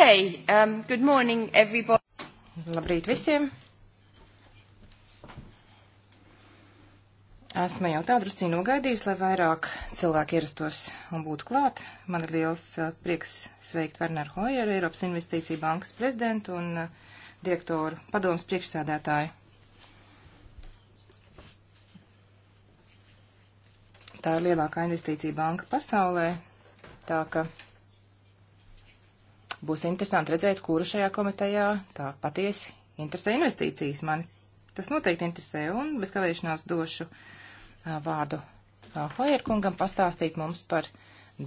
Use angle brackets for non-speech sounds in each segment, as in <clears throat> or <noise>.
Okay, um, good morning everybody. Labrīt visiem. Esmu jau tā drusci nogaidījusi, lai vairāk cilvēki ierastos un būtu klāt. Man ir liels uh, prieks sveikt Werneru Hojeru, Eiropas Investīcija bankas prezidentu un uh, direktoru padomus priekšsēdētāju. Tā ir lielākā investīcija banka pasaulē, tā ka Būs interesanti redzēt, kuru šajā komitejā tā patiesi interesē investīcijas mani. Tas noteikti interesē un bez kavēšanās došu a, vārdu Hojerkungam pastāstīt mums par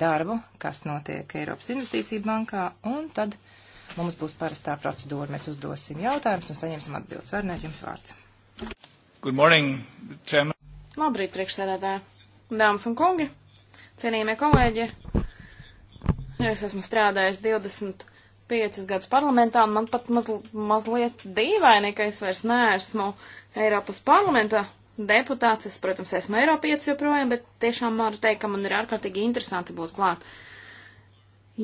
darbu, kas notiek Eiropas investīcija bankā, un tad mums būs parastā procedūra. Mēs uzdosim jautājumus un saņemsim atbildes. Vērnēt jums vārds. Good morning, Chairman. Labrīt, priekšsēdētāji. Dāmas un kungi, cienījamie kolēģi, Nu, es esmu strādājis 25 gadus parlamentā, un man pat maz, mazliet dīvaini, ka es vairs neesmu Eiropas parlamenta deputāts. Es, protams, esmu Eiropietis joprojām, bet tiešām varu teikt, ka man ir ārkārtīgi interesanti būt klāt.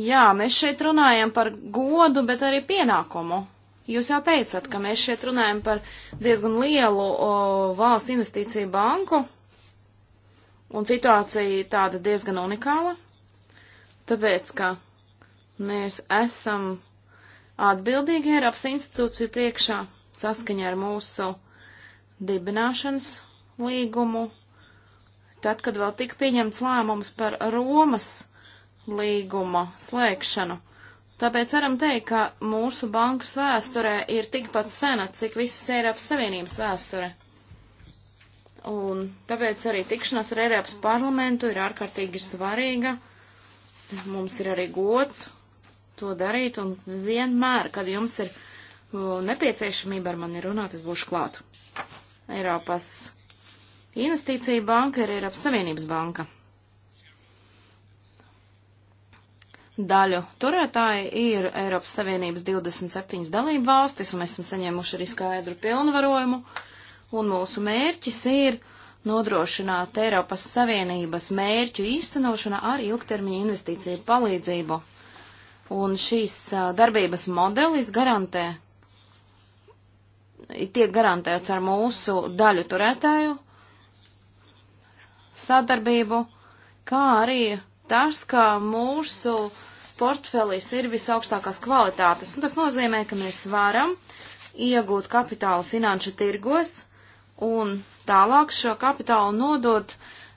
Jā, mēs šeit runājam par godu, bet arī pienākumu. Jūs jau teicat, ka mēs šeit runājam par diezgan lielu o, valsts investīciju banku, un situācija tāda diezgan unikāla tāpēc, ka mēs esam atbildīgi Eiropas institūciju priekšā saskaņā ar mūsu dibināšanas līgumu, tad, kad vēl tika pieņemts lēmums par Romas līguma slēgšanu. Tāpēc varam teikt, ka mūsu bankas vēsturē ir tikpat sena, cik visas Eiropas Savienības vēsture. Un tāpēc arī tikšanās ar Eiropas parlamentu ir ārkārtīgi svarīga, Mums ir arī gods to darīt, un vienmēr, kad jums ir nepieciešamība ar mani runāt, es būšu klāt. Eiropas investīcija banka ir Eiropas Savienības banka. daļu turētāji ir Eiropas Savienības 27 dalību valstis, un esam saņēmuši arī skaidru pilnvarojumu. Un mūsu mērķis ir nodrošināt Eiropas Savienības mērķu īstenošanu ar ilgtermiņa investīciju palīdzību. Un šīs darbības modelis garantē, tiek garantēts ar mūsu daļu turētāju sadarbību, kā arī tas, ka mūsu portfelis ir visaugstākās kvalitātes. Un tas nozīmē, ka mēs varam iegūt kapitālu finanšu tirgos un tālāk šo kapitālu nodot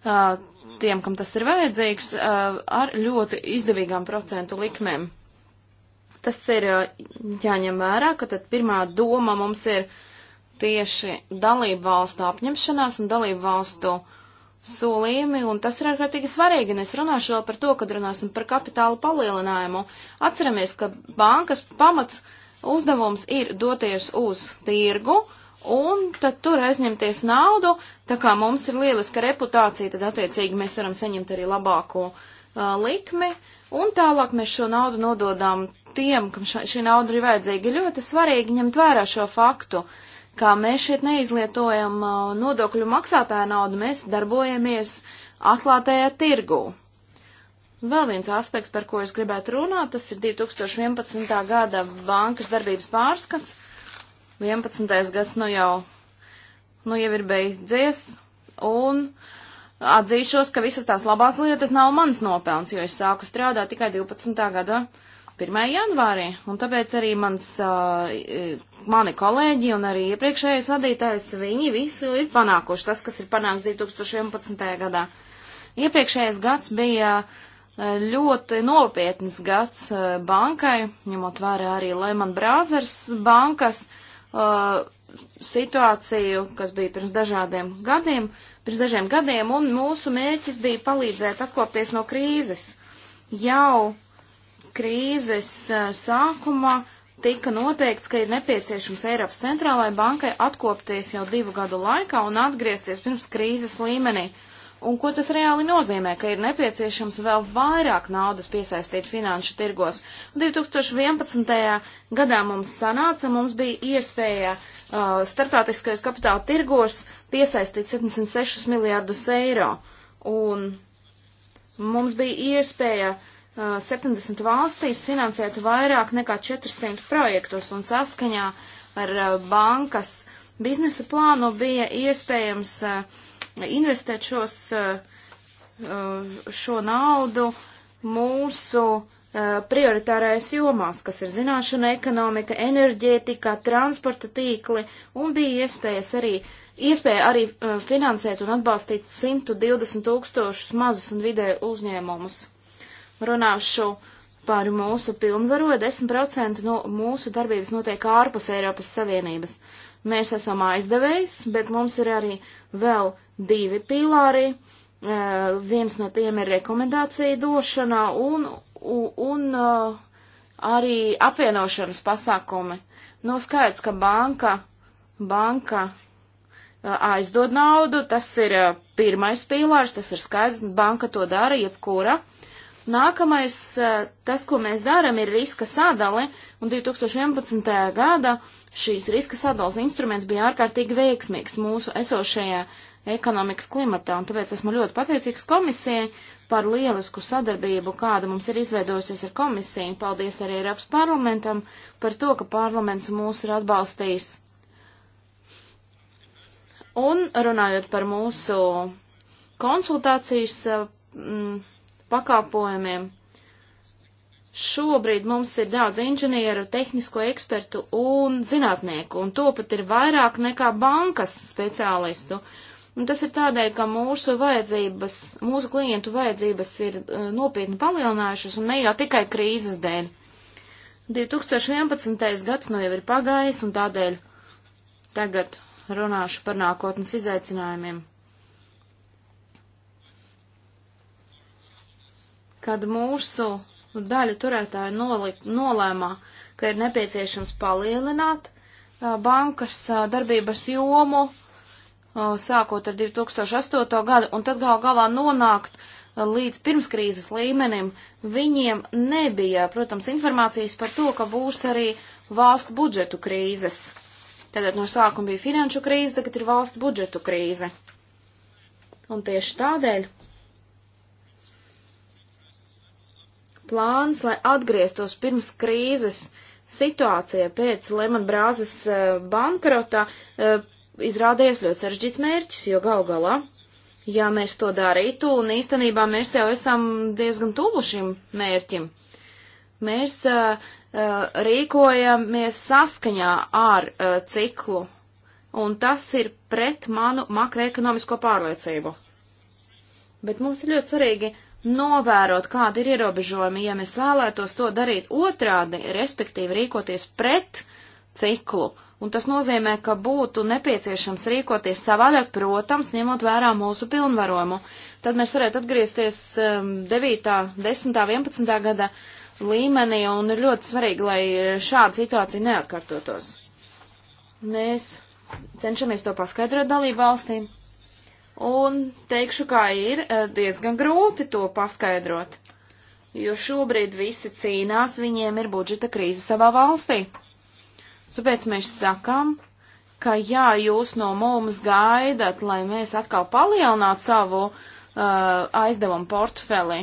uh, tiem, kam tas ir vajadzīgs, uh, ar ļoti izdevīgām procentu likmēm. Tas ir uh, jāņem vērā, ka tad pirmā doma mums ir tieši dalību valstu apņemšanās un dalību valstu solījumi, un tas ir ārkārtīgi svarīgi, un es runāšu vēl par to, kad runāsim par kapitālu palielinājumu. Atceramies, ka bankas pamat uzdevums ir doties uz tirgu, uh, un tad tur aizņemties naudu, tā kā mums ir lieliska reputācija, tad attiecīgi mēs varam saņemt arī labāko uh, likmi, un tālāk mēs šo naudu nododām tiem, kam ša, šī nauda ir vajadzīga. Ļoti svarīgi ņemt vērā šo faktu, kā mēs šeit neizlietojam uh, nodokļu maksātāju naudu, mēs darbojamies atklātajā tirgū. Vēl viens aspekts, par ko es gribētu runāt, tas ir 2011. gada bankas darbības pārskats. 11. gads nu jau, nu jau ir beidzies, un atzīšos, ka visas tās labās lietas nav mans nopelns, jo es sāku strādāt tikai 12. gada 1. janvārī, un tāpēc arī mans, uh, mani kolēģi un arī iepriekšējais vadītājs, viņi visi ir panākuši tas, kas ir panākts 2011. gadā. Iepriekšējais gads bija uh, ļoti nopietns gads uh, bankai, ņemot vērā arī Lehman Brothers bankas uh, situāciju, kas bija pirms dažādiem gadiem, pirms dažiem gadiem, un mūsu mērķis bija palīdzēt atkopties no krīzes. Jau krīzes uh, sākumā tika noteikts, ka ir nepieciešams Eiropas centrālajai bankai atkopties jau divu gadu laikā un atgriezties pirms krīzes līmenī. Uh, Un ko tas reāli nozīmē, ka ir nepieciešams vēl vairāk naudas piesaistīt finanšu tirgos. 2011. gadā mums sanāca, mums bija iespēja uh, starptautiskajos kapitāla tirgos piesaistīt 76 miljārdus eiro. Un mums bija iespēja uh, 70 valstīs finansēt vairāk nekā 400 projektus un saskaņā ar uh, bankas biznesa plānu bija iespējams uh, investēt šos, eh, šo naudu mūsu eh, prioritārajās jomās, kas ir zināšana, ekonomika, enerģētika, transporta tīkli, un bija iespējas arī, iespēja arī eh, finansēt un atbalstīt 120 tūkstošus mazus un vidēju uzņēmumus. Runāšu par mūsu pilnvaru, 10% no mūsu darbības notiek ārpus Eiropas Savienības. Mēs esam aizdevējs, bet mums ir arī vēl divi pīlāri. Uh, eh, viens no tiem ir rekomendācija došana un, un, un uh, eh, arī apvienošanas pasākumi. Nu, skaidrs, ka banka, banka eh, aizdod naudu, tas ir pirmais pīlārs, tas ir skaidrs, banka to dara jebkura. Nākamais, tas, ko mēs darām, ir riska sadale, un 2011. gada šīs riska sadales instruments bija ārkārtīgi veiksmīgs mūsu esošajā ekonomikas klimatā, un tāpēc esmu ļoti pateicīgs komisijai par lielisku sadarbību, kāda mums ir izveidojusies ar komisiju. Paldies arī Eiropas parlamentam par to, ka parlaments mūs ir atbalstījis. Un runājot par mūsu konsultācijas m, mm, pakāpojumiem, šobrīd mums ir daudz inženieru, tehnisko ekspertu un zinātnieku, un to pat ir vairāk nekā bankas speciālistu. Uh, Un tas ir tādēļ, ka mūsu vajadzības, mūsu klientu vajadzības ir uh, nopietni palielinājušas un ne jau tikai krīzes dēļ. 2011. gads nu jau ir pagājis un tādēļ tagad runāšu par nākotnes izaicinājumiem. Kad mūsu daļu turētāji noli, nolēmā, ka ir nepieciešams palielināt uh, bankas uh, darbības jomu, sākot ar 2008. gadu, un tad gal galā nonākt e, līdz pirmskrīzes līmenim, viņiem nebija, protams, informācijas par to, ka būs arī valstu budžetu krīzes. Tātad no sākuma bija finanšu krīze, tagad ir valsts budžetu krīze. Un tieši tādēļ plāns, lai atgrieztos pirms krīzes situācija pēc Lehman Brāzes e, bankrota, e, izrādījies ļoti sarežģīts mērķis, jo gal galā, ja mēs to darītu, un īstenībā mēs jau esam diezgan tuvu šim mērķim, mēs uh, uh, rīkojamies saskaņā ar uh, ciklu, un tas ir pret manu makroekonomisko pārliecību. Bet mums ir ļoti svarīgi novērot, kādi ir ierobežojumi, ja mēs vēlētos to darīt otrādi, respektīvi rīkoties pret ciklu, uh, Un tas nozīmē, ka būtu nepieciešams rīkoties savādāk, protams, ņemot vērā mūsu pilnvarojumu. Tad mēs varētu atgriezties 9., 10., 11. gada līmenī, un ir ļoti svarīgi, lai šāda situācija neatkārtotos. Mēs cenšamies to paskaidrot dalību valstīm, un teikšu, kā ir eh, diezgan grūti to paskaidrot, jo šobrīd visi cīnās, viņiem ir budžeta krīze savā valstī. Tāpēc mēs sakam, ka jā, jūs no mums gaidat, lai mēs atkal palielinātu savu uh, aizdevumu portfeli,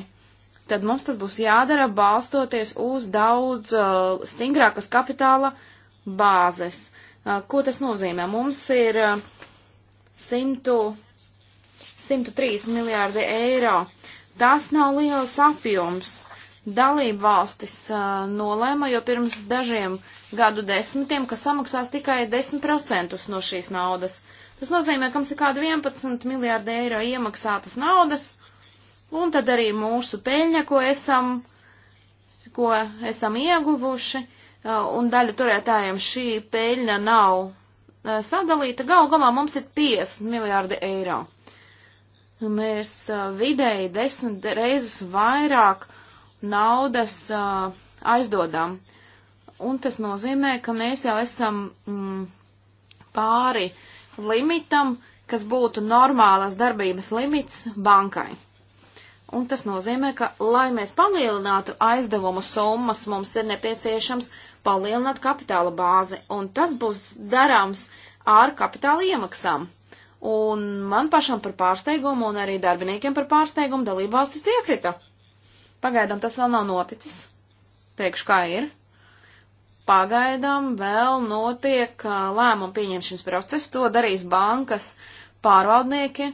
tad mums tas būs jādara balstoties uz daudz uh, stingrākas kapitāla bāzes. Uh, ko tas nozīmē? Mums ir uh, 100, 103 miljārdi eiro. Tas nav liels apjoms. Dalība valstis uh, nolēma, jo pirms dažiem uh, gadu desmitiem, kas samaksās tikai 10% no šīs naudas. Tas nozīmē, ka mums ir kāda 11 miljārda eiro iemaksātas naudas, un tad arī mūsu peļņa, ko esam, ko esam ieguvuši, uh, un daļa turētājiem šī peļņa nav uh, sadalīta. Gal galā mums ir 50 miljārdi eiro. Mēs uh, vidēji desmit reizes vairāk naudas aizdodam. Uh, un tas nozīmē, ka mēs jau esam mm, pāri limitam, kas būtu normālas darbības limits bankai. Un tas nozīmē, ka, lai mēs palielinātu aizdevumu summas, mums ir nepieciešams palielināt kapitāla bāzi, un tas būs darāms ar kapitāla iemaksām. Un man pašam par pārsteigumu, un arī darbiniekiem par pārsteigumu dalībvalstis piekrita. Pagaidām tas vēl nav noticis. Teikšu, kā ir pagaidām vēl notiek lēmumu pieņemšanas process, to darīs bankas pārvaldnieki,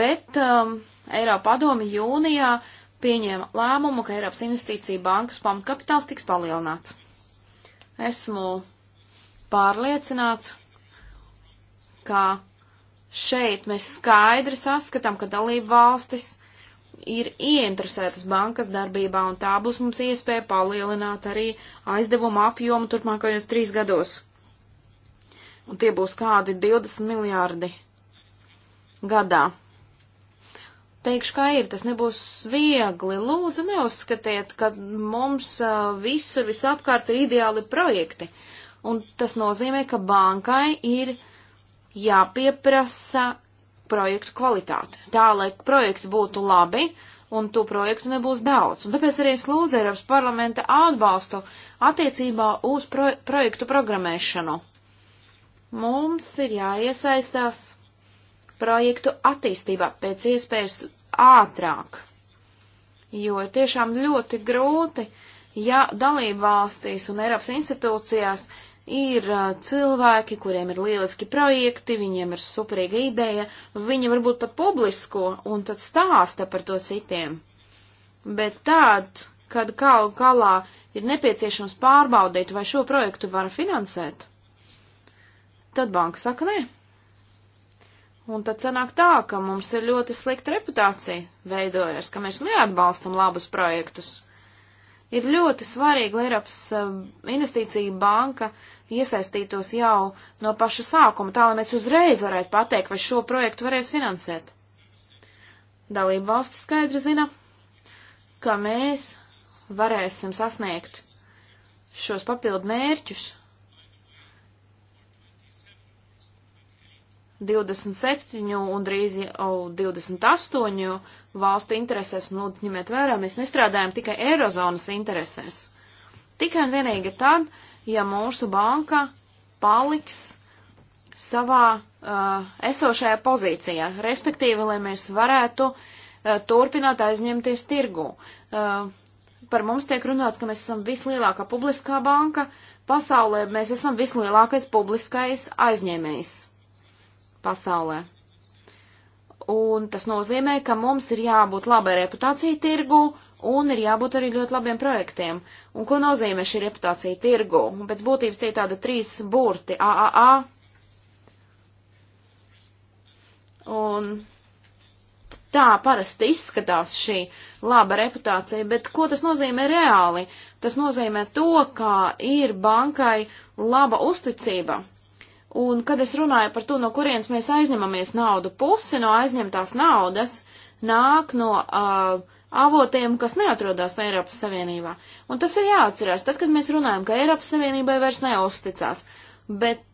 bet um, Eiropa padomi jūnijā pieņēma lēmumu, ka Eiropas investīcija bankas pamatkapitāls tiks palielināts. Esmu pārliecināts, ka šeit mēs skaidri saskatām, ka dalību valstis ir ieinteresētas bankas darbībā, un tā būs mums iespēja palielināt arī aizdevumu apjomu turpmākajos trīs gados. Un tie būs kādi 20 miljārdi gadā. Teikšu, kā ir, tas nebūs viegli. Lūdzu, neuzskatiet, ka mums visur visapkārt ir ideāli projekti. Un tas nozīmē, ka bankai ir jāpieprasa projektu kvalitāti. Tā, lai projekti būtu labi, un to projektu nebūs daudz. Un tāpēc arī es lūdzu Eiropas parlamenta atbalstu attiecībā uz pro projektu programmēšanu. Mums ir jāiesaistās projektu attīstībā pēc iespējas ātrāk, jo ir tiešām ļoti grūti, ja dalībvalstīs un Eiropas institūcijās Ir uh, cilvēki, kuriem ir lieliski projekti, viņiem ir superīga ideja, viņi varbūt pat publisko un tad stāsta par to citiem. Bet tad, kad galu galā ir nepieciešams pārbaudīt, vai šo projektu var finansēt, tad banka saka nē. Un tad sanāk tā, ka mums ir ļoti slikta reputācija veidojas, ka mēs neatbalstam labus projektus. Ir ļoti svarīgi, lai Eiropas um, investīcija banka iesaistītos jau no paša sākuma, tā lai mēs uzreiz varētu pateikt, vai šo projektu varēs finansēt. Dalība valsts skaidri zina, ka mēs varēsim sasniegt šos papildu mērķus 27 un drīz jau 28 valstu interesēs, un lūdzu ņemiet vērā, mēs nestrādājam tikai Eirozonas interesēs. Tikai un vienīgi tad, ja mūsu banka paliks savā uh, esošajā pozīcijā, respektīvi, lai mēs varētu uh, turpināt aizņemties tirgu. Uh, par mums tiek runāts, ka mēs esam vislielākā publiskā banka pasaulē, mēs esam vislielākais publiskais aizņēmējs pasaulē. Un tas nozīmē, ka mums ir jābūt labai reputācija tirgu un ir jābūt arī ļoti labiem projektiem. Un ko nozīmē šī reputācija tirgu? Un pēc būtības tie ir tādi trīs burti - AAA. Un tā parasti izskatās šī laba reputācija, bet ko tas nozīmē reāli? Tas nozīmē to, ka ir bankai laba uzticība Un, kad es runāju par to, no kurienes mēs aizņemamies naudu, pusi no aizņemtās naudas nāk no uh, avotiem, kas neatrodas Eiropas Savienībā. Un tas ir jāatcerās, tad, kad mēs runājam, ka Eiropas Savienībai vairs neuzticās. Bet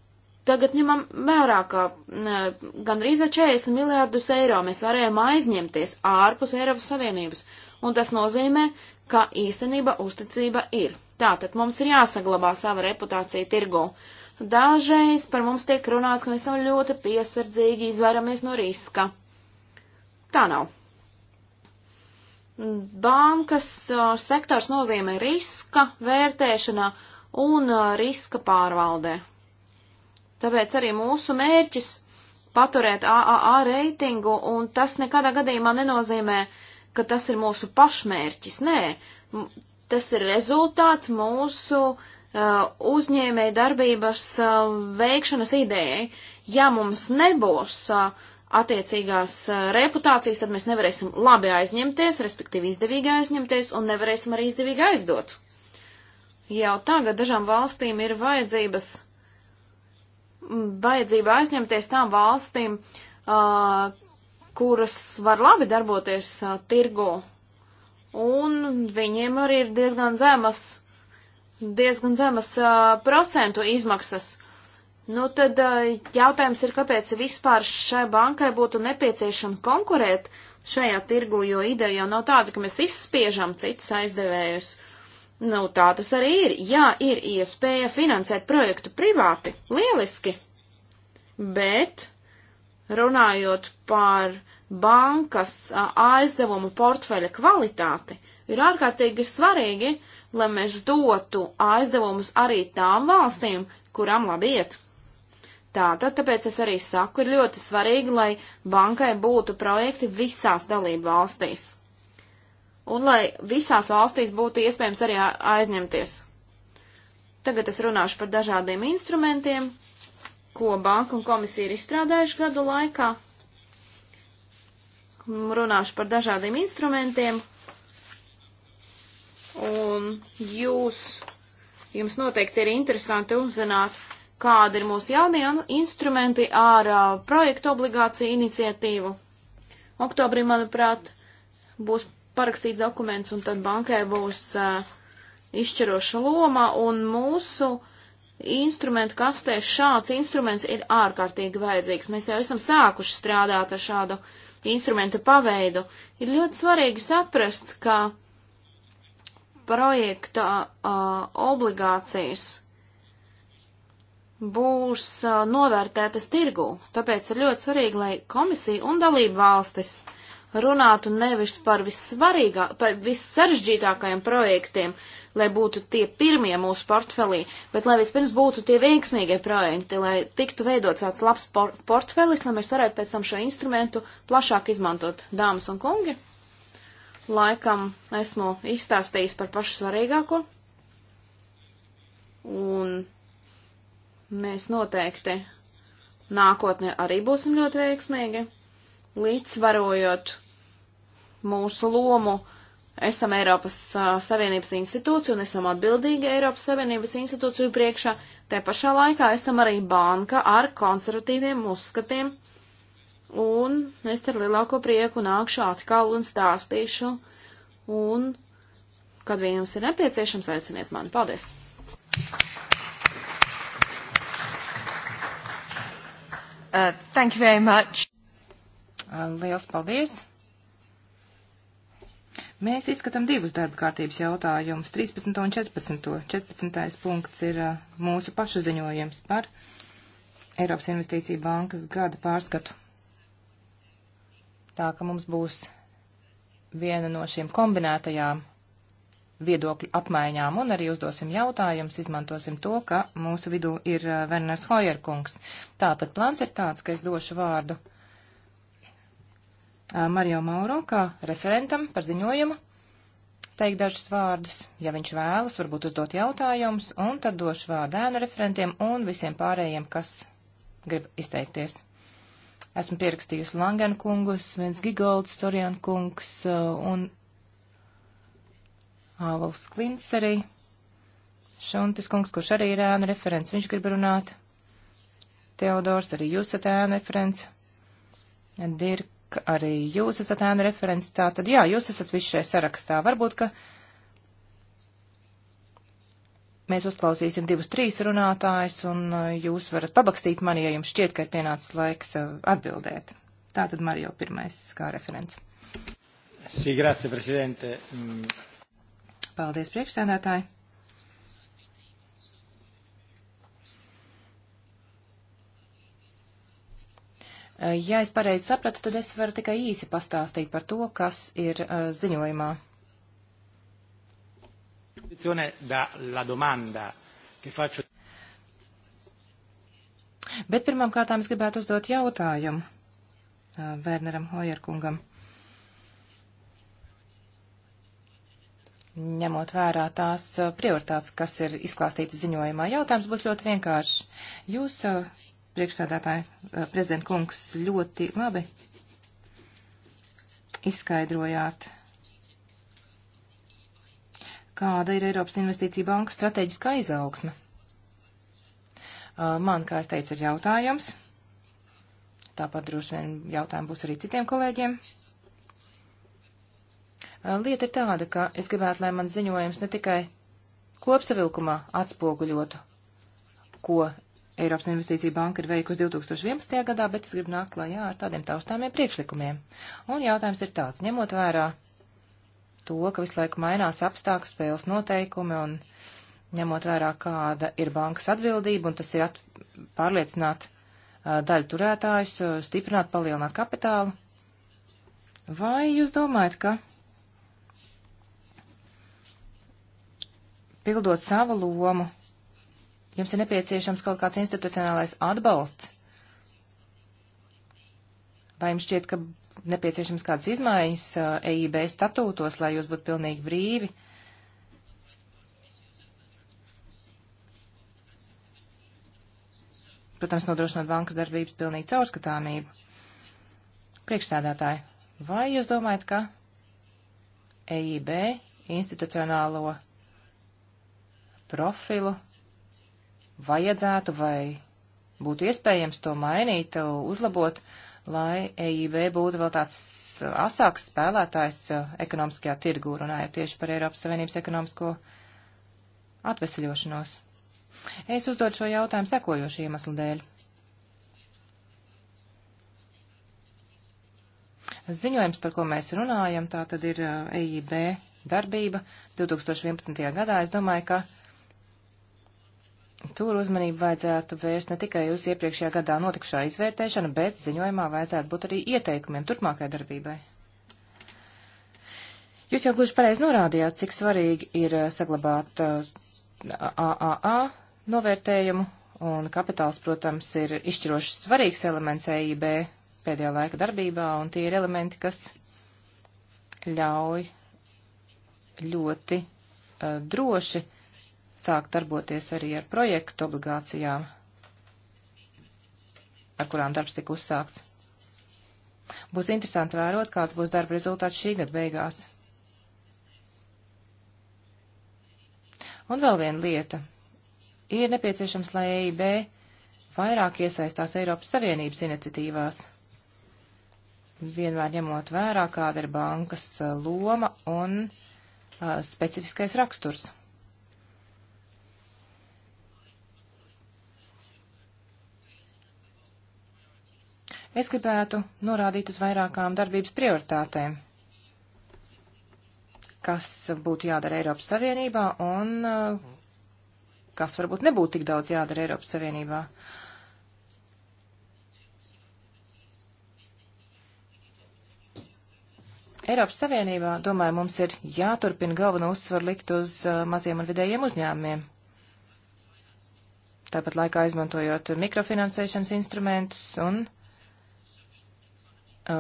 tagad ņemam vērā, ka ne, uh, gandrīz vai 40 miljārdus eiro mēs varējām aizņemties ārpus Eiropas Savienības. Un tas nozīmē, ka īstenība uzticība ir. Tātad mums ir jāsaglabā sava reputācija tirgū. Uh, Dažreiz par mums tiek runāts, ka mēs esam ļoti piesardzīgi, izvairamies no riska. Tā nav. Bankas sektors nozīmē riska vērtēšanā un riska pārvaldē. Tāpēc arī mūsu mērķis paturēt AAA reitingu, un tas nekādā gadījumā nenozīmē, ka tas ir mūsu pašmērķis. Nē, tas ir rezultāts mūsu uh, Uh, uzņēmē darbības uh, veikšanas idejai. Ja mums nebūs uh, attiecīgās reputācijas, tad mēs nevarēsim labi aizņemties, respektīvi izdevīgi aizņemties un nevarēsim arī izdevīgi aizdot. Jau tagad dažām valstīm ir vajadzības, mm, vajadzība aizņemties tām valstīm, kuras var labi darboties tirgu, un viņiem arī ir diezgan zemas uh, diezgan zemas uh, procentu izmaksas. Nu tad uh, jautājums ir, kāpēc vispār šai bankai būtu nepieciešams konkurēt šajā tirgu, jo ideja jau nav tāda, ka mēs izspiežam citus aizdevējus. Nu, tā tas arī ir. Jā, ir iespēja finansēt projektu privāti. Lieliski. Bet runājot par bankas a, aizdevumu portfeļa kvalitāti, ir ārkārtīgi svarīgi, uh, lai mēs dotu aizdevumus arī tām valstīm, kurām labi iet. Tātad, tāpēc es arī saku, ir ļoti svarīgi, lai bankai būtu projekti visās dalību valstīs. Un lai visās valstīs būtu iespējams arī aizņemties. Tagad es runāšu par dažādiem instrumentiem, ko banka un komisija ir izstrādājuši gadu laikā. Runāšu par dažādiem instrumentiem, un jūs, jums noteikti ir interesanti uzzināt, kāda ir mūsu jaunie instrumenti ar uh, projektu obligāciju iniciatīvu. Oktobrī, manuprāt, būs parakstīts dokuments, un tad bankai būs uh, izšķiroša loma, un mūsu instrumentu kastē šāds instruments ir ārkārtīgi vajadzīgs. Mēs jau esam sākuši strādāt ar šādu instrumentu paveidu. Ir ļoti svarīgi saprast, ka uh, projekta uh, obligācijas būs uh, novērtētas tirgū, tāpēc ir ļoti svarīgi, lai komisija un dalība valstis runātu nevis par, par vissaržģītākajiem projektiem, lai būtu tie pirmie mūsu portfelī, bet lai vispirms būtu tie veiksmīgie projekti, lai tiktu veidots tāds labs por portfelis, lai mēs varētu pēc tam šo instrumentu plašāk izmantot, dāmas un kungi laikam esmu izstāstījis par pašu svarīgāko. Un mēs noteikti nākotnē arī būsim ļoti veiksmīgi, līdzsvarojot mūsu lomu. Esam Eiropas uh, Savienības institūcija un esam atbildīgi Eiropas Savienības institūciju priekšā. Te pašā laikā esam arī banka ar konservatīviem uzskatiem un es ar lielāko prieku nākšu atkal un stāstīšu, un, kad vien jums ir nepieciešams, aiciniet mani. Paldies! Uh, thank you very much. Uh, liels paldies! Mēs izskatām divus darba kārtības jautājumus - 13. un 14. 14. punkts ir uh, mūsu pašu ziņojums par Eiropas Investīcija bankas gada pārskatu. Tā ka mums būs viena no šīm kombinētajām viedokļu apmaiņām un arī uzdosim jautājumus, izmantosim to, ka mūsu vidū ir eh, Werners Hojerkungs. Tātad plāns ir tāds, ka es došu vārdu eh, Mario Mauro kā referentam par ziņojumu, teikt dažus vārdus, ja viņš vēlas, varbūt uzdot jautājumus, un tad došu vārdu ēnu referentiem un visiem pārējiem, kas grib izteikties. Esmu pierakstījusi Langen kungus, Svens Gigolds, Torian kungs uh, un Āvals Klints arī. Šuntis kungs, kurš arī ir ēna referents, viņš grib runāt. Teodors, arī jūs esat ēna referents. Dirk, arī jūs esat ēna referents. Tā tad jā, jūs esat visi šajā sarakstā. Varbūt, ka Mēs uzklausīsim divus, trīs runātājus, un uh, jūs varat pabakstīt mani, ja jums šķiet, ka ir pienācis laiks uh, atbildēt. Tā tad Mario pirmais kā referents. Sī, grazie, prezidente. Mm. Paldies, priekšsēdētāji. Uh, ja es pareizi sapratu, tad es varu tikai īsi pastāstīt par to, kas ir ziņojumā. Bet pirmām kārtām es gribētu uzdot jautājumu Werneram Hojerkungam. Ņemot vērā tās prioritātes, kas ir izklāstītas ziņojumā, jautājums būs ļoti vienkāršs. Jūs, priekšsēdētāji, prezident kungs, ļoti labi izskaidrojāt kāda ir Eiropas Investīcija bankas strateģiskā izaugsme. Man, kā es teicu, ir jautājums. Tāpat droši vien jautājumi būs arī citiem kolēģiem. Lieta ir tāda, ka es gribētu, lai man ziņojums ne tikai kopsavilkumā atspoguļotu, ko Eiropas Investīcija banka ir veikusi 2011. gadā, bet es gribu nākt klajā ar tādiem taustāmiem priekšlikumiem. Un jautājums ir tāds, ņemot vērā uh, to, ka visu laiku mainās apstākļu spēles noteikumi un ņemot vērā, kāda ir bankas atbildība, un tas ir at, pārliecināt daļu turētājus, stiprināt, palielināt kapitālu. Vai jūs domājat, ka pildot savu lomu, jums ir nepieciešams kaut kāds institucionālais atbalsts? Vai jums šķiet, ka nepieciešams kādas izmaiņas EIB statūtos, lai jūs būtu pilnīgi brīvi. Protams, nodrošinot bankas darbības pilnīgi caurskatāmību. Priekšsēdētāji, vai jūs domājat, ka EIB institucionālo profilu vajadzētu vai būtu iespējams to mainīt, uzlabot? Uh, lai EIB būtu vēl tāds uh, asāks spēlētājs uh, ekonomiskajā tirgū, runājot tieši par Eiropas Savienības ekonomisko atveseļošanos. Es uzdodu šo jautājumu sekojošu iemeslu dēļ. Ziņojums, par ko mēs runājam, tā tad ir uh, EIB darbība 2011. gadā. Es domāju, ka Tur uzmanību vajadzētu vērst ne tikai uz iepriekšējā gadā notikušā izvērtēšanu, bet ziņojumā vajadzētu būt arī ieteikumiem turpmākai darbībai. Jūs jau gluži pareizi norādījāt, cik svarīgi ir uh, saglabāt AAA uh, novērtējumu, un kapitāls, protams, ir izšķiroši svarīgs elements EIB pēdējā laika darbībā, un tie ir elementi, kas ļauj ļoti uh, droši uh, sākt darboties arī ar projektu obligācijām, ar kurām darbs tika uzsākts. Būs interesanti vērot, kāds būs darba rezultāts šī gada beigās. Un vēl viena lieta. Ir nepieciešams, lai EIB vairāk iesaistās Eiropas Savienības iniciatīvās, vienmēr ņemot vērā, kāda ir bankas eh, loma un uh, specifiskais raksturs. Es gribētu norādīt uz vairākām darbības prioritātēm, kas būtu jādara Eiropas Savienībā un uh, kas varbūt nebūtu tik daudz jādara Eiropas Savienībā. Eiropas Savienībā, domāju, mums ir jāturpina galveno uzsvaru likt uz uh, maziem un vidējiem uzņēmumiem. Tāpat laikā izmantojot mikrofinansēšanas instrumentus un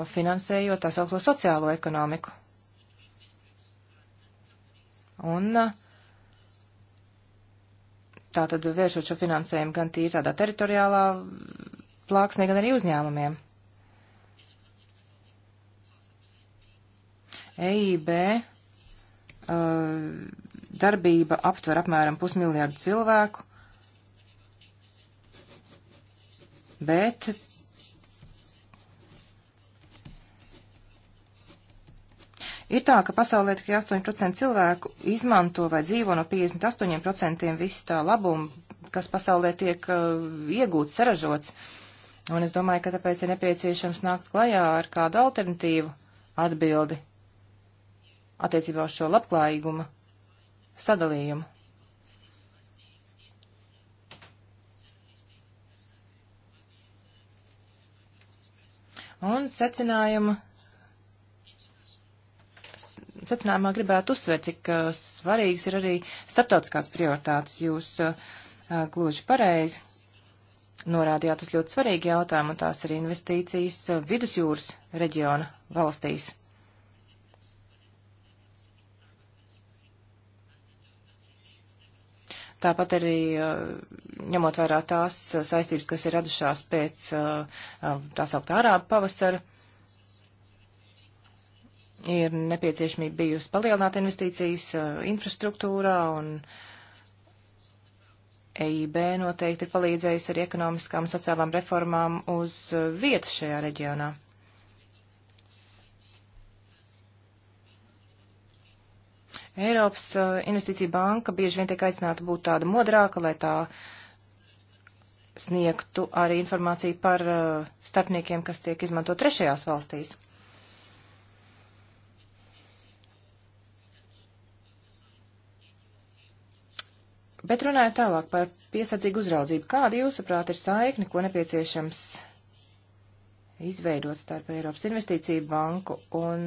finansējot tā saucamo sociālo ekonomiku. Un tā tad vēršot šo finansējumu gan tīri tādā teritoriālā plāksnē, gan arī uzņēmumiem. EIB darbība aptver apmēram pusmiljardu cilvēku, bet Ir tā, ka pasaulē tikai 8% cilvēku izmanto vai dzīvo no 58% visu tā labumu, kas pasaulē tiek uh, iegūts, saražots. Un es domāju, ka tāpēc ir nepieciešams nākt klajā ar kādu alternatīvu atbildi attiecībā uz šo labklājīguma sadalījumu. Un secinājuma secinājumā gribētu uzsvērt, cik uh, svarīgas ir arī starptautiskās prioritātes. Jūs uh, uh, gluži pareizi norādījāt uz ļoti svarīgu jautājumu, un tās ir investīcijas vidusjūras reģiona valstīs. Tāpat arī ņemot vērā tās saistības, kas ir radušās pēc tā sauktā ārāba pavasara, ir nepieciešamība bijusi palielināt investīcijas eh, infrastruktūrā un EIB noteikti ir palīdzējusi arī ekonomiskām un sociālām reformām uz eh, vietas šajā reģionā. Eiropas eh, Investīcija banka bieži vien tiek aicināta būt tāda modrāka, lai tā sniegtu arī informāciju par starpniekiem, kas tiek izmanto trešajās valstīs. Bet runājot tālāk par piesardzīgu uzraudzību, kāda jūsuprāt ir saikne, ko nepieciešams izveidot starp Eiropas Investīciju banku un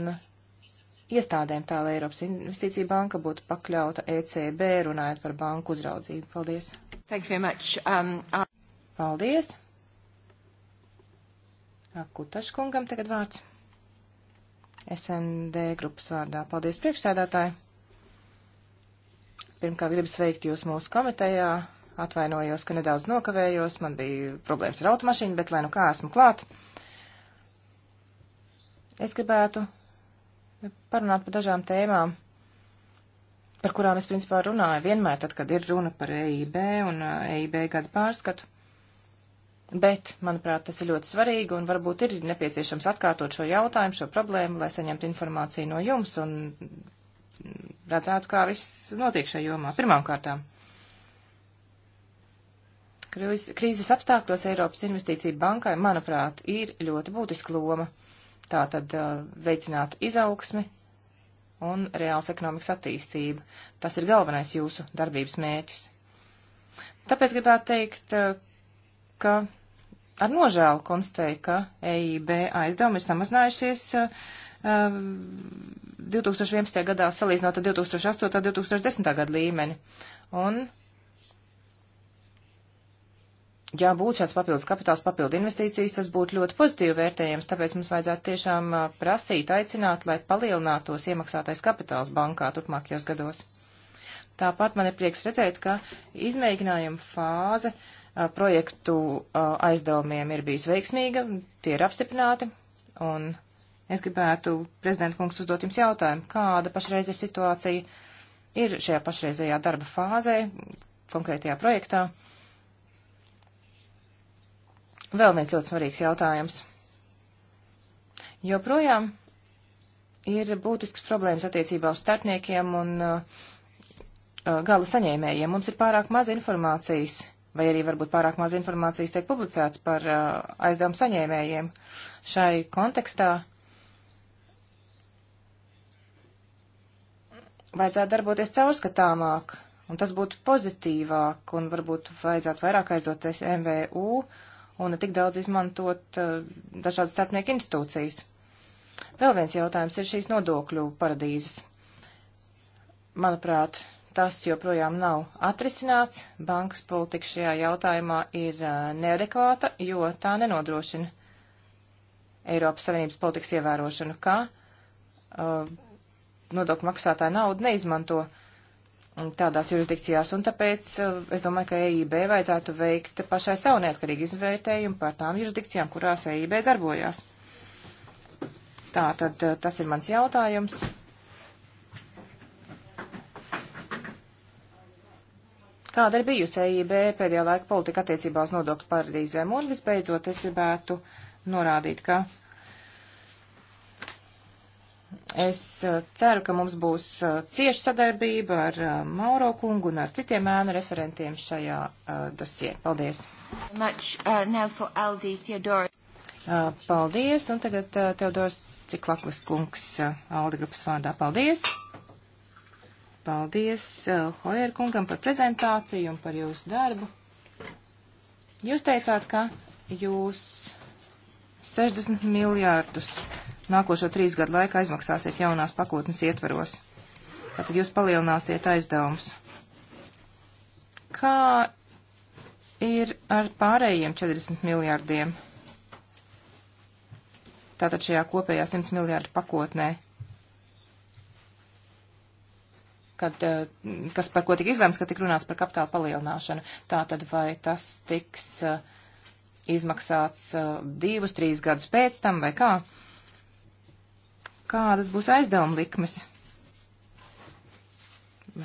iestādēm tā, lai Eiropas Investīcija banka būtu pakļauta ECB, runājot par banku uzraudzību? Paldies! Thank you very much. Um, I... Paldies! Kutaškungam tagad vārds. SND grupas vārdā. Paldies priekšsēdātāji! Pirmkārt, gribu sveikt jūs mūsu komitejā. Atvainojos, ka nedaudz nokavējos, man bija problēmas ar automašīnu, bet lai nu kā esmu klāt. Es gribētu parunāt par dažām tēmām, par kurām es principā runāju vienmēr, tad, kad ir runa par EIB un uh, EIB gada pārskatu. Bet, manuprāt, tas ir ļoti svarīgi un varbūt ir nepieciešams atkārtot šo jautājumu, šo problēmu, lai saņemtu informāciju no jums un redzētu, kā viss notiek šajā jomā. Pirmām kārtām. Krīzes apstākļos Eiropas investīcija bankai, manuprāt, ir ļoti būtiska loma. Tā tad uh, veicināt izaugsmi un reāls ekonomikas attīstību. Tas ir galvenais jūsu darbības mērķis. Tāpēc gribētu teikt, uh, ka ar nožēlu konstatēju, ka EIB aizdevumi ir samazinājušies um, 2011. gadā salīdzinot ar 2008. un 2010. gadu līmeni. Un ja būtu šāds papildus kapitāls, papildu investīcijas, tas būtu ļoti pozitīvi vērtējams, tāpēc mums vajadzētu tiešām prasīt, aicināt, lai palielinātos iemaksātais kapitāls bankā turpmākajos gados. Tāpat man ir prieks redzēt, ka izmēģinājuma fāze a, projektu a, aizdevumiem ir bijis veiksmīga, tie ir apstiprināti, un Es gribētu, prezidenta kungs, uzdot jums jautājumu, kāda pašreiz ir situācija ir šajā pašreizējā darba fāzē, konkrētajā projektā. Vēl viens ļoti svarīgs jautājums. Joprojām ir būtisks problēmas attiecībā uz starpniekiem un uh, uh gala saņēmējiem. Mums ir pārāk maz informācijas, vai arī varbūt pārāk maz informācijas tiek publicēts par uh, aizdevumu saņēmējiem. Šai kontekstā vajadzētu darboties caurskatāmāk, un tas būtu pozitīvāk, un varbūt vajadzētu vairāk aizdoties MVU un ne tik daudz izmantot uh, dažādas starpnieku institūcijas. Vēl viens jautājums ir šīs nodokļu paradīzes. Manuprāt, tas joprojām nav atrisināts. Bankas politika šajā jautājumā ir uh, neadekvāta, jo tā nenodrošina Eiropas Savienības politikas ievērošanu, kā uh, nodokļu maksātāju naudu neizmanto tādās jurisdikcijās, un tāpēc uh, es domāju, ka EIB vajadzētu veikt pašai savu neatkarīgu izvērtējumu par tām jurisdikcijām, kurās EIB darbojās. Tā tad uh, tas ir mans jautājums. Kāda ir bijusi EIB pēdējā laika politika attiecībā uz nodokļu paradīzēm? Un visbeidzot, es gribētu norādīt, ka Es eh, ceru, ka mums būs eh, cieša sadarbība ar eh, Mauro kungu un ar citiem ēnu referentiem šajā dosie. Paldies! Much, uh, LD, Paldies, un tagad Teodors Ciklaklis kungs Alda grupas vārdā. Paldies! Paldies Hojer kungam par prezentāciju un par jūsu darbu. Jūs teicāt, ka jūs 60 miljārdus nākošo trīs gadu laikā aizmaksāsiet jaunās pakotnes ietvaros. Tātad jūs palielināsiet aizdevumus. Kā ir ar pārējiem 40 miljārdiem? Tātad šajā kopējā 100 miljārdu pakotnē, kad, eh, kas par ko tik izlēms, ka tik runāts par kapitāla palielināšanu. Tātad vai tas tiks uh, izmaksāts uh, divus, trīs gadus pēc tam vai kā? Uh, kādas būs aizdevuma likmes.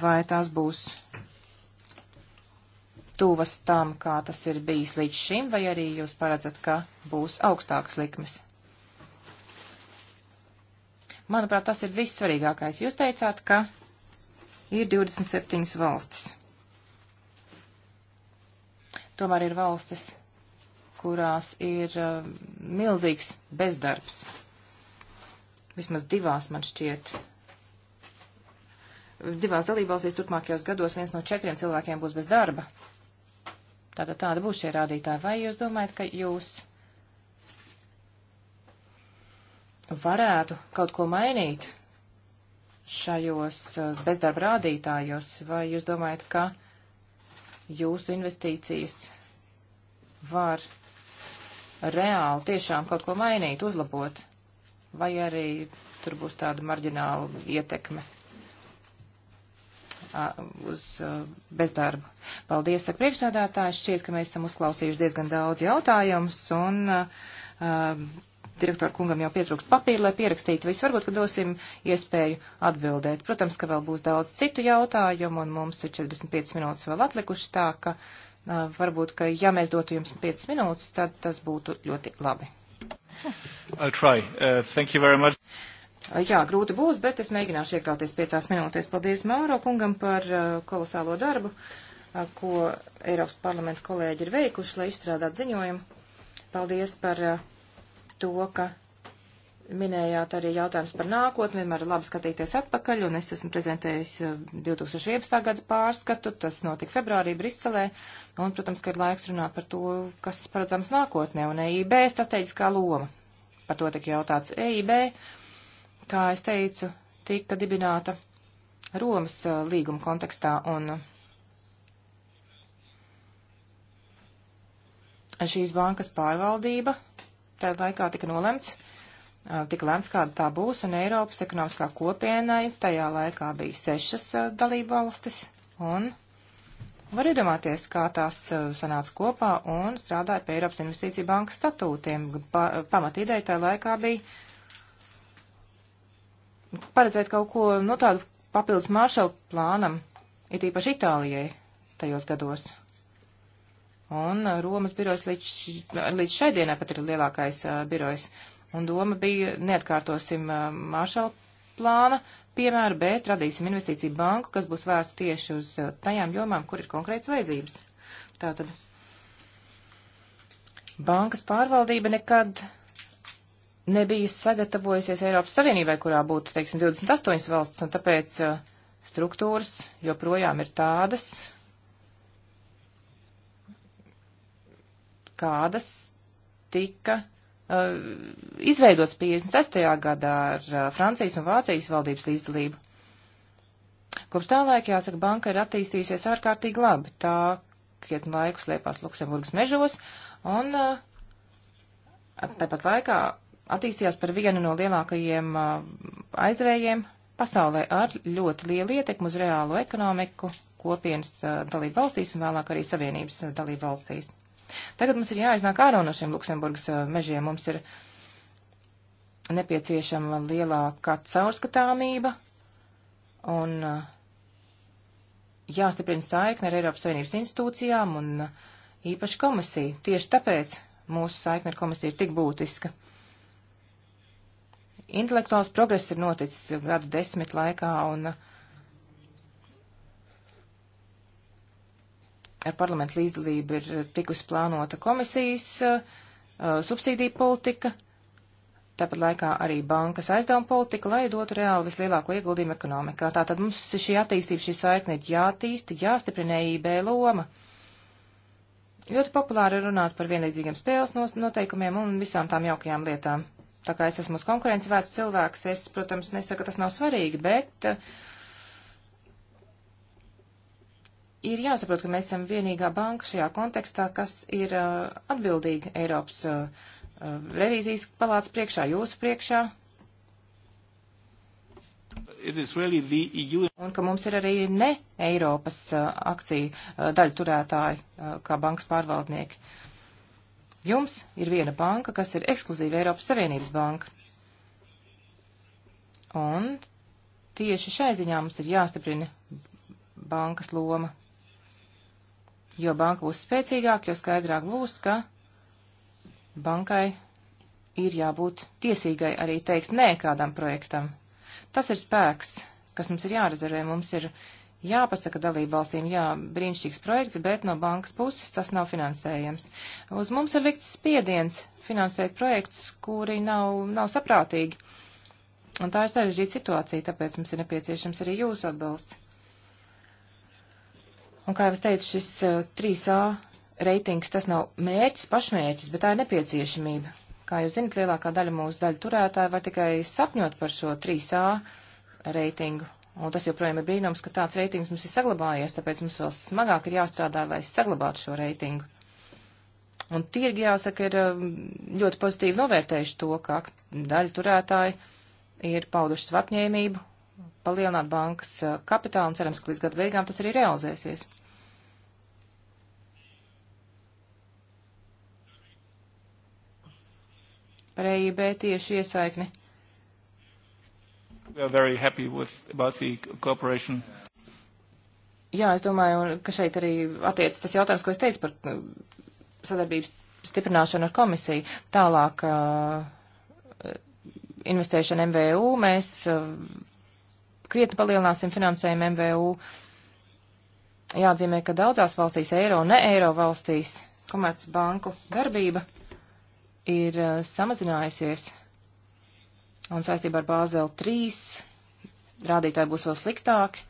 Vai tās būs tuvas tam, kā tas ir bijis līdz šim, vai arī jūs paredzat, ka būs augstākas likmes? Manuprāt, tas ir viss svarīgākais. Jūs teicāt, ka ir 27 valstis. Tomēr ir valstis, kurās ir uh, milzīgs bezdarbs vismaz divās man šķiet. Divās dalībvalstīs turpmākajos gados viens no četriem cilvēkiem būs bez darba. Tātad tāda būs šie rādītāji. Vai jūs domājat, ka jūs varētu kaut ko mainīt šajos eh, bezdarba rādītājos, vai jūs domājat, ka jūsu investīcijas var reāli tiešām kaut ko mainīt, uzlabot? vai arī tur būs tāda marģināla ietekme uz bezdarbu. Paldies, saka priekšsādātāji. Šķiet, ka mēs esam uzklausījuši diezgan daudz jautājumus, un uh, direktoru kungam jau pietrūkst papīra, lai pierakstītu visu. Varbūt, ka dosim iespēju atbildēt. Protams, ka vēl būs daudz citu jautājumu, un mums ir 45 minūtes vēl atlikušas tā, ka uh, varbūt, ka ja mēs dotu jums 5 minūtes, tad tas būtu ļoti labi. I'll try. Uh, thank you very much. Uh, jā, grūti būs, bet es mēģināšu iekļauties piecās minūtēs. Paldies Mauro kungam par uh, kolosālo darbu, uh, ko Eiropas parlamenta kolēģi ir veikuši, lai izstrādātu ziņojumu. Paldies par uh, to, ka Minējāt arī jautājums par nākotni, vienmēr labi skatīties atpakaļ, un es esmu prezentējis 2011. Eh, gada pārskatu, tas notika februārī Briselē, un, protams, ka ir laiks runāt par to, kas paredzams nākotnē, un EIB strateģiskā loma. Par to tika jautāts EIB, kā es teicu, tika dibināta Romas eh, līguma kontekstā, un eh, šīs bankas pārvaldība tajā laikā tika nolemts Eh, tika lēmts, kāda tā būs, un Eiropas ekonomiskā kopienai tajā laikā bija sešas eh, dalība valstis, un var iedomāties, kā tās eh, sanāca kopā un strādāja pie Eiropas investīcija bankas statūtiem. Pa, pamatīdēja tajā laikā bija paredzēt kaut ko, nu, tādu papildus maršalu plānam, it īpaši Itālijai tajos gados. Un Romas birojs līdz, līdz šai dienai pat ir lielākais uh, birojs. Uh, Un doma bija neatkārtosim uh, maršala plāna piemēru, bet radīsim investīciju banku, kas būs vērsta tieši uz uh, tajām jomām, kur ir konkrēts vajadzības. Tātad bankas pārvaldība nekad nebija sagatavojusies Eiropas Savienībai, kurā būtu, teiksim, 28 valsts, un tāpēc uh, struktūras joprojām ir tādas, kādas tika Uh, izveidots 56. gadā ar uh, Francijas un Vācijas valdības līdzdalību. Kopš tā laika, jāsaka, banka ir attīstījusies ārkārtīgi labi. Tā krietni laiku slēpās Luksemburgas mežos un uh, tāpat laikā attīstījās par vienu no lielākajiem aizdevējiem pasaulē ar ļoti lielu ietekmu uz reālo ekonomiku kopienas dalību valstīs un vēlāk arī savienības dalību valstīs. Tagad mums ir jāiznāk ārā no šiem Luksemburgas eh, mežiem. Mums ir nepieciešama lielākā caurskatāmība un eh, jāstiprina saikne ar Eiropas Savienības institūcijām un eh, īpaši komisiju. Tieši tāpēc mūsu saikne ar komisiju ir tik būtiska. Intelektuāls progress ir noticis gadu desmit laikā, un uh, ar parlamentu līdzdalību ir tikusi plānota komisijas uh, subsīdija politika, tāpat laikā arī bankas aizdevuma politika, lai dotu reāli vislielāko ieguldījumu ekonomikā. Tātad mums šī attīstība, šī saikne ir jātīsta, jāstiprina EIB loma. Ļoti populāri runāt par vienlīdzīgiem spēles noteikumiem un visām tām jaukajām lietām. Tā kā es esmu uz konkurences vērts cilvēks, es, protams, nesaku, ka tas nav svarīgi, bet uh, ir jāsaprot, ka mēs esam vienīgā banka šajā kontekstā, kas ir uh, atbildīga Eiropas uh, uh revīzijas palāts priekšā, jūsu priekšā. Really EU... Un ka mums ir arī ne Eiropas uh, akciju uh, daļu turētāji, uh, kā bankas pārvaldnieki. Jums ir viena banka, kas ir ekskluzīva Eiropas Savienības banka. Un tieši šai ziņā mums ir jāstiprina bankas loma Jo banka būs spēcīgāka, jo skaidrāk būs, ka bankai ir jābūt tiesīgai arī teikt nē kādam projektam. Tas ir spēks, kas mums ir jārezervē. Mums ir jāpasaka dalību valstīm, jā, brīnišķīgs projekts, bet no bankas puses tas nav finansējams. Uz mums ir likts spiediens finansēt projektus, kuri nav, nav saprātīgi. Un tā ir sarežģīta situācija, tāpēc mums ir nepieciešams arī jūsu atbalsts. Un, kā jau es teicu, šis 3A eh, reitings tas nav mērķis, pašmērķis, bet tā ir nepieciešamība. Kā jūs zinat, lielākā daļa mūsu daļu turētāju var tikai sapņot par šo 3A reitingu. Un tas joprojām ir brīnums, ka tāds reitings mums ir saglabājies, tāpēc mums vēl smagāk ir jāstrādā, lai saglabātu šo reitingu. Un tirgi, jāsaka, ir eh, ļoti pozitīvi novērtējuši to, ka daļu turētāji ir pauduši apņēmību palielināt bankas eh, kapitālu un cerams, ka līdz gada beigām tas arī realizēsies. par EIB tieši iesaikni. Jā, es domāju, ka šeit arī attiec tas jautājums, ko es teicu par uh, sadarbības stiprināšanu ar komisiju. Tālāk uh, investēšana MVU, mēs uh, krietni palielināsim finansējumu MVU. Jāatzīmē, ka daudzās valstīs, eiro un ne eiro valstīs, komercbanku darbība ir uh, samazinājusies, un saistībā ar Bāzeli 3 rādītāji būs vēl sliktāki.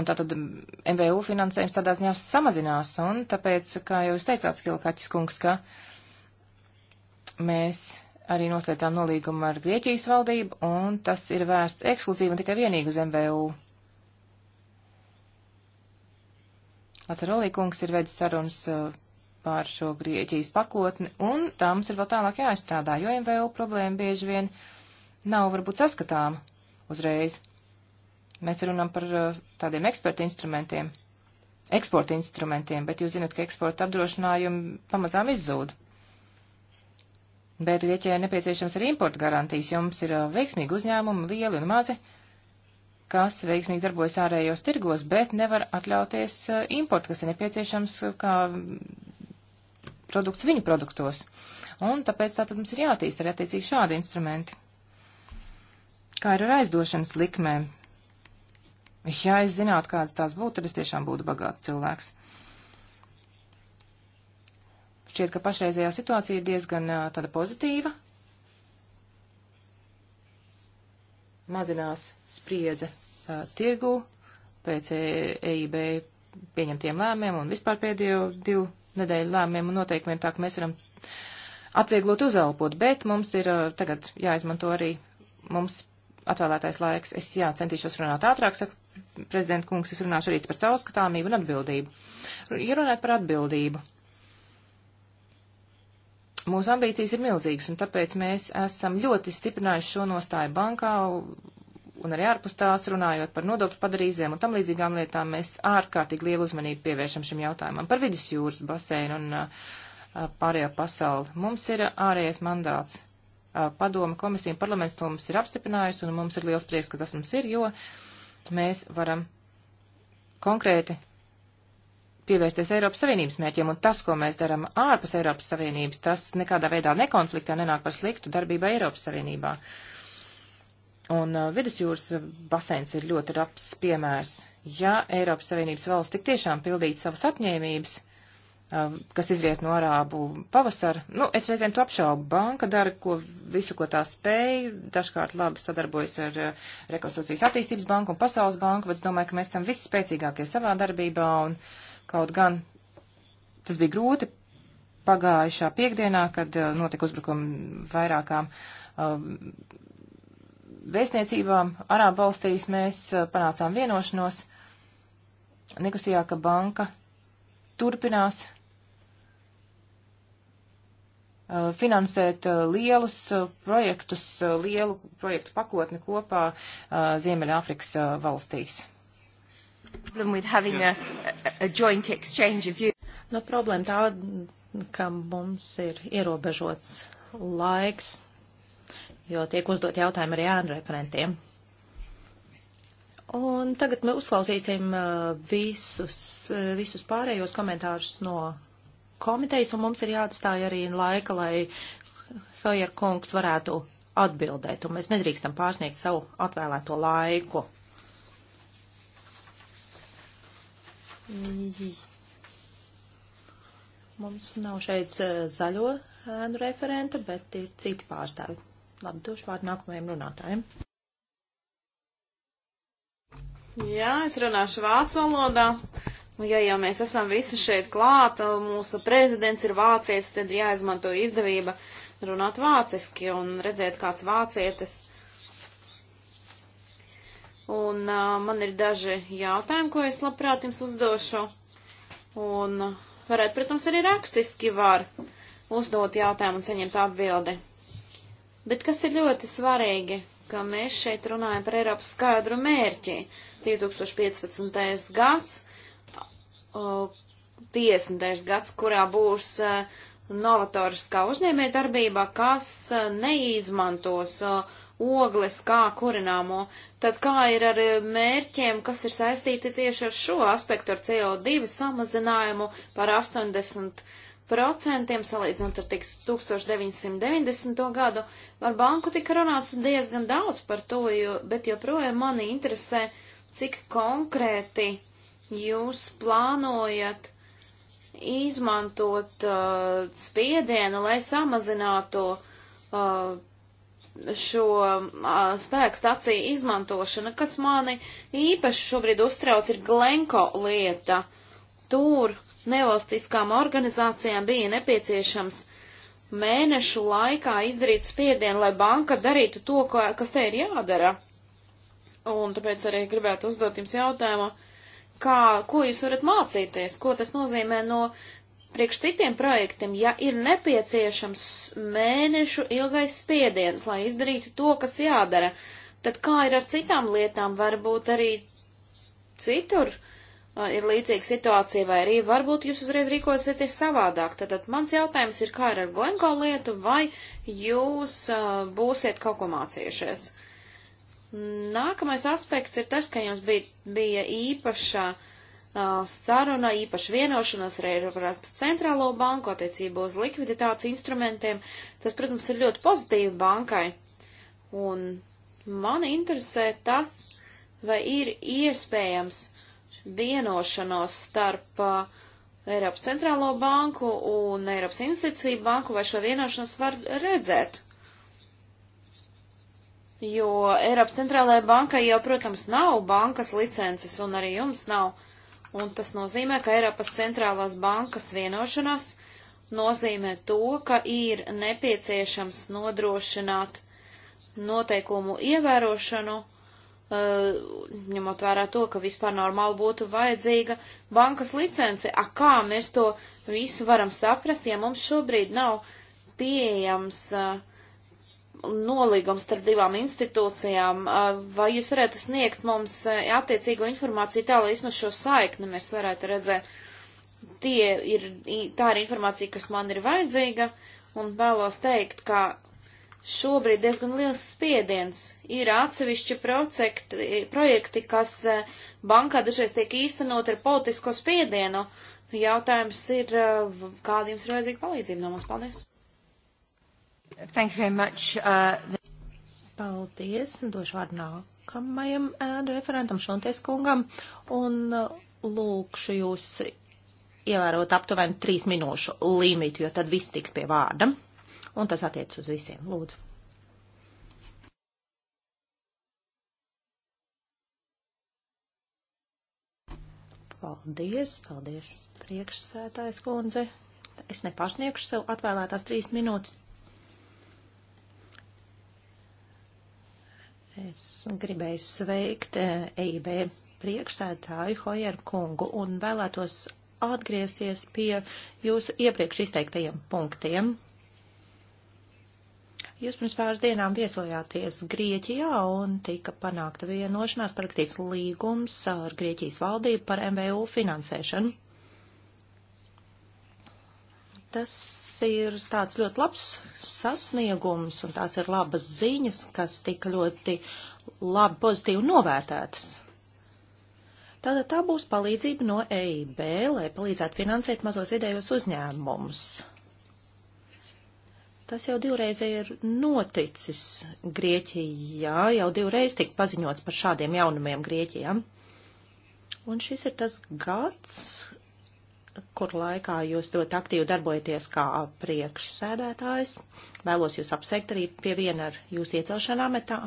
Un tātad MVU finansējums tādā ziņā samazinās, un tāpēc, kā jau es teicāt, Skilkaķis kungs, ka mēs arī noslēdzām nolīgumu ar Grieķijas valdību, un tas ir vērsts ekskluzīvi un tikai vienīgi uz MVU. Acerolī kungs ir veids sarunas uh, pār šo Grieķijas pakotni, un tā mums ir vēl tālāk jāizstrādā, jo MVU problēma bieži vien nav varbūt saskatāma uzreiz. Mēs runam par uh, tādiem eksperta instrumentiem, eksporta instrumentiem, bet jūs zinat, ka eksporta apdrošinājumi pamazām izzūd. Bet Grieķijai nepieciešams arī importa garantijas, jo mums ir uh, veiksmīgi uzņēmumi, lieli un mazi. Uh, kas veiksmīgi darbojas ārējos tirgos, bet nevar atļauties eh, importu, kas ir nepieciešams eh, kā produkts viņu produktos. Un tāpēc tātad mums ir jātīst arī attiecīgi šādi instrumenti. Kā ir ar aizdošanas likmēm? Ja es zinātu, kādas tās būtu, tad es tiešām būtu bagāts cilvēks. Šķiet, ka pašreizējā situācija ir diezgan eh, tāda pozitīva. Mazinās spriedze uh, tirgu pēc EIB e pieņemtiem lēmiem un vispār pēdējo divu nedēļu lēmiem un noteikumiem, tā ka mēs varam atvieglot uzalpot, bet mums ir uh, tagad jāizmanto arī mums atvēlētais laiks. Es jā, centīšos runāt ātrāk, saka prezidenta kungs, es runāšu arī par caurskatāmību un atbildību. Ja runāt par atbildību, mūsu ambīcijas ir milzīgas, un tāpēc mēs esam ļoti stiprinājuši šo nostāju bankā, un arī ārpus tās runājot par nodokļu padarīzēm un tam līdzīgām lietām, mēs ārkārtīgi lielu uzmanību pievēršam šim jautājumam par vidusjūras basēnu un a, pārējo pasauli. Mums ir ārējais mandāts a, padoma komisija un parlaments to mums ir apstiprinājusi un mums ir liels prieks, ka tas mums ir, jo mēs varam konkrēti pievērsties Eiropas Savienības mērķiem, un tas, ko mēs darām ārpus Eiropas Savienības, tas nekādā veidā nekonfliktā nenāk par sliktu darbību Eiropas Savienībā. Uh, Un uh, vidusjūras basēns ir ļoti labs piemērs. Ja Eiropas Savienības valsts tik tiešām pildītu savas apņēmības, uh, kas izriet no arābu pavasara, nu, es reizēm to apšaubu. Banka dara ko, visu, ko tā spēj, dažkārt labi sadarbojas ar uh, Rekonstrukcijas attīstības banku un Pasaules banku, bet es domāju, ka mēs esam visspēcīgākie savā darbībā un kaut gan tas bija grūti pagājušā piekdienā, kad uh, notika uzbrukumi vairākām uh, vēstniecībām Arābu valstīs mēs panācām vienošanos. Nikusijāka banka turpinās finansēt lielus projektus, lielu projektu pakotni kopā Ziemeļāfrikas valstīs. No problēma tā, ka mums ir ierobežots laiks jo tiek uzdot jautājumi arī ēnu referentiem. Un tagad mēs uzklausīsim uh, visus, uh, visus pārējos komentārus no komitejas, un mums ir jāatstāj arī laika, lai Hojer kungs varētu atbildēt, un mēs nedrīkstam pārsniegt savu atvēlēto laiku. Mums nav šeit uh, zaļo ēnu referenta, bet ir citi pārstāvi. Labi, došu vārdu nākamajam runātājiem. Jā, es runāšu vācu valodā. Nu, ja jau mēs esam visi šeit klāt, mūsu prezidents ir vācietis, tad jāizmanto izdevība runāt vāciski un redzēt kāds vācietis. Un uh, man ir daži jautājumi, ko es labprāt jums uzdošu. Un uh, varētu, protams, arī rakstiski var uzdot jautājumu un saņemt atbildi. Bet kas ir ļoti svarīgi, ka mēs šeit runājam par Eiropas skaidru mērķi 2015. gads, 50. gads, kurā būs e, novatoriskā uzņēmē darbība, kas e, neizmantos ogles kā kurināmo, tad kā ir ar e, mērķiem, kas ir saistīti tieši ar šo aspektu, ar CO2 samazinājumu par 80% salīdzinot ar 1990. gadu, Ar banku tika runāts diezgan daudz par to, jo, bet joprojām mani interesē, cik konkrēti jūs plānojat izmantot uh, spiedienu, lai samazinātu uh, šo uh, spēku stāciju izmantošanu. Kas mani īpaši šobrīd uztrauc, ir Glenko lieta. Tur nevalstiskām organizācijām bija nepieciešams mēnešu laikā izdarīt spiedienu, lai banka darītu to, ko, kas te ir jādara. Un tāpēc arī gribētu uzdot jums jautājumu, kā, ko jūs varat mācīties, ko tas nozīmē no priekš citiem projektiem, ja ir nepieciešams mēnešu ilgais spiediens, lai izdarītu to, kas jādara. Tad kā ir ar citām lietām, varbūt arī citur uh, ir līdzīga situācija, vai arī varbūt jūs uzreiz rīkosieties savādāk. Tātad mans jautājums ir, kā ir ar Glenko lietu, vai jūs uh, būsiet kaut ko mācījušies? Nākamais aspekts ir tas, ka jums bija, bija īpaša uh, saruna, īpaša vienošanās ar Eiropas centrālo banku attiecībā uz likviditātes instrumentiem. Tas, protams, ir ļoti pozitīvi bankai. Un man interesē tas, vai ir iespējams vienošanos starp uh, Eiropas centrālo banku un Eiropas investīciju banku, vai šo vienošanos var redzēt. Jo Eiropas centrālajai bankai jau, protams, nav bankas licences un arī jums nav. Un tas nozīmē, ka Eiropas centrālās bankas vienošanās nozīmē to, ka ir nepieciešams nodrošināt noteikumu ievērošanu Eh, ņemot vērā to, ka vispār normāli būtu vajadzīga bankas licence. A kā mēs to visu varam saprast, ja mums šobrīd nav pieejams eh, nolīgums starp divām institūcijām? Eh, vai jūs varētu sniegt mums attiecīgo informāciju tā, lai vismaz šo saikni mēs varētu redzēt? Tie ir, tā ir informācija, kas man ir vajadzīga, un vēlos teikt, ka šobrīd diezgan liels spiediens. Ir atsevišķi procekti, projekti, kas eh, bankā dažreiz tiek īstenot ar politisko spiedienu. Jautājums ir, eh, kāda jums ir vajadzīga palīdzība no mums? Paldies! Thank you very much. Uh, the... Paldies, un došu vārdu nākamajam ēdu eh, referentam Šonties kungam, un lūkšu jūs ievērot aptuveni trīs minūšu limitu, jo tad viss tiks pie vārda un tas attiec uz visiem. Lūdzu. Paldies, paldies, priekšsētājs kundze. Es nepārsniegšu sev atvēlētās trīs minūtes. Es gribēju sveikt EIB eh, e priekšsētāju Hojeru kungu un vēlētos atgriezties pie jūsu iepriekš izteiktajiem punktiem Jūs pirms pāris dienām viesojāties Grieķijā un tika panākta vienošanās parakstīts līgums ar Grieķijas valdību par MVU finansēšanu. Tas ir tāds ļoti labs sasniegums un tās ir labas ziņas, kas tika ļoti labi pozitīvi novērtētas. Tātad tā būs palīdzība no EIB, lai palīdzētu finansēt mazos idejos uzņēmumus Tas jau divreiz ir noticis Grieķijā, jau divreiz tika paziņots par šādiem jaunumiem Grieķijā. Un šis ir tas gads, kur laikā jūs ļoti aktīvi darbojaties kā priekšsēdētājs. Vēlos jūs apsveikt arī pie viena ar jūsu iecelšanā metā.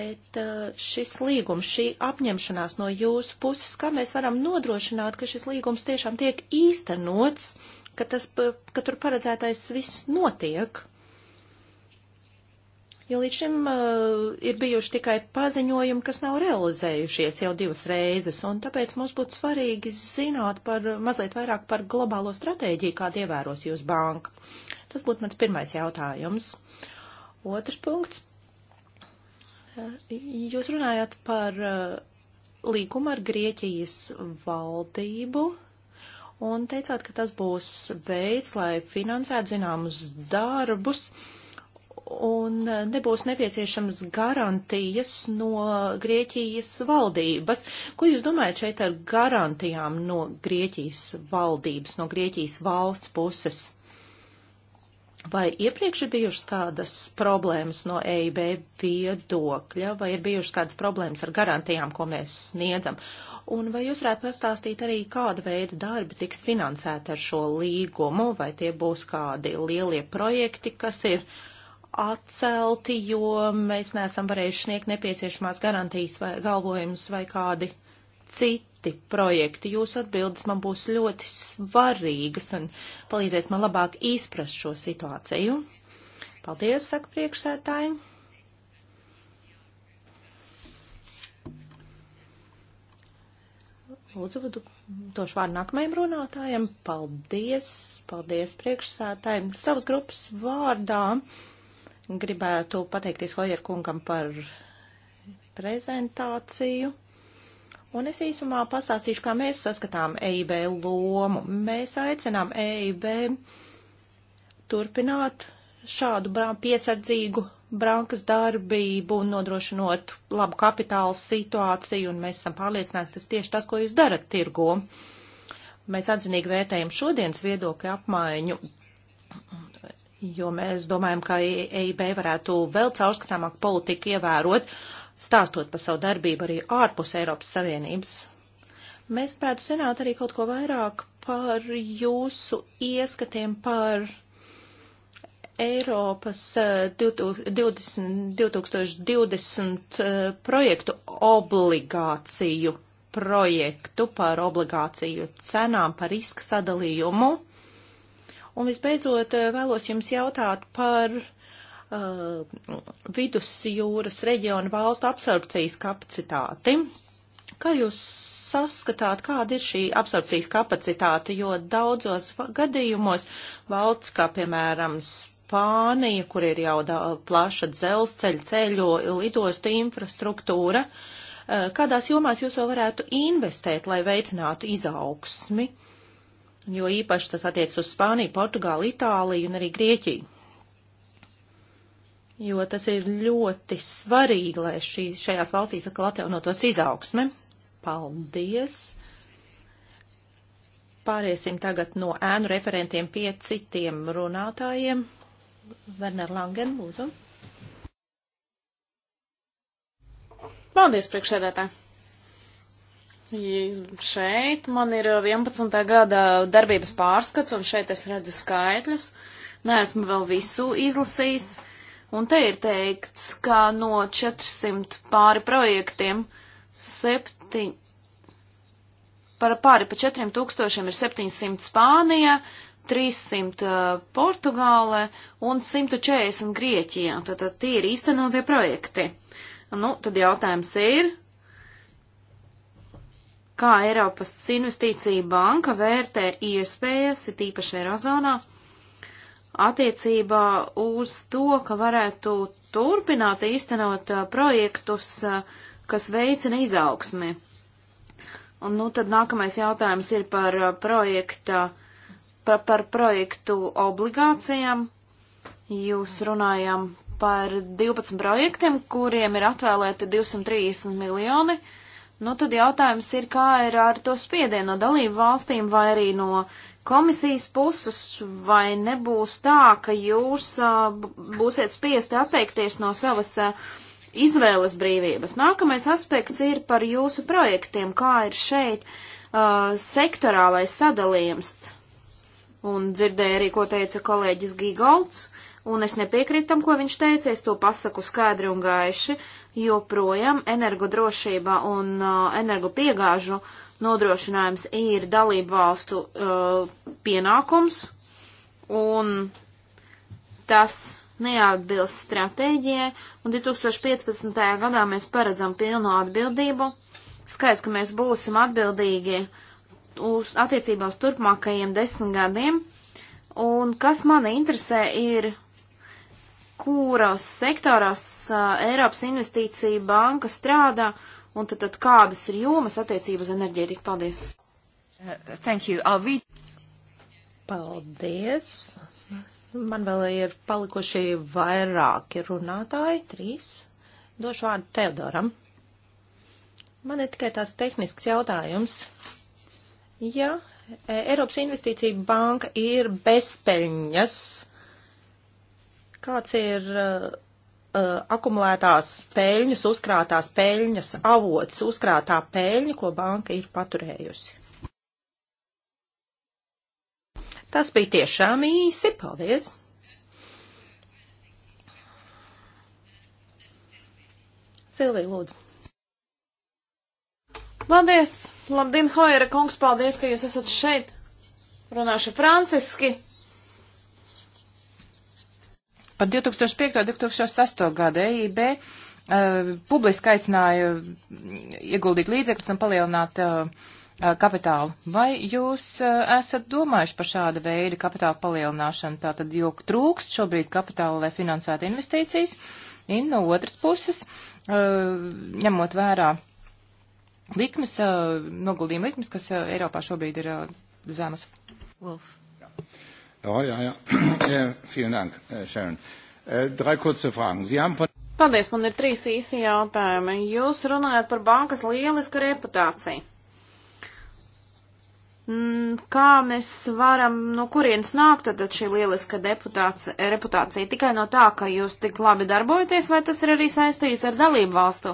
Bet uh, šis līgums, šī apņemšanās no jūsu puses, kā mēs varam nodrošināt, ka šis līgums tiešām tiek īstenots, uh, ka, tas, ka tur paredzētais viss notiek. Jo līdz šim uh, ir bijuši tikai paziņojumi, kas nav realizējušies jau divas reizes, un tāpēc mums būtu svarīgi zināt par mazliet vairāk par globālo stratēģiju, kāda ievēros jūs banka. Tas būtu mans pirmais jautājums. Otrs punkts. Uh, jūs runājāt par uh, līgumu ar Grieķijas valdību un teicāt, ka tas būs veids, lai finansētu zināmus darbus un nebūs nepieciešams garantijas no Grieķijas valdības. Ko jūs domājat šeit ar garantijām no Grieķijas valdības, no Grieķijas valsts puses? Vai iepriekš ir bijušas kādas problēmas no EIB viedokļa, vai ir bijušas kādas problēmas ar garantijām, ko mēs sniedzam? Un vai jūs varētu pastāstīt arī, kāda veida darbi tiks finansēti ar šo līgumu, vai tie būs kādi lielie projekti, kas ir atcelti, jo mēs neesam varējuši sniegt nepieciešamās garantijas vai galvojumus vai kādi citi projekti. Jūsu atbildes man būs ļoti svarīgas un palīdzēs man labāk izprast šo situāciju. Paldies, saka priekšsētāji. Lūdzu, vadu, došu vārdu nākamajam runātājam. Paldies, paldies priekšsētājiem. Savas grupas vārdā gribētu pateikties Hojer kungam par prezentāciju. Un es īsumā pastāstīšu, kā mēs saskatām EIB lomu. Mēs aicinām EIB turpināt šādu piesardzīgu bankas darbību un nodrošinot labu kapitāla situāciju, un mēs esam pārliecināti, tas tieši tas, ko jūs darat tirgo. Mēs atzinīgi vērtējam šodienas viedokļu apmaiņu, jo mēs domājam, ka EIB varētu vēl caurskatāmāk politiku ievērot, stāstot par savu darbību arī ārpus Eiropas Savienības. Mēs gribētu zināt arī kaut ko vairāk par jūsu ieskatiem par Eiropas 2020, eh, 2020 eh, projektu obligāciju projektu par obligāciju cenām, par riska sadalījumu. Un visbeidzot eh, vēlos jums jautāt par uh, vidusjūras reģionu valstu absorpcijas kapacitāti. Kā jūs saskatāt, kāda ir šī absorpcijas kapacitāte, jo daudzos gadījumos valsts, kā piemēram Spānija, kur ir jau da, plaša dzelzceļa ceļu lidostu infrastruktūra. Eh, kādās jomās jūs vēl varētu investēt, lai veicinātu izaugsmi? Jo īpaši tas attiec uz Spāniju, Portugālu, Itāliju un arī Grieķiju. Jo tas ir ļoti svarīgi, lai šī, šajās valstīs atkal atjaunotos izaugsme. Paldies! Pāriesim tagad no ēnu referentiem pie citiem runātājiem. Werner Langen, lūdzu. Paldies, priekšsēdētā. Šeit man ir 11. gada darbības pārskats, un šeit es redzu skaitļus. Neesmu vēl visu izlasījis. Un te ir teikts, ka no 400 pāri projektiem septiņ... par pāri pa 4000 ir 700 Spānija, 300 Portugālē un 140 Grieķijā. Tātad tie ir īstenotie projekti. Nu, tad jautājums ir, kā Eiropas investīcija banka vērtē iespējas, ir tīpaši Eirozonā, attiecībā uz to, ka varētu turpināt īstenot projektus, kas veicina izaugsmi. Un, nu, tad nākamais jautājums ir par projekta uh, par, par projektu obligācijām. Jūs runājam par 12 projektiem, kuriem ir atvēlēti 230 miljoni. Nu, tad jautājums ir, kā ir ar to spiedienu no dalību valstīm vai arī no komisijas puses, vai nebūs tā, ka jūs būsiet spiesti atteikties no savas izvēles brīvības. Nākamais aspekts ir par jūsu projektiem, kā ir šeit uh, sektorālais sadalījums, un dzirdēju arī, ko teica kolēģis Gigolds, un es nepiekrītu tam, ko viņš teica, es to pasaku skaidri un gaiši, joprojām energodrošība un uh, energopiegāžu nodrošinājums ir dalību valstu uh, pienākums, un tas neatbilst stratēģijai, un 2015. gadā mēs paredzam pilnu atbildību. Skaidrs, ka mēs būsim atbildīgi uh, uz attiecībā uz turpmākajiem desmit gadiem. Un kas mani interesē ir, kuros sektoros uh, Eiropas investīcija banka strādā, un tad, tad kādas ir jomas attiecības enerģētika. Paldies! Uh, thank you. Alvi. Paldies! Man vēl ir palikuši vairāki runātāji, trīs. Došu vārdu Teodoram. Man ir tikai tās tehnisks jautājums. Uh, Ja e, Eiropas investīcija banka ir bezpeļņas, kāds ir uh, akumulētās peļņas, uzkrātās peļņas avots, uzkrātā peļņa, ko banka ir paturējusi? Tas bija tiešām īsi. Paldies! Silvija, lūdzu. Paldies! Labdien, Hojera kungs, paldies, ka jūs esat šeit. Runāšu franciski. Par 2005. un 2006. gadu EIB uh, eh, publiski aicināja mm, ieguldīt līdzekļus un palielināt uh, kapitālu. Vai jūs uh, esat domājuši par šādu veidu kapitāla palielināšanu? Tātad, jo trūkst šobrīd kapitāla, lai finansētu investīcijas, un no otras puses, uh, ņemot vērā uh, likmes, eh, noguldījuma likmes, kas eh, Eiropā šobrīd ir eh, zemas. Wolf. Ja, oh, ja, <clears throat> ja. Vielen Dank, Sharon. Drei kurze Fragen. Sie haben von Paldies, man ir trīs īsi jautājumi. Jūs runājat par bankas lielisku reputāciju. Mm, kā mēs varam, no kurienes nāk tad šī lieliska reputācija? Tikai no tā, ka jūs tik labi darbojaties, vai tas ir arī saistīts ar dalību valstu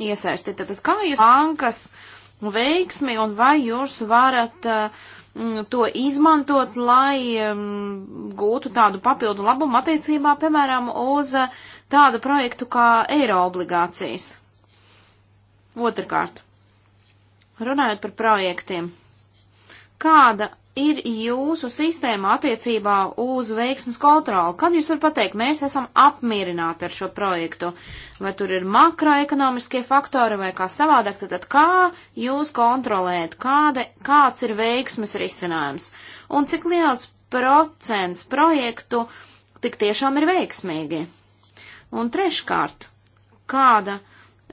iesaisti. Tad, tad kā jūs bankas veiksmi un vai jūs varat uh, to izmantot, lai um, gūtu tādu papildu labumu attiecībā, piemēram, uz uh, tādu projektu kā eiro obligācijas. Otrakārt, runājot par projektiem, kāda ir jūsu sistēma attiecībā uz veiksmas kontroli? Kad jūs varat pateikt, mēs esam apmierināti ar šo projektu? Vai tur ir makroekonomiskie faktori vai kā savādāk? Tad kā jūs kontrolēt, kāde, kāds ir veiksmas risinājums? Un cik liels procents projektu tik tiešām ir veiksmīgi? Un treškārt, kāda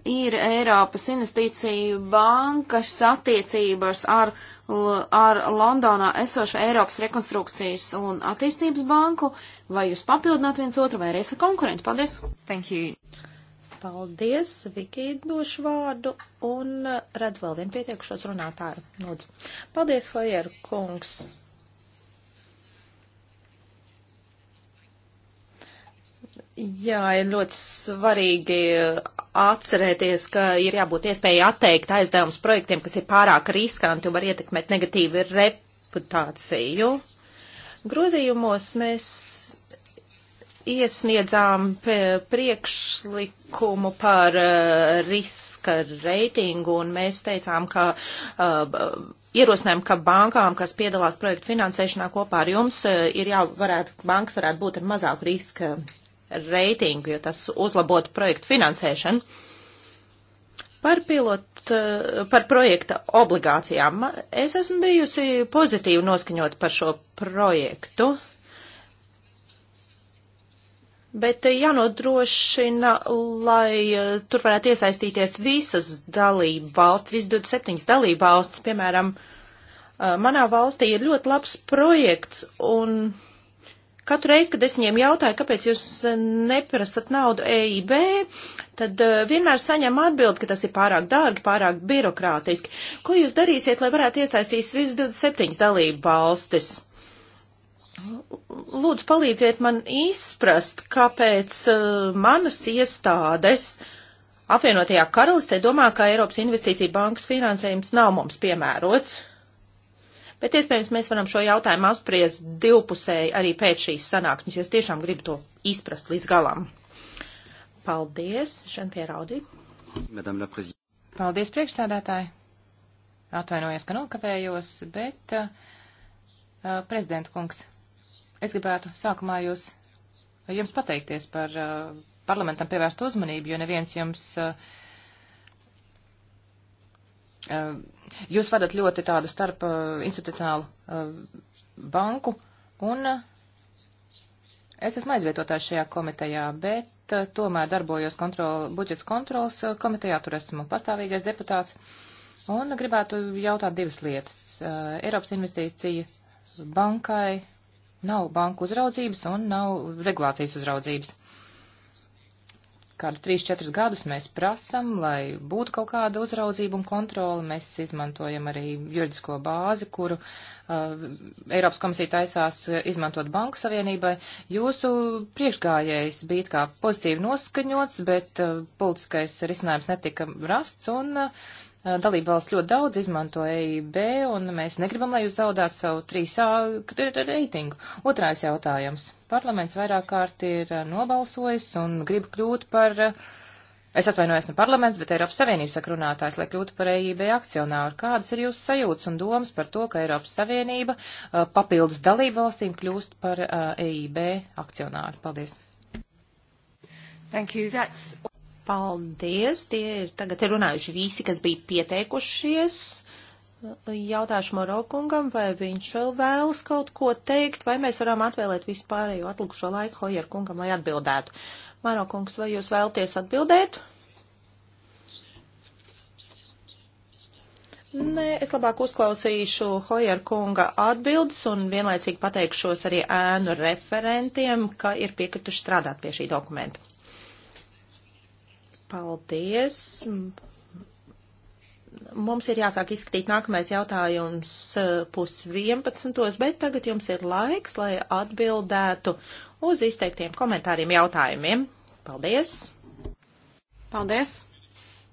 ir Eiropas investīciju bankas attiecības ar ar Londonā esošu Eiropas rekonstrukcijas un attīstības banku, vai jūs papildināt viens otru, vai arī esat konkurenti? Paldies! Thank you! Paldies, Viki, došu vārdu un redz vēl vienu pieteikušos runātāju. Lūdzu. Paldies, Hojer kungs! Jā, ir ļoti svarīgi uh, atcerēties, ka ir jābūt iespēja atteikt aizdevumus projektiem, kas ir pārāk riskanti un var ietekmēt negatīvi reputāciju. Grozījumos mēs iesniedzām priekšlikumu par uh, riska reitingu, un mēs teicām, ka uh, ierosinājumu, ka bankām, kas piedalās projektu finansēšanā kopā ar jums, ir jau varētu, bankas varētu būt ar mazāku riska reitingu, jo tas uzlabotu projektu finansēšanu. Par, pilot, eh, par projekta obligācijām. Es esmu bijusi pozitīvi noskaņot par šo projektu, bet jānodrošina, lai eh, tur varētu iesaistīties visas dalība valsts, visas 27 dalība valsts, piemēram, eh, manā valstī ir ļoti labs projekts un Katru reizi, kad es viņiem jautāju, kāpēc jūs eh, neprasat naudu EIB, tad uh, vienmēr saņem atbildi, ka tas ir pārāk dārgi, pārāk birokrātiski. Ko jūs darīsiet, lai varētu iesaistīt visus 27 dalību valstis? Lūdzu, palīdziet man izprast, kāpēc uh, manas iestādes apvienotajā karalistē domā, ka Eiropas investīcija bankas finansējums nav mums piemērots. Bet iespējams mēs varam šo jautājumu apspriest divpusēji arī pēc šīs sanāksmes, jo es tiešām gribu to izprast līdz galam. Paldies, Šanpieraudi. Paldies, priekšsēdētāji. Atvainojos, ka nokavējos, bet uh, uh prezidenta kungs, es gribētu sākumā jūs, uh, jums pateikties par uh, parlamentam pievērstu uzmanību, jo neviens jums uh, Eh, jūs vadat ļoti tādu starp eh, institucionālu eh, banku, un es esmu aizvietotājs šajā komitejā, bet tomēr darbojos kontrol, budžets kontrols komitejā, tur esmu pastāvīgais deputāts, un gribētu jautāt divas lietas. Eiropas investīcija bankai nav banku uzraudzības un nav regulācijas uzraudzības kādu 3-4 gadus mēs prasam, lai būtu kaut kāda uzraudzība un kontrola. Mēs izmantojam arī juridisko bāzi, kuru uh, Eiropas komisija taisās uh, izmantot Banku Savienībai. Jūsu priekšgājējs bija kā pozitīvi noskaņots, bet uh, politiskais risinājums netika rasts un uh, Eh, Dalībvalsts ļoti daudz izmanto EIB, un mēs negribam, lai jūs zaudātu savu 3A reitingu. Otrais jautājums. Parlaments vairāk kārt ir eh, nobalsojis un grib kļūt par uh, Es atvainojos ne parlaments, bet Eiropas Savienības sakrunātājs, lai kļūtu par EIB akcionāru. Kādas ir jūsu sajūtas un domas par to, ka Eiropas Savienība uh, papildus dalību valstīm kļūst par uh, EIB akcionāru? Paldies. Thank you. That's... Paldies! Tie ir tagad ir runājuši visi, kas bija pieteikušies. Jautāšu Morokungam, vai viņš vēl vēlas kaut ko teikt, vai mēs varam atvēlēt visu pārējo atlikušo laiku Hojer kungam, lai atbildētu. Marokungs, vai jūs vēlties atbildēt? Nē, es labāk uzklausīšu Hojer kunga atbildes un vienlaicīgi pateikšos arī ēnu referentiem, ka ir piekrituši strādāt pie šī dokumenta. Paldies! Mums ir jāsāk izskatīt nākamais jautājums eh, pus 11. bet tagad jums ir laiks, lai atbildētu uz izteiktiem komentāriem jautājumiem. Paldies! Paldies!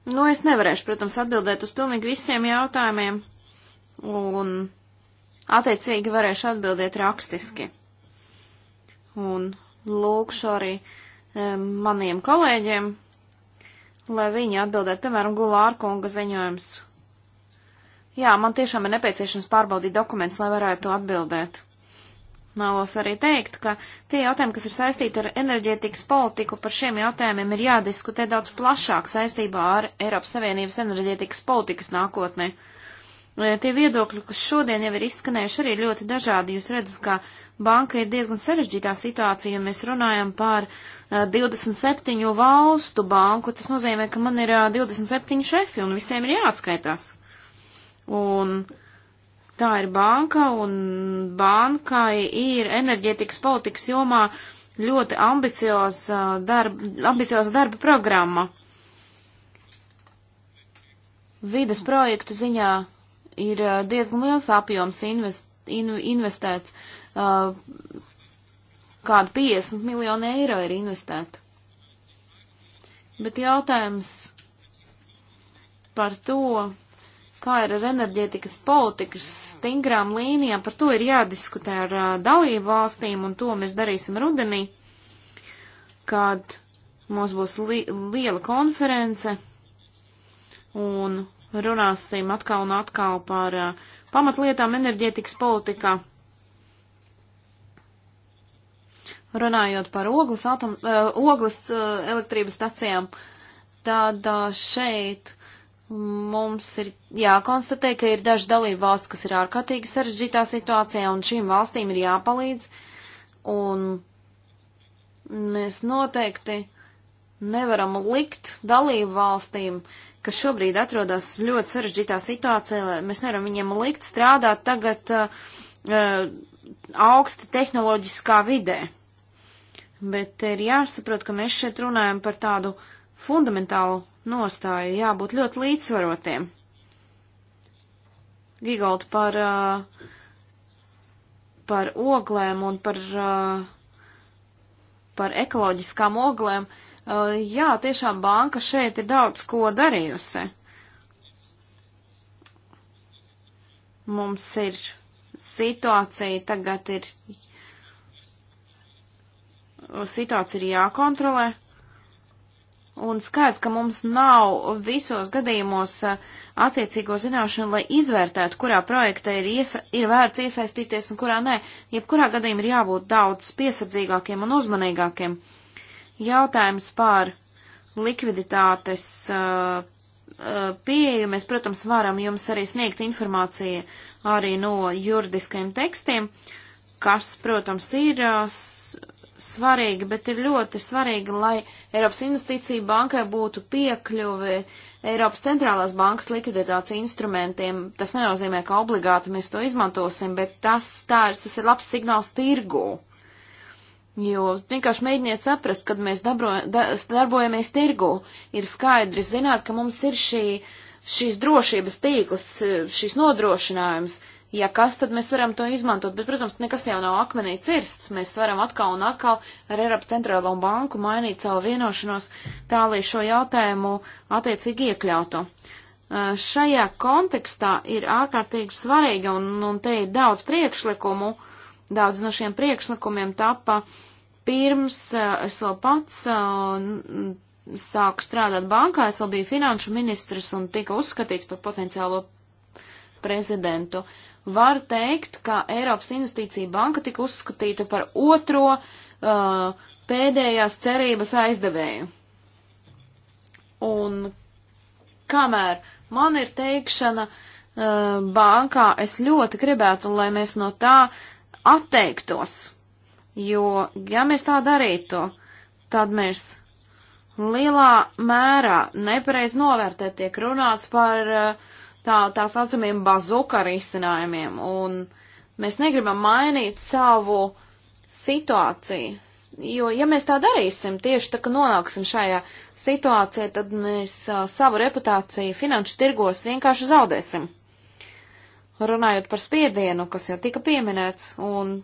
Nu, es nevarēšu, protams, atbildēt uz pilnīgi visiem jautājumiem, un attiecīgi varēšu atbildēt rakstiski. Un lūkšu arī um, maniem kolēģiem lai viņi atbildētu, piemēram, Gulārkunga ziņojums. Jā, man tiešām ir nepieciešams pārbaudīt dokumentus, lai varētu atbildēt. Nālos arī teikt, ka tie jautājumi, kas ir saistīti ar enerģētikas politiku, par šiem jautājumiem ir jādiskutē daudz plašāk saistībā ar Eiropas Savienības enerģētikas politikas nākotni. Tie viedokļi, kas šodien jau ir izskanējuši, arī ļoti dažādi. Jūs redzat, ka banka ir diezgan sarežģītā situācija, ja mēs runājam par 27 eh, valstu banku. Tas nozīmē, ka man ir 27 eh, šefi un visiem ir jāatskaitās. Un tā ir banka, un bankai ir enerģētikas politikas jomā ļoti ambicioza eh, darba, ambicioza darba programma. Vides projektu ziņā ir uh, diezgan liels apjoms invest, in, investēts. Uh, kādu 50 miljonu eiro ir investēta. Bet jautājums par to, kā ir ar enerģētikas politikas stingrām līnijām, par to ir jādiskutē ar uh, dalību valstīm, un to mēs darīsim rudenī, kad mums būs li liela konference, un runāsim atkal un atkal par uh, pamatlietām enerģētikas politikā. Runājot par ogles, atom, uh, ogles uh, elektrības stacijām, tad uh, šeit mums ir jākonstatē, ka ir daži dalība valsts, kas ir ārkārtīgi sarežģītā situācijā, un šīm valstīm ir jāpalīdz. Un mēs noteikti nevaram likt dalību valstīm uh, kas šobrīd atrodas ļoti sarežģītā situācijā. Mēs nevaram viņiem likt strādāt tagad uh, eh, eh, augsti tehnoloģiskā vidē. Bet ir jāsaprot, ka mēs šeit runājam par tādu fundamentālu nostāju, jābūt ļoti līdzsvarotiem. Gigaldi par, uh, par oglēm un par, uh, par ekoloģiskām oglēm. Uh, Uh, jā, tiešām banka šeit ir daudz ko darījusi. Mums ir situācija tagad ir. Situācija ir jākontrolē. Un skaidrs, ka mums nav visos gadījumos uh, attiecīgo zināšanu, lai izvērtētu, kurā projekta ir, iesa ir vērts iesaistīties un kurā nē. Jebkurā gadījumā ir jābūt daudz piesardzīgākiem un uzmanīgākiem. Uh, Jautājums par likviditātes uh, uh, pieeju mēs, protams, varam jums arī sniegt informāciju arī no juridiskiem tekstiem, kas, protams, ir uh, svarīgi, bet ir ļoti svarīgi, lai Eiropas investīcija bankai būtu piekļuvi Eiropas centrālās bankas likviditātes instrumentiem. Tas nenozīmē, ka obligāti mēs to izmantosim, bet tas, tā ir, tas ir labs signāls tirgū. Uh, Jo vienkārši mēģiniet saprast, kad mēs dabro, da, darbojamies tirgu, ir skaidri zināt, ka mums ir šī, šīs drošības tīkls, šīs nodrošinājums. Ja kas, tad mēs varam to izmantot, bet, protams, nekas jau nav akmenī cirsts. Mēs varam atkal un atkal ar Eiropas centrālo banku mainīt savu vienošanos tā, lai šo jautājumu attiecīgi iekļautu. Šajā kontekstā ir ārkārtīgi svarīgi, un, un te ir daudz priekšlikumu, uh, Daudz no šiem priekšlikumiem tapa pirms eh, es vēl pats eh, sāku strādāt bankā, es vēl biju finanšu ministrs un tika uzskatīts par potenciālo prezidentu. Var teikt, ka Eiropas investīcija banka tika uzskatīta par otro uh, pēdējās cerības aizdevēju. Un kamēr man ir teikšana uh, bankā, es ļoti gribētu, lai mēs no tā uh, atteiktos, jo, ja mēs tā darītu, tad mēs lielā mērā nepareiz novērtē tiek runāts par eh, tā, tā saucamiem bazuka risinājumiem, un mēs negribam mainīt savu situāciju, jo, ja mēs tā darīsim, tieši tā, ka nonāksim šajā situācijā, tad mēs a, eh, savu reputāciju finanšu tirgos vienkārši zaudēsim runājot par spiedienu, kas jau tika pieminēts, un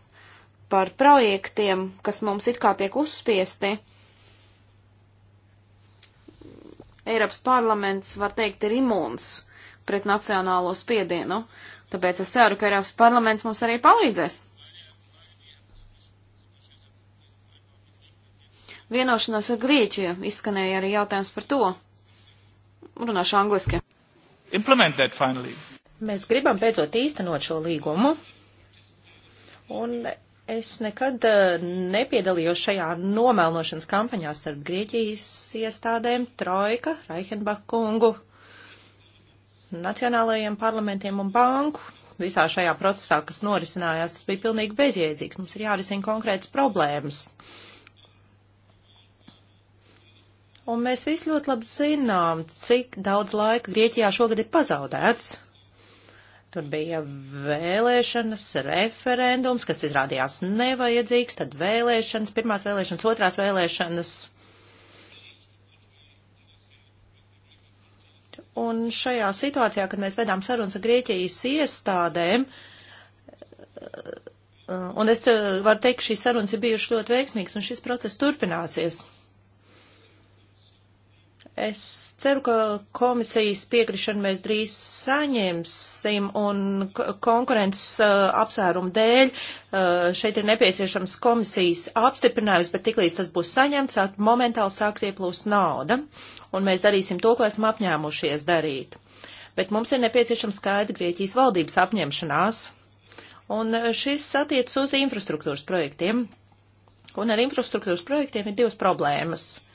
par projektiem, kas mums it kā tiek uzspiesti, Eiropas parlaments, var teikt, ir imūns pret nacionālo spiedienu, tāpēc es ceru, ka Eiropas parlaments mums arī palīdzēs. Vienošanās ar Grieķiju izskanēja arī jautājums par to. Runāšu angliski. Implement that finally. Mēs gribam beidzot īstenot šo līgumu, un es nekad eh, nepiedalījos šajā nomēlošanas kampaņā starp Grieķijas iestādēm, Trojka, Reihenbach kungu, nacionālajiem parlamentiem un banku. Visā šajā procesā, kas norisinājās, tas bija pilnīgi bezjēdzīgs. Mums ir jārisina konkrētas problēmas. Un mēs visi ļoti labi zinām, cik daudz laika Grieķijā šogad ir pazaudēts. Tur bija vēlēšanas, referendums, kas izrādījās nevajadzīgs, tad vēlēšanas, pirmās vēlēšanas, otrās vēlēšanas. Un šajā situācijā, kad mēs vedām sarunas ar Grieķijas iestādēm, un es eh, varu teikt, ka šīs sarunas ir bijušas ļoti veiksmīgas, un šis process turpināsies. Es ceru, ka komisijas piekrišanu mēs drīz saņemsim un konkurences uh, apsvērumu dēļ uh, šeit ir nepieciešams komisijas apstiprinājums, bet tiklīdz tas būs saņemts, momentāli sāks ieplūst nauda un mēs darīsim to, ko esam apņēmušies darīt. Bet mums ir nepieciešama skaidra Grieķijas valdības apņemšanās, un uh, šis attiecas uz infrastruktūras projektiem. Un ar infrastruktūras projektiem ir divas problēmas. Uh,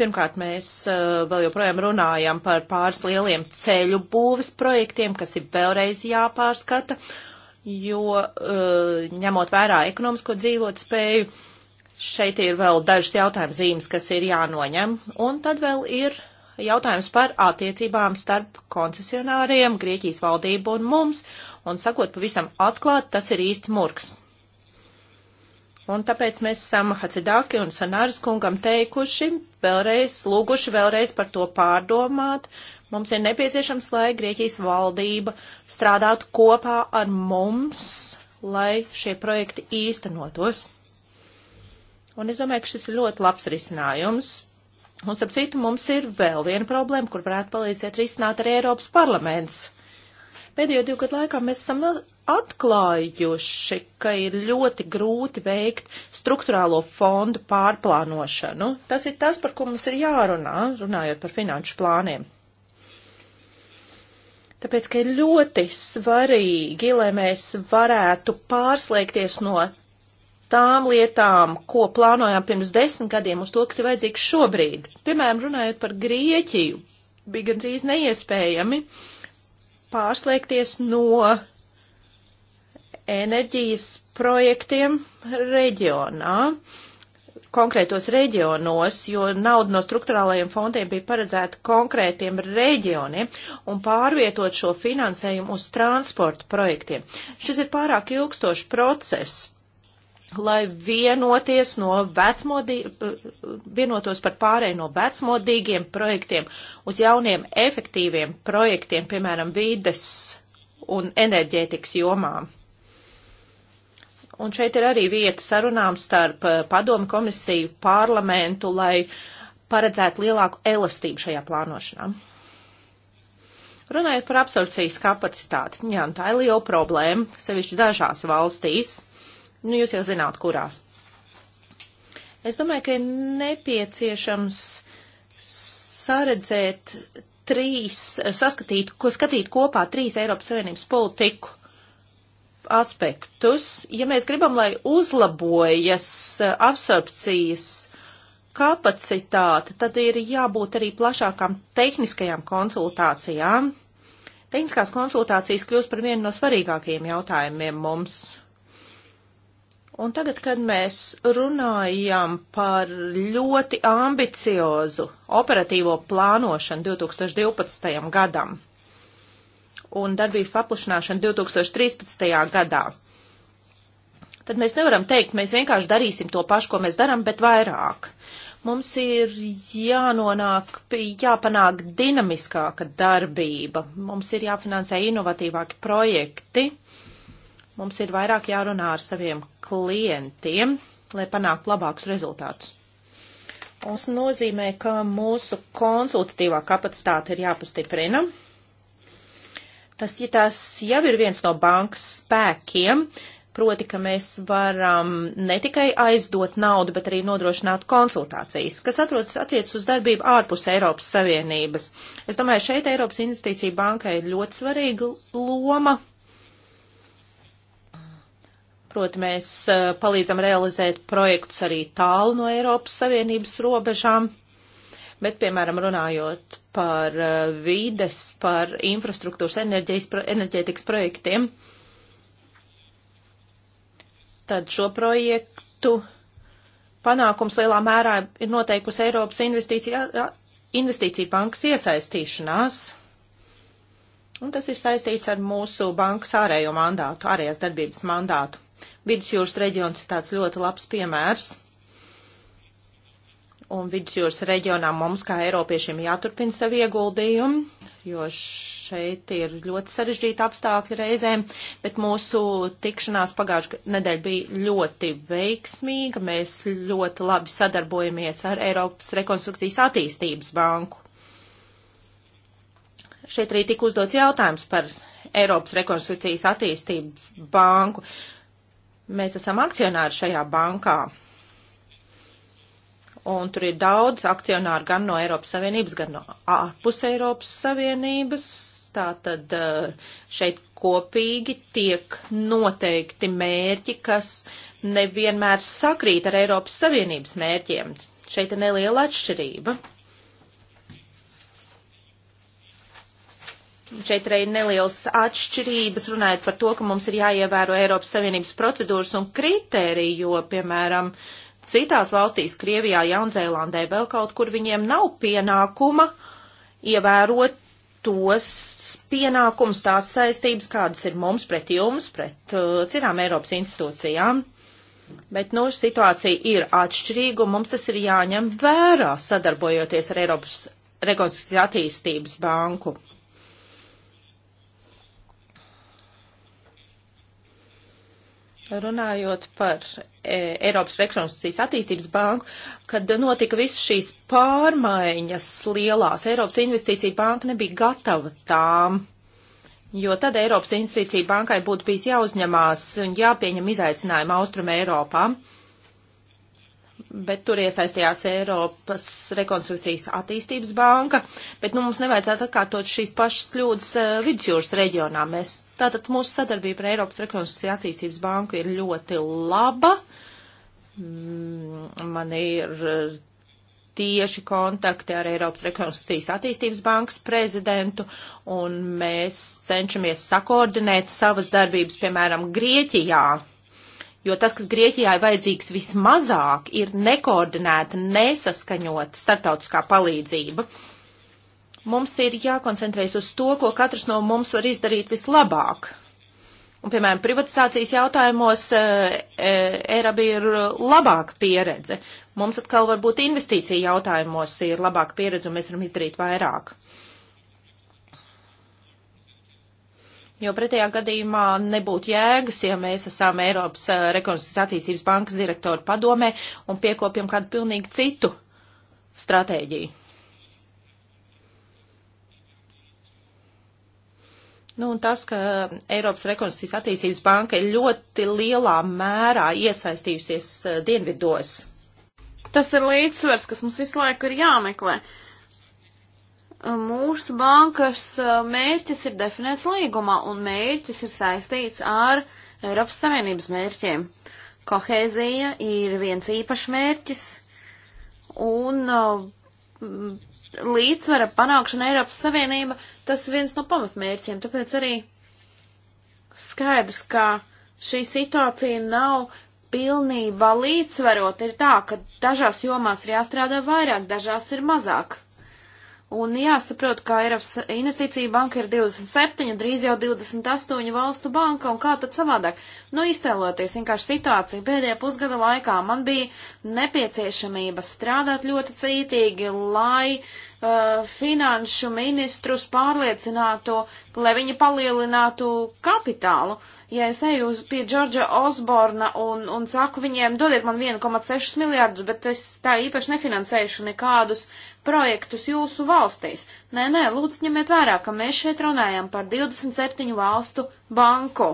Pirmkārt, mēs eh, vēl joprojām runājam par pāris lieliem ceļu būvis projektiem, kas ir vēlreiz jāpārskata, jo eh, ņemot vērā ekonomisko dzīvot spēju, šeit ir vēl dažas jautājuma zīmes, kas ir jānoņem. Un tad vēl ir jautājums par attiecībām starp koncesionāriem, Grieķijas valdību un mums. Un sakot pavisam atklāt, tas ir īsti murgs. Un tāpēc mēs esam Hacidāki un Sanāras kungam teikuši, vēlreiz, lūguši vēlreiz par to pārdomāt. Mums ir nepieciešams, lai Grieķijas valdība strādātu kopā ar mums, lai šie projekti īstenotos. Un es domāju, ka šis ir ļoti labs risinājums. Un, ap citu, mums ir vēl viena problēma, kur varētu palīdzēt risināt arī Eiropas parlaments. Pēdējo divu gadu laikā mēs esam atklājuši, ka ir ļoti grūti veikt struktūrālo fondu pārplānošanu. Tas ir tas, par ko mums ir jārunā, runājot par finanšu plāniem. Tāpēc, ka ir ļoti svarīgi, lai mēs varētu pārslēgties no tām lietām, ko plānojām pirms desmit gadiem, uz to, kas ir vajadzīgs šobrīd. Piemēram, runājot par Grieķiju, bija gandrīz neiespējami pārslēgties no enerģijas projektiem reģionā, konkrētos reģionos, jo nauda no struktūrālajiem fondiem bija paredzēta konkrētiem reģioniem un pārvietot šo finansējumu uz transporta projektiem. Šis ir pārāk ilgstošs process lai vienoties no vecmodī, vienotos par pārēju no vecmodīgiem projektiem uz jauniem efektīviem projektiem, piemēram, vīdes un enerģētikas jomām. Un šeit ir arī vieta sarunām starp eh, padomu komisiju, parlamentu, lai paredzētu lielāku elastību šajā plānošanā. Runājot par absorpcijas kapacitāti, jā, nu tā ir liela problēma, sevišķi dažās valstīs. Nu, jūs jau zināt, kurās. Es domāju, ka ir nepieciešams saredzēt trīs, eh, saskatīt, ko skatīt kopā trīs Eiropas Savienības politiku aspektus. Ja mēs gribam, lai uzlabojas eh, absorpcijas kapacitāte, tad ir jābūt arī plašākām tehniskajām konsultācijām. Tehniskās konsultācijas kļūst par vienu no svarīgākajiem jautājumiem mums. Un tagad, kad mēs runājam par ļoti ambiciozu operatīvo plānošanu 2012. gadam, un darbības paplašināšanu 2013. gadā. Tad mēs nevaram teikt, mēs vienkārši darīsim to pašu, ko mēs darām, bet vairāk. Mums ir jānonāk, jāpanāk dinamiskāka darbība, mums ir jāfinansē inovatīvāki projekti, mums ir vairāk jārunā ar saviem klientiem, lai panāktu labākus rezultātus. Tas nozīmē, ka mūsu konsultatīvā kapacitāte ir jāpastiprina. Tas, ja tas jau ir viens no bankas spēkiem, proti, ka mēs varam ne tikai aizdot naudu, bet arī nodrošināt konsultācijas, kas atrodas attiec uz darbību ārpus Eiropas Savienības. Es domāju, šeit Eiropas Investīcija bankai ir ļoti svarīga loma. Proti, mēs eh, palīdzam realizēt projektus arī tālu no Eiropas Savienības robežām bet, piemēram, runājot par eh, vīdes, par infrastruktūras enerģētikas projektiem, tad šo projektu panākums lielā mērā ir noteikusi Eiropas investīcija, investīcija bankas iesaistīšanās. Un tas ir saistīts ar mūsu bankas ārējo mandātu, ārējās darbības mandātu. Vidusjūras reģions ir tāds ļoti labs piemērs un vidusjūras reģionā mums kā Eiropiešiem jāturpina savu ieguldījumu, jo šeit ir ļoti sarežģīti apstākļi reizēm, bet mūsu tikšanās pagājušajā nedēļa bija ļoti veiksmīga. Mēs ļoti labi sadarbojamies ar Eiropas rekonstrukcijas attīstības banku. Šeit arī tika uzdots jautājums par Eiropas rekonstrukcijas attīstības banku. Mēs esam akcionāri šajā bankā un tur ir daudz akcionāru gan no Eiropas Savienības, gan no ārpus Eiropas Savienības. Tātad eh, šeit kopīgi tiek noteikti mērķi, kas nevienmēr sakrīt ar Eiropas Savienības mērķiem. Šeit ir neliela atšķirība. šeit arī nelielas atšķirības, runājot par to, ka mums ir jāievēro Eiropas Savienības procedūras un kritēriji, jo, piemēram, Citās valstīs, Krievijā, Jaunzēlandē, vēl kaut kur viņiem nav pienākuma ievērot tos pienākums, tās saistības, kādas ir mums pret jums, pret uh, citām Eiropas institūcijām. Bet, nu, situācija ir atšķirīga, un mums tas ir jāņem vērā, sadarbojoties ar Eiropas rekonstrukcijas attīstības banku. runājot par e, Eiropas rekonstrukcijas attīstības banku, kad notika visas šīs pārmaiņas lielās, Eiropas investīcija banka nebija gatava tām, jo tad Eiropas investīcija bankai būtu bijis jāuzņemās un jāpieņem izaicinājumi Austrum Eiropā. Uh, bet tur iesaistījās Eiropas rekonstrukcijas attīstības banka, bet nu, mums nevajadzētu atkārtot šīs pašas kļūdas uh, vidusjūras reģionā. Mēs, tātad mūsu sadarbība ar Eiropas rekonstrukcijas attīstības banku ir ļoti laba. Mm, man ir eh, tieši kontakti ar Eiropas rekonstrukcijas attīstības bankas prezidentu, un mēs cenšamies sakoordinēt savas darbības, piemēram, Grieķijā jo tas, kas Grieķijā ir vajadzīgs vismazāk, ir nekoordinēta, nesaskaņota starptautiskā palīdzība. Mums ir jākoncentrējas uz to, ko katrs no mums var izdarīt vislabāk. Un, piemēram, privatizācijas jautājumos eh, eh, Eiropa ir labāka pieredze. Mums atkal varbūt investīcija jautājumos ir labāka pieredze un mēs varam izdarīt vairāk. Uh, jo pretējā gadījumā nebūtu jēgas, ja mēs esam Eiropas eh, rekonstrukcijas attīstības bankas direktoru padomē un piekopjam kādu pilnīgi citu stratēģiju. Nu, un tas, ka Eiropas rekonstrukcijas attīstības banka ļoti lielā mērā iesaistījusies eh, dienvidos. Tas ir līdzsvars, kas mums visu laiku ir jāmeklē. Uh, Mūsu bankas mērķis ir definēts līgumā, un mērķis ir saistīts ar Eiropas Savienības mērķiem. Kohēzija ir viens īpašs mērķis, un līdzsvara panākšana Eiropas Savienība, tas ir viens no pamatmērķiem, tāpēc arī skaidrs, ka šī situācija nav pilnībā līdzsvarot. Ir tā, ka dažās jomās ir jāstrādā vairāk, dažās ir mazāk. Un jāsaprot, kā Eiropas investīcija banka ir 27, drīz jau 28 valstu banka, un kā tad savādāk? Nu, iztēloties vienkārši situāciju pēdējā pusgada laikā, man bija nepieciešamība strādāt ļoti cītīgi, lai uh, uh, finanšu ministrus pārliecinātu, lai viņi palielinātu kapitālu. Ja es eju uz pie Džordža Osborna un, un saku viņiem, dodiet man 1,6 miljārdus, bet es tā īpaši nefinansēšu nekādus projektus jūsu valstīs. Nē, nē, lūdzu ņemiet vērā, ka mēs šeit runājam par 27 valstu banku.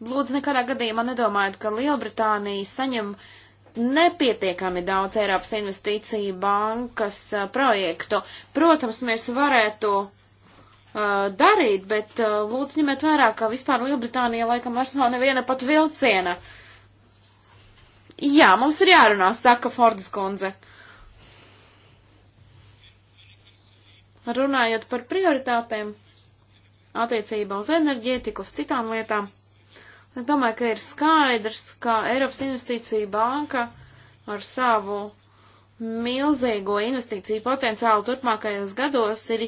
Lūdzu, nekādā gadījumā nedomājiet, ka Lielbritānija saņem uh, nepietiekami daudz Eiropas investīciju bankas uh, projektu. Protams, mēs varētu uh, darīt, bet uh, lūdzu ņemiet vērā, ka vispār Lielbritānija laikam vairs nav neviena pat vilciena. Jā, mums ir jārunā, saka Fordas kundze. Runājot par prioritātēm attiecībā uz enerģētiku, uz citām lietām. Es domāju, ka ir skaidrs, ka Eiropas investīcija banka ar savu milzīgo investīciju potenciālu turpmākajos gados ir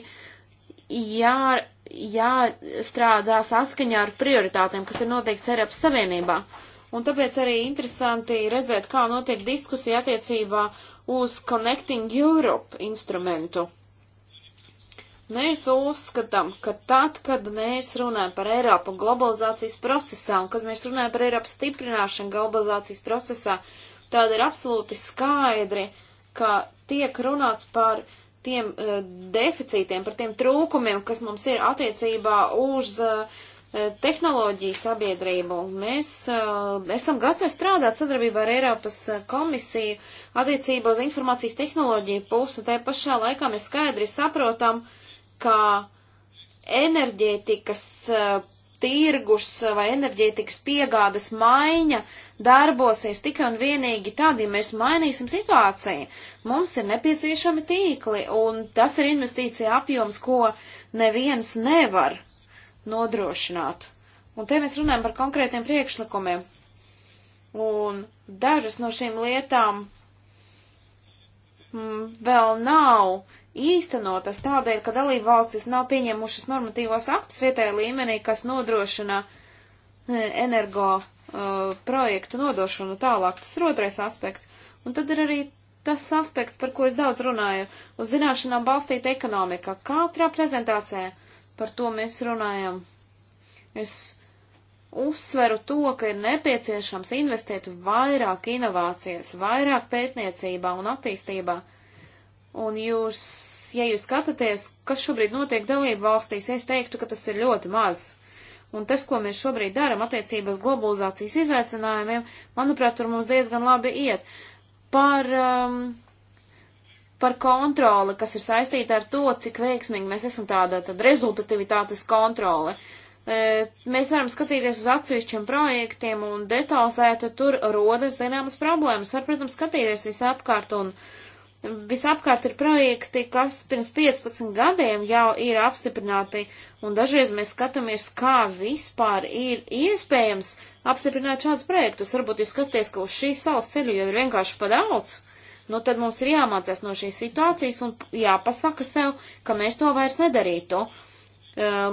jā, jāstrādā saskaņā ar prioritātēm, kas ir noteikts Eiropas Savienībā. Un tāpēc arī interesanti redzēt, kā notiek diskusija attiecībā uz Connecting Europe instrumentu. Mēs uzskatām, ka tad, kad mēs runājam par Eiropu globalizācijas procesā un kad mēs runājam par Eiropas stiprināšanu globalizācijas procesā, tad ir absolūti skaidri, ka tiek runāts par tiem uh, deficītiem, par tiem trūkumiem, kas mums ir attiecībā uz uh, tehnoloģiju sabiedrību. Mēs uh, esam gatavi strādāt sadarbībā ar Eiropas komisiju attiecībā uz informācijas tehnoloģiju pusi, un tajā pašā laikā mēs skaidri saprotam, uh, ka enerģētikas eh, tirgus vai enerģētikas piegādes maiņa darbosies tikai un vienīgi tad, ja mēs mainīsim situāciju. Mums ir nepieciešami tīkli, un tas ir investīcija apjoms, ko neviens nevar nodrošināt. Un te mēs runājam par konkrētiem priekšlikumiem. Un dažas no šīm lietām m, mm, vēl nav īstenotas tādēļ, ka dalību valstis nav pieņēmušas normatīvos aktus vietējā līmenī, kas nodrošina e, energo uh, projektu nodošanu tālāk. Tas ir otrais aspekts. Un tad ir arī tas aspekts, par ko es daudz runāju, uz zināšanām balstīta ekonomika. Katrā prezentācijā par to mēs runājam. Es uzsveru to, ka ir nepieciešams investēt vairāk inovācijas, vairāk pētniecībā un attīstībā. Uh, Un jūs, ja jūs skatāties, kas šobrīd notiek dalību valstīs, es teiktu, ka tas ir ļoti maz. Un tas, ko mēs šobrīd darām attiecībā uz globalizācijas izaicinājumiem, manuprāt, tur mums diezgan labi iet. Par, um, par kontroli, kas ir saistīta ar to, cik veiksmīgi mēs esam tāda tad rezultativitātes kontrole. E, mēs varam skatīties uz atsevišķiem projektiem un detalizēt, tur rodas zināmas problēmas. Var, protams, skatīties visapkārt un uh, Visapkārt ir projekti, kas pirms 15 gadiem jau ir apstiprināti, un dažreiz mēs skatāmies, kā vispār ir iespējams apstiprināt šādus projektus. Varbūt jūs skatāties, ka uz šīs salas ceļu jau ir vienkārši padaudz, nu tad mums ir jāmācās no šīs situācijas un jāpasaka sev, ka mēs to vairs nedarītu.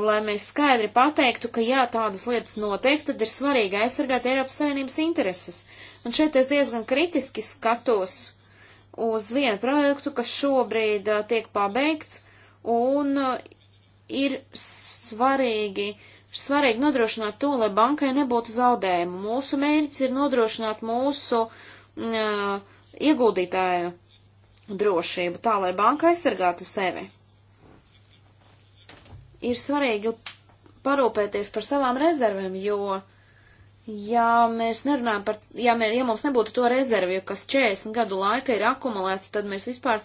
Lai mēs skaidri pateiktu, ka jā, tādas lietas notiek, tad ir svarīgi aizsargāt Eiropas Savienības intereses. Un šeit es diezgan kritiski skatos uz vienu projektu, kas šobrīd uh, tiek pabeigts, un uh, ir svarīgi, svarīgi nodrošināt to, lai bankai nebūtu zaudējumu. Mūsu mērķis ir nodrošināt mūsu mm, uh, ieguldītāju drošību, tā lai banka aizsargātu sevi. Ir svarīgi parūpēties par savām rezervēm, jo uh, Ja mēs nerunājam par, ja, mē, ja mums nebūtu to rezervju, kas 40 gadu laika ir akumulēts, tad mēs vispār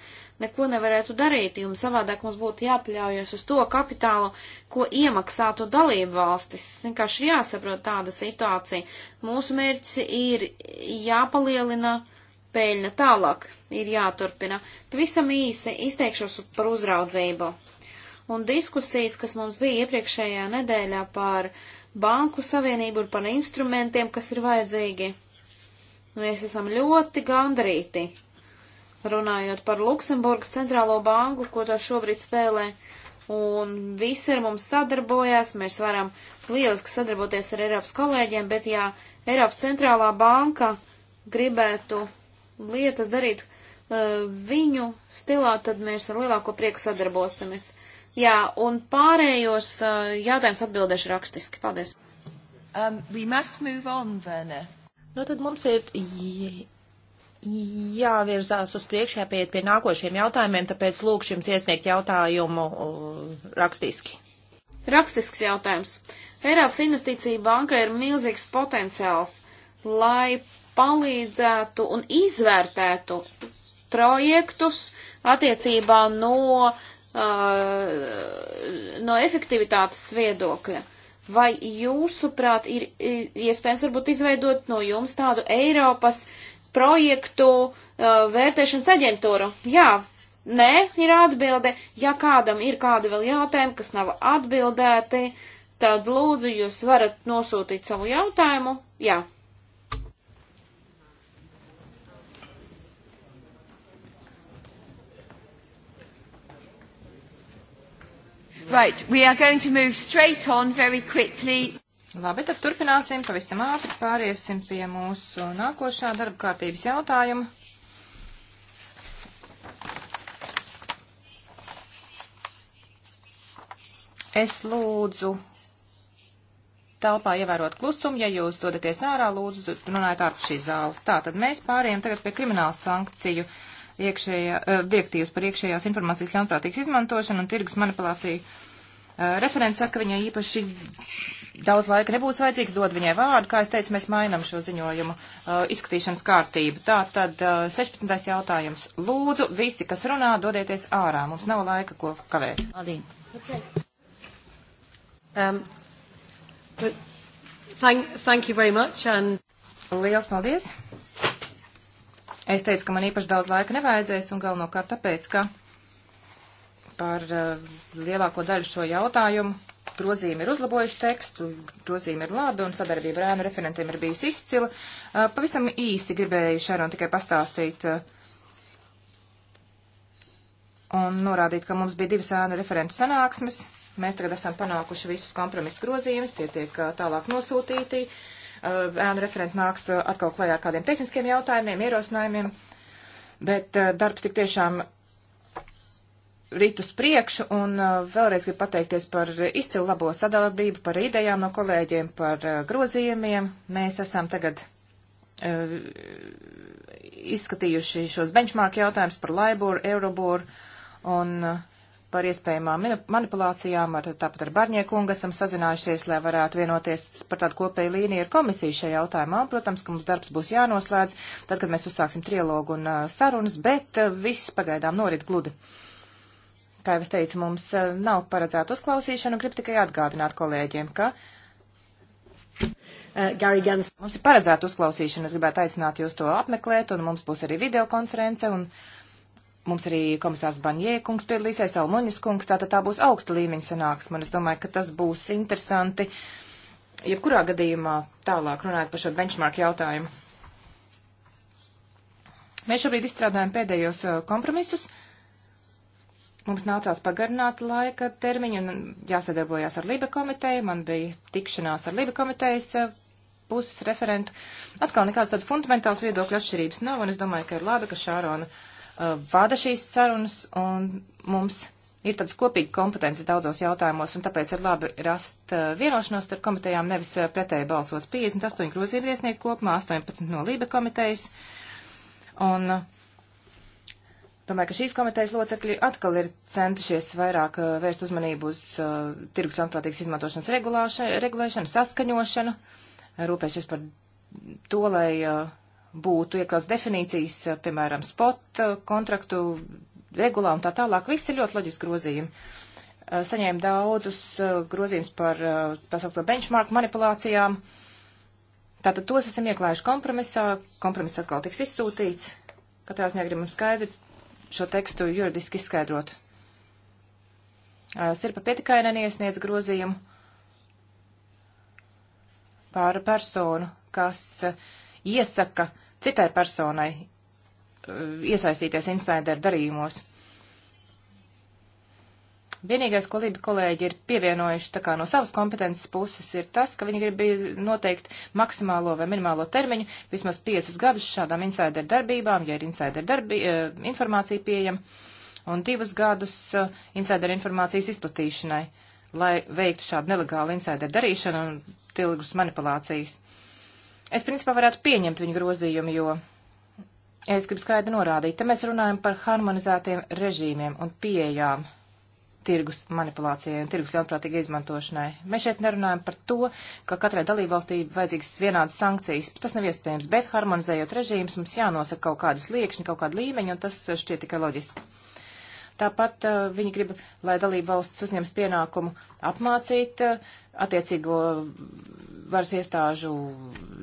neko nevarētu darīt, jo savādāk mums būtu jāpaļaujas uz to kapitālu, ko iemaksātu dalību valstis. Vienkārši jāsaprot tāda situācija. Mūsu mērķis ir jāpalielina peļņa tālāk, ir jāturpina. Pavisam īsi izteikšos par uzraudzību. Un diskusijas, kas mums bija iepriekšējā nedēļā par uh, banku savienību un par instrumentiem, kas ir vajadzīgi. Mēs esam ļoti gandarīti. Runājot par Luksemburgas centrālo banku, ko tā šobrīd spēlē, un visi ar mums sadarbojās, mēs varam lieliski sadarboties ar Eiropas kolēģiem, bet ja Eiropas centrālā banka gribētu lietas darīt uh, viņu stilā, tad mēs ar lielāko prieku sadarbosimies. Uh, Jā, un pārējos uh, jautājums atbildēšu rakstiski. Paldies. Um, we must move on, Werner. Nu, tad mums ir jāvirzās uz priekšu, jāpieiet pie nākošiem jautājumiem, tāpēc lūkšu jums iesniegt jautājumu uh, rakstiski. Rakstisks jautājums. Eiropas investīcija banka ir milzīgs potenciāls, lai palīdzētu un izvērtētu projektus attiecībā no Uh, no efektivitātes viedokļa. Vai jūsuprāt ir iespējams varbūt izveidot no jums tādu Eiropas projektu uh, vērtēšanas aģentūru? Jā, nē, ir atbilde. Ja kādam ir kādi vēl jautājumi, kas nav atbildēti, tad lūdzu jūs varat nosūtīt savu jautājumu. Jā, Right, we are going to move straight on very quickly. Labi, tad turpināsim, pavisam ātri pāriesim pie mūsu nākošā darba kārtības jautājuma. Es lūdzu telpā ievērot klusumu, ja jūs dodaties ārā, lūdzu, runājiet ārpus šīs zāles. Tā, tad mēs pārējām tagad pie krimināla sankciju uh, iekšējā, eh, direktīvas par iekšējās informācijas ļaunprātīgas izmantošanu un tirgus manipulāciju. Eh, referents saka, ka viņai īpaši daudz laika nebūs vajadzīgs, dod viņai vārdu, kā es teicu, mēs mainam šo ziņojumu eh, izskatīšanas kārtību. Tā tad 16. jautājums. Lūdzu, visi, kas runā, dodieties ārā, mums nav laika, ko kavēt. Okay. Um, thank, thank you very much and... Liels paldies! Es teicu, ka man īpaši daudz laika nevajadzēs un galvenokārt tāpēc, ka par uh, lielāko daļu šo jautājumu grozījumi ir uzlabojuši tekstu, grozījumi ir labi un sadarbība ar ēnu referentiem ir bijusi izcila. Uh, pavisam īsi gribēju Šaron tikai pastāstīt uh, un norādīt, ka mums bija divas ēnu referentu sanāksmes. Mēs tagad esam panākuši visus kompromisu grozījumus, tie tiek tālāk nosūtīti. Uh, ēnu referenti nāks atkal klajā ar kādiem tehniskiem jautājumiem, ierosinājumiem, bet darbs tik tiešām rīt uz priekšu un vēlreiz gribu pateikties par izcilu labo sadarbību, par idejām no kolēģiem, par grozījumiem. Mēs esam tagad uh, izskatījuši šos benchmark jautājumus par Laiburu, Euroburu un uh, par iespējamām manipulācijām, ar, tāpat ar Barņiekungu esam sazinājušies, lai varētu vienoties par tādu kopēju līniju ar komisiju šajā jautājumā. Protams, ka mums darbs būs jānoslēdz, tad, kad mēs uzsāksim trilogu un uh, sarunas, bet uh, viss pagaidām norit gludi. Kā jau es teicu, mums uh, nav paredzēta uzklausīšana, un gribu tikai atgādināt kolēģiem, ka. Uh, mums ir paredzēta uzklausīšana, es gribētu aicināt jūs to apmeklēt, un mums būs arī videokonference. Un, uh, Mums arī komisārs Banjē kungs piedalīsies, Almoņas kungs, tātad tā būs augsta līmeņa sanāksme, un es domāju, ka tas būs interesanti, jebkurā gadījumā tālāk runājot par šo benchmark jautājumu. Mēs šobrīd izstrādājam pēdējos uh, kompromisus. Mums nācās pagarināt laika termiņu un jāsadarbojās ar Libe komiteju. Man bija tikšanās ar Libe komitejas uh, puses referentu. Atkal nekāds tāds fundamentāls viedokļu atšķirības nav, un es domāju, ka ir labi, ka Šārona. Uh, Uh, vada šīs sarunas, un mums ir tādas kopīgas kompetences daudzos jautājumos, un tāpēc ir labi rast uh, vienošanos starp komitejām, nevis uh, pretēji balsot 58 grozību iesnieku kopumā, 18 no Lība komitejas. Un domāju, ka šīs komitejas locekļi atkal ir centušies vairāk vērst uzmanību uz uh, tirgus ļaunprātīgas izmantošanas regulēšanu, saskaņošanu, rūpēšies par to, lai uh, būtu iekļauts definīcijas, eh, piemēram, spot eh, kontraktu regulā un tā tālāk. Viss ir ļoti loģiski grozījumi. Eh, Saņēmu daudzus grozījumus par tā saukto benchmark manipulācijām. Tātad tos esam ieklājuši kompromisā. Kompromiss atkal tiks izsūtīts. Katrā ziņā gribam skaidri šo tekstu juridiski izskaidrot. Sirpa pietikainen iesniedz grozījumu par personu, kas iesaka citai personai eh, iesaistīties insider darījumos. Vienīgais, ko Libi kolēģi ir pievienojuši tā kā no savas kompetences puses, ir tas, ka viņi grib noteikt maksimālo vai minimālo termiņu vismaz piecus gadus šādām insider darbībām, ja ir insider darbi, eh, informācija pieejama, un divus gadus eh, insider informācijas izplatīšanai, lai veiktu šādu nelegālu insider darīšanu un tilgus manipulācijas. Es principā varētu pieņemt viņu grozījumu, jo es gribu skaidri norādīt, te mēs runājam par harmonizētiem režīmiem un pieejām tirgus manipulācijai un tirgus ļaunprātīgai izmantošanai. Mēs šeit nerunājam par to, ka katrai dalībvalstī vajadzīgas vienādas sankcijas, tas nav iespējams, bet harmonizējot režīmus mums jānosaka kaut kādas liekšņi, kaut kāda līmeņa, un tas šķiet tikai loģiski. Tāpat uh, viņi grib, lai dalība valsts uzņems pienākumu apmācīt uh, attiecīgo varas iestāžu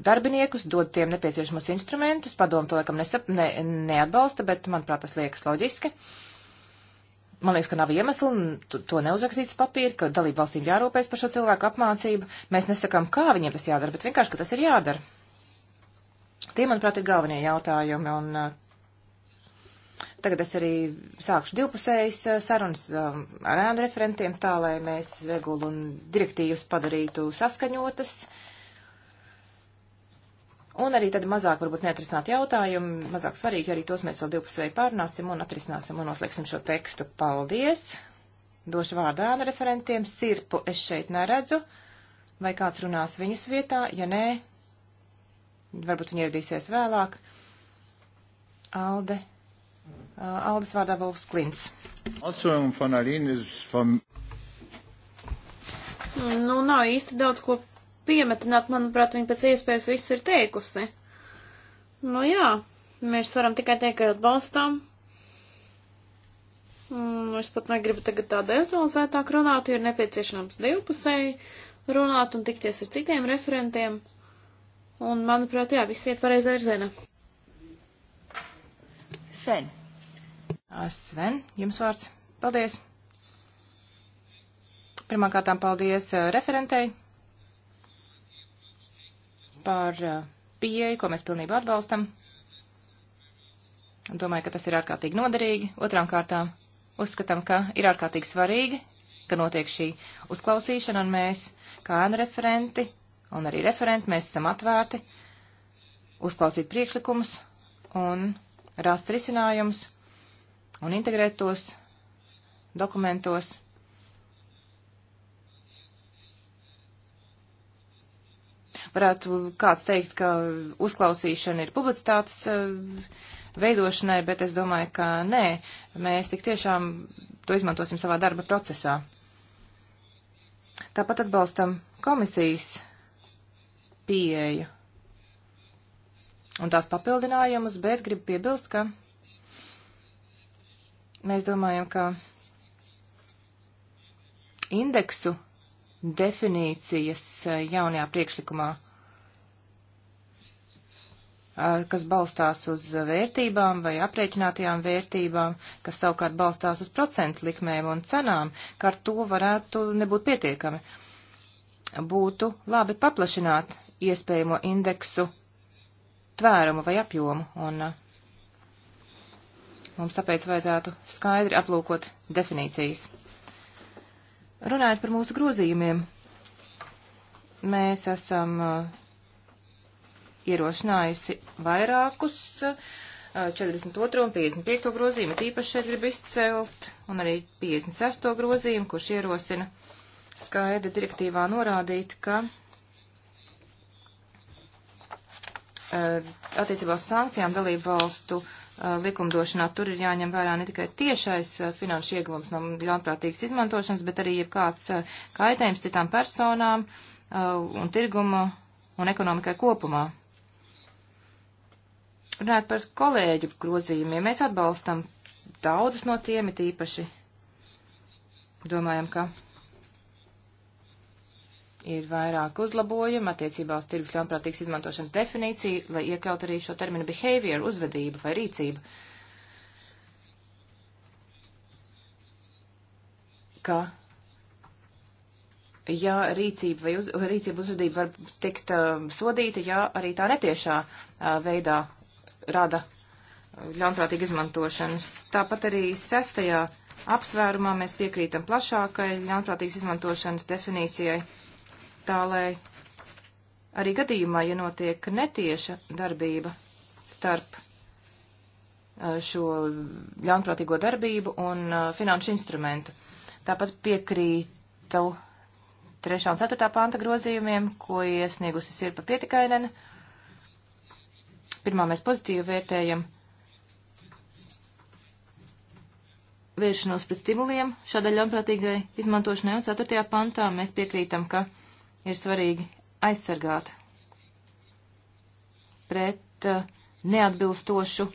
darbiniekus, dod tiem nepieciešamos instrumentus. Padomu to laikam nesap, ne, neatbalsta, bet, manuprāt, tas liekas loģiski. Man liekas, ka nav iemesla to neuzrakstīts papīri, ka dalību valstīm jārūpēs par šo cilvēku apmācību. Mēs nesakām, kā viņiem tas jādara, bet vienkārši, ka tas ir jādara. Tie, manuprāt, ir galvenie jautājumi, un eh, Tagad es arī sākšu divpusējas eh, sarunas um, ar ēnu referentiem tā, lai mēs regulu un direktīvas padarītu saskaņotas. Un arī tad mazāk varbūt neatrisināt jautājumu, mazāk svarīgi arī tos mēs vēl divpusēji pārunāsim un atrisināsim un noslēgsim šo tekstu. Paldies! Došu vārdu ēnu referentiem. Sirpu es šeit neredzu. Vai kāds runās viņas vietā? Ja nē, varbūt viņi ieradīsies vēlāk. Alde Uh, Aldis vārdā Valfs Klints. Nu, nav īsti daudz ko piemetināt, manuprāt, viņa pēc iespējas visu ir teikusi. Nu jā, mēs varam tikai teikt, ka atbalstām. Mm, es pat negribu tagad tā detalizētāk runāt, jo ir nepieciešams divpusēji runāt un tikties ar citiem referentiem. Un, manuprāt, jā, viss iet pareizā virzienā. Sven. Uh, Sven, jums vārds. Paldies. Pirmkārtām paldies uh, referentei par uh, pieeju, ko mēs pilnībā atbalstam. Domāju, ka tas ir ārkārtīgi noderīgi. Otrām kārtām uzskatām, ka ir ārkārtīgi svarīgi, ka notiek šī uzklausīšana, un mēs, kā ēnu referenti un arī referenti, mēs esam atvērti uzklausīt priekšlikumus un rast risinājumus un integrēt tos dokumentos. Varētu kāds teikt, ka uzklausīšana ir publicitātes eh, veidošanai, bet es domāju, ka nē, mēs tik tiešām to izmantosim savā darba procesā. Tāpat atbalstam komisijas pieeju un tās papildinājumus, bet gribu piebilst, ka Mēs domājam, ka indeksu definīcijas eh, jaunajā priekšlikumā, eh, kas balstās uz vērtībām vai aprēķinātajām vērtībām, kas savukārt balstās uz procentu likmēm un cenām, ka ar to varētu nebūt pietiekami. Būtu labi paplašināt iespējamo indeksu tvērumu vai apjomu, un eh, Mums tāpēc vajadzētu skaidri aplūkot definīcijas. Runājot par mūsu grozījumiem, mēs esam uh, ierosinājusi vairākus 42. Uh, un 55. grozījumu, tīpaši šeit grib izcelt, un arī 56. grozījumu, kurš ierosina skaidri direktīvā norādīt, ka uh, attiecībā uz sankcijām dalību valstu uh, Eh, likumdošanā. Tur ir jāņem vērā ne tikai tiešais eh, finanšu ieguvums no ļaunprātīgas izmantošanas, bet arī jebkāds eh, kaitējums citām personām un tirgumu un ekonomikai kopumā. Runājot par kolēģu grozījumiem, mēs atbalstam daudzus no tiem, it īpaši domājam, ka ir vairāk uzlabojumi attiecībā uz tirgus ļaunprātīgas izmantošanas definīciju, lai iekļaut arī šo terminu behavior, uzvedība vai rīcība. Ka, ja rīcība vai uz, rīcība uzvedība var tikt uh, sodīta, ja arī tā netiešā uh, veidā rada uh, ļaunprātīgu izmantošanas. Tāpat arī sestajā apsvērumā mēs piekrītam plašākai ļaunprātīgas izmantošanas definīcijai. Uh, tā lai arī gadījumā, ja notiek netieša darbība starp šo ļaunprātīgo darbību un finanšu instrumentu. Tāpat piekrītu 3. un 4. panta grozījumiem, ko iesniegusi Sirpa Pietikainene. Pirmā mēs pozitīvi vērtējam vēršanos pret stimuliem šādai ļaunprātīgai izmantošanai, un 4. pantā mēs piekrītam, ka ir svarīgi aizsargāt pret uh, neatbilstošu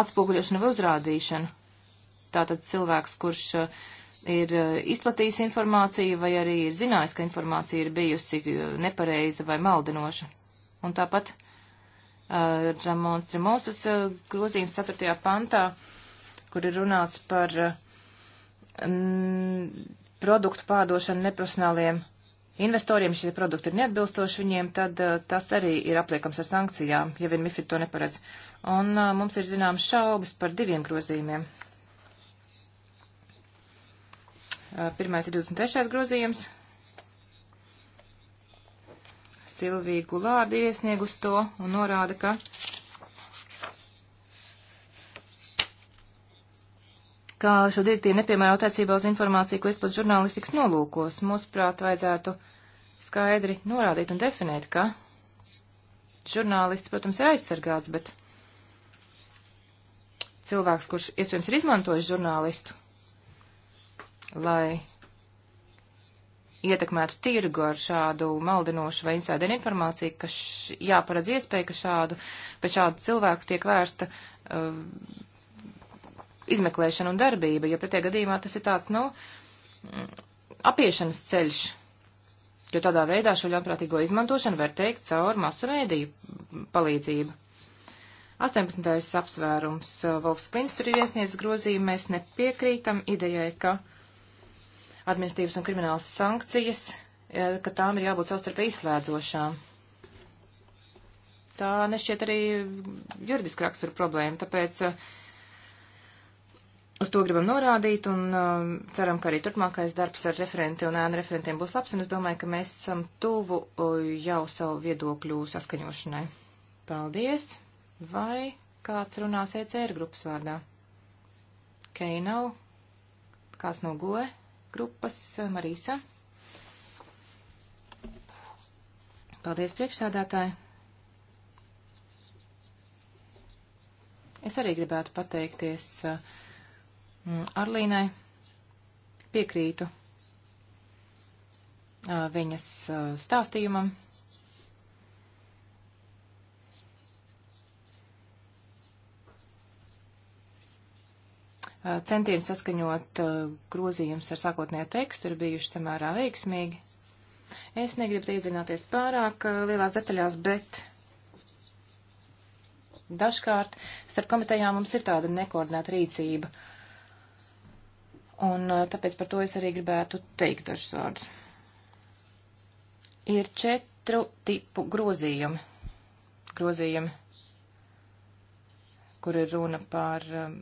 atspoguļošanu vai uzrādīšanu. Tātad cilvēks, kurš uh, ir uh, izplatījis informāciju vai arī ir zinājis, ka informācija ir bijusi nepareiza vai maldinoša. Un tāpat uh, Ramons Tremosas uh, grozījums 4. pantā, kur ir runāts par uh, produktu pārdošanu neprofesionāliem investoriem, šie produkti ir neatbilstoši viņiem, tad uh, tas arī ir apliekams ar sankcijām, ja vien MIFID to neparedz. Un uh, mums ir zināmas šaubas par diviem grozījumiem. Uh, pirmais ir 23. grozījums. Silvija Gulārdi iesniegus to un norāda, ka ka šo direktīvu nepiemēro attiecībā uz informāciju, ko izplat žurnālistikas nolūkos. Mūsuprāt, vajadzētu skaidri norādīt un definēt, ka žurnālists, protams, ir aizsargāts, bet cilvēks, kurš iespējams ir izmantojis žurnālistu, lai ietekmētu tirgu ar šādu maldinošu vai insēdienu informāciju, ka š, jāparedz iespēja, ka šādu, pēc šādu cilvēku tiek vērsta uh, izmeklēšana un darbība, jo pretie gadījumā tas ir tāds, nu, apiešanas ceļš, jo tādā veidā šo ļaunprātīgo izmantošanu var teikt caur masu mēdīju palīdzību. 18. apsvērums. Volfs Klins tur ir iesniedzis grozījumu. Mēs nepiekrītam idejai, ka administratīvas un kriminālas sankcijas, ka tām ir jābūt savstarpēji izslēdzošām. Tā nešķiet arī juridiski rakstura problēma, tāpēc uh, Uz to gribam norādīt un um, ceram, ka arī turpmākais darbs ar referenti un ēnu referentiem būs labs, un es domāju, ka mēs esam tuvu uh, jau savu viedokļu saskaņošanai. Paldies! Vai kāds runās ECR grupas vārdā? Kei nav? Kāds no GOE grupas? Marīsa? Paldies, priekšsādātāji! Es arī gribētu pateikties uh, Mm, Arlīnai piekrītu uh, viņas uh, stāstījumam. Uh, centieni saskaņot grozījumus ar sākotnējo tekstu ir bijuši samērā veiksmīgi. Es negribu iedzināties pārāk lielās detaļās, bet dažkārt starp komitejām mums ir tāda nekoordinēta rīcība. Uh, Un eh, tāpēc par to es arī gribētu teikt dažus vārdus. Ir četru tipu grozījumi. Grozījumi, kur ir runa par um,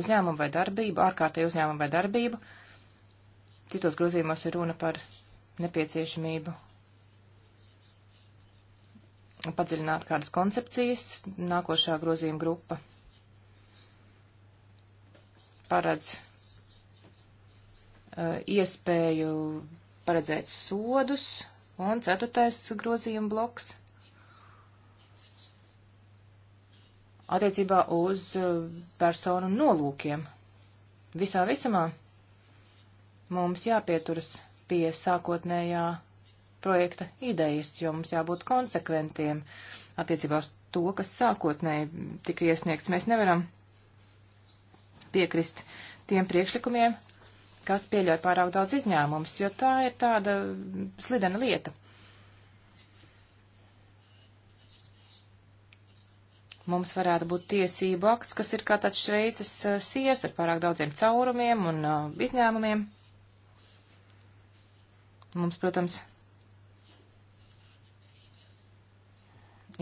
uzņēmumu vai darbību, ārkārtēju uzņēmumu vai darbību. Citos grozījumos ir runa par nepieciešamību padziļināt kādas koncepcijas. Nākošā grozījuma grupa paredz Eh, iespēju paredzēt sodus, un ceturtais grozījuma bloks attiecībā uz eh, personu nolūkiem. Visā visumā mums jāpieturas pie sākotnējā projekta idejas, jo mums jābūt konsekventiem attiecībā uz to, kas sākotnēji tika iesniegts. Mēs nevaram piekrist tiem priekšlikumiem, kas pieļauj pārāk daudz izņēmumus, jo tā ir tāda slidena lieta. Mums varētu būt tiesību akts, kas ir kā tāds šveicis eh, siers ar pārāk daudziem caurumiem un uh, izņēmumiem. Mums, protams,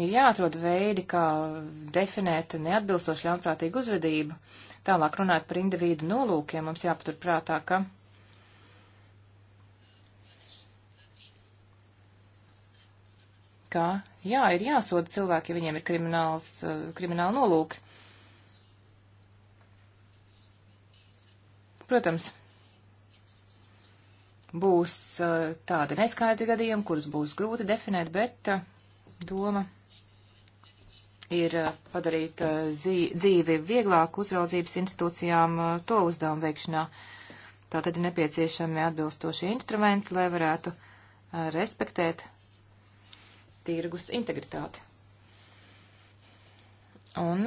Ir jāatrod veidi, kā definēt neatbilstoši ļaunprātīgu uzvedību. Tālāk runāt par individu nolūkiem, mums jāpatur prātā, ka ka, jā, ir jāsoda cilvēki, ja viņiem ir krimināls, eh, krimināli nolūki. Protams, būs eh, tādi neskaidri gadījumi, kurus būs grūti definēt, bet eh, doma ir eh, padarīt eh, dzīvi vieglāku uzraudzības institūcijām eh, to uzdevumu veikšanā. Tātad ir nepieciešami atbilstošie instrumenti, lai varētu respektēt tirgus integritāti. Un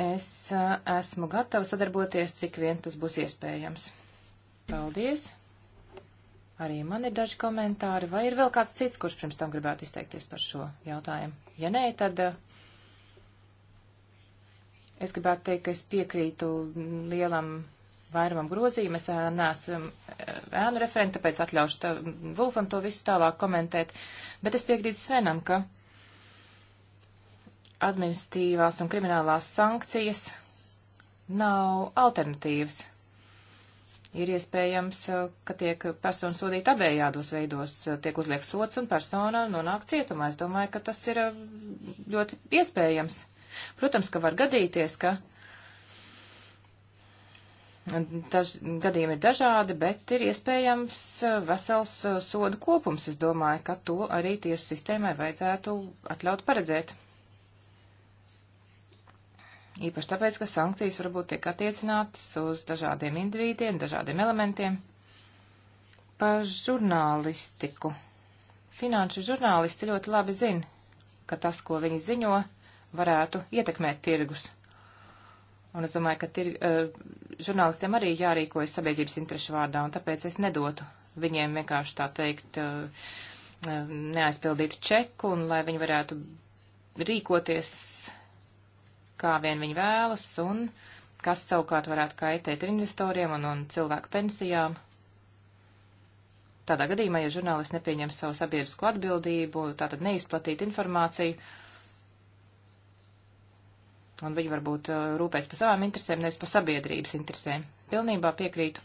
es esmu gatava sadarboties, cik vien tas būs iespējams. Paldies! Arī man ir daži komentāri, vai ir vēl kāds cits, kurš pirms tam gribētu izteikties par šo jautājumu? Ja nē, tad Es gribētu teikt, ka es piekrītu lielam vairumam grozījumu. Es neesmu ēnu referenta, tāpēc atļaušu tā, Vulfam to visu tālāk komentēt. Bet es piekrītu Svenam, ka administratīvās un kriminālās sankcijas nav alternatīvas. Ir iespējams, ka tiek persona sodīta abējādos veidos, tiek uzliekts sots un persona nonāk cietumā. Es domāju, ka tas ir ļoti iespējams. Protams, ka var gadīties, ka Tas gadījumi ir dažādi, bet ir iespējams uh, vesels uh, sodu kopums. Es domāju, ka to arī tiesu sistēmai vajadzētu atļaut paredzēt. Īpaši tāpēc, ka sankcijas varbūt tiek attiecinātas uz dažādiem individiem, dažādiem elementiem. Par žurnālistiku. Finanšu žurnālisti ļoti labi zina, ka tas, ko viņi ziņo, varētu ietekmēt tirgus. Un es domāju, ka tir, eh, žurnālistiem arī jārīkojas sabiedrības interešu vārdā, un tāpēc es nedotu viņiem vienkārši tā teikt eh, eh, neaizpildītu čeku, un lai viņi varētu rīkoties, kā vien viņi vēlas, un kas savukārt varētu kaitēt investoriem un, un cilvēku pensijām. Tādā gadījumā, ja žurnālists nepieņem savu sabiedrisko atbildību, tātad neizplatīt informāciju, uh, un viņi varbūt uh, rūpēs par savām interesēm, nevis par sabiedrības interesēm. Pilnībā piekrītu.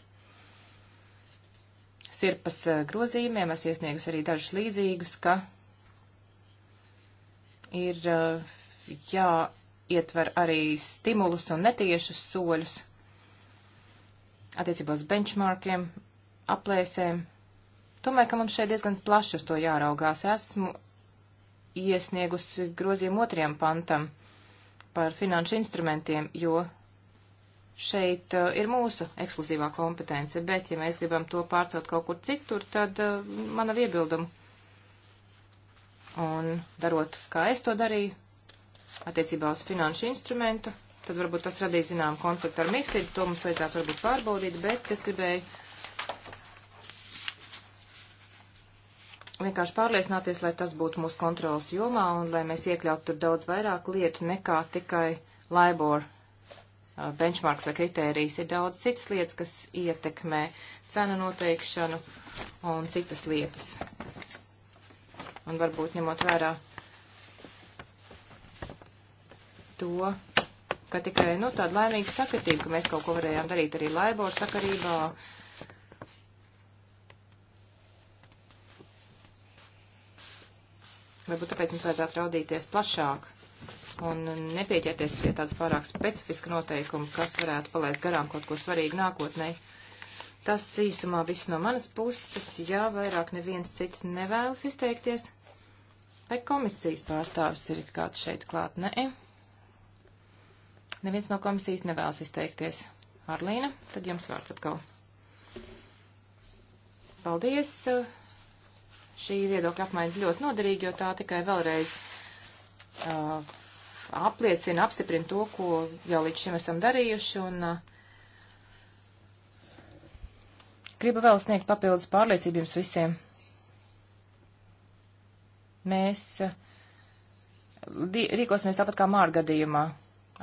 Sirpas uh, grozījumiem es iesniegus arī dažus līdzīgus, ka ir uh, jāietver arī stimulus un netiešus soļus attiecībā uz benchmarkiem, aplēsēm. Tomēr, ka mums šeit diezgan plaši uz to jāraugās, esmu iesniegusi grozījumu otrajam pantam par finanšu instrumentiem, jo šeit uh, ir mūsu ekskluzīvā kompetence, bet ja mēs gribam to pārcelt kaut kur citur, tad uh, man nav iebildumu. Un darot, kā es to darīju, attiecībā uz finanšu instrumentu, tad varbūt tas radīja zinām konfliktu ar MIFID, to mums vajadzētu varbūt pārbaudīt, bet es gribēju vienkārši pārliecināties, lai tas būtu mūsu kontrolas jomā un lai mēs iekļautu tur daudz vairāk lietu nekā tikai LIBOR benchmarks vai kritērijas. Ir daudz citas lietas, kas ietekmē cenu noteikšanu un citas lietas. Un varbūt ņemot vērā to, ka tikai, nu, tāda laimīga sakatība, ka mēs kaut ko varējām darīt arī LIBOR sakarībā Varbūt tāpēc mums vajadzētu raudīties plašāk un nepieķerties pie tādas pārāk specifiska noteikuma, kas varētu palaist garām kaut ko svarīgu nākotnē. Tas īsumā viss no manas puses, ja vairāk neviens cits nevēlas izteikties. Vai komisijas pārstāvis ir kāds šeit klāt? Nē. Neviens no komisijas nevēlas izteikties. Arlīna, tad jums vārds atkal. Paldies. Uh, Šī viedokļa apmaiņa ļoti noderīga, jo tā tikai vēlreiz uh, apliecina, apstiprina to, ko jau līdz šim esam darījuši. Un, uh, gribu vēl sniegt papildus pārliecību jums visiem. Mēs uh, rīkosimies tāpat kā māra gadījumā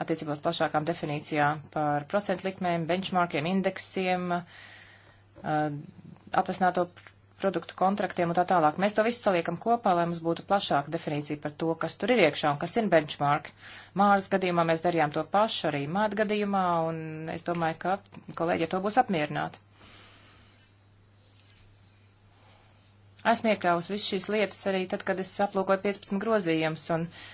attiecībā uz plašākām definīcijām par procentu likmēm, benchmarkiem, indeksiem, uh, atvesināto produktu kontraktiem un tā tālāk. Mēs to visu saliekam kopā, lai mums būtu plašāka definīcija par to, kas tur ir iekšā un kas ir benchmark. Māras gadījumā mēs darījām to pašu arī māt gadījumā, un es domāju, ka kolēģi to būs apmierināti. Esmu iekļāvusi visu šīs lietas arī tad, kad es aplūkoju 15 grozījumus, un uh,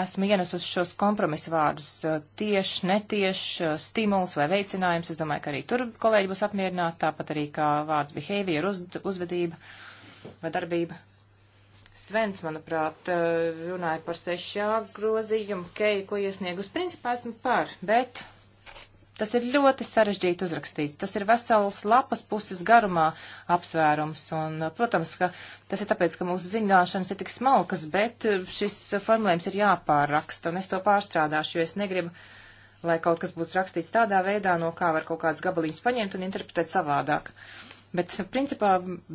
esmu ienesusi šos kompromisu vārdus eh, - tieši, netieši, eh, stimuls vai veicinājums. Es domāju, ka arī tur kolēģi būs apmierināti, tāpat arī kā vārds behavior, uz, uzvedība vai darbība. Svens, manuprāt, eh, runāja par 6. grozījumu, Keju, ko iesniegus. Principā esmu par, bet Tas ir ļoti sarežģīti uzrakstīts. Tas ir vesels lapas puses garumā apsvērums. Un, uh, protams, ka tas ir tāpēc, ka mūsu zināšanas ir tik smalkas, bet uh, šis formulējums ir jāpārraksta, un es to pārstrādāšu, jo es negribu, lai kaut kas būtu rakstīts tādā veidā, no kā var kaut kāds gabaliņš paņemt un interpretēt savādāk. Bet, uh, principā,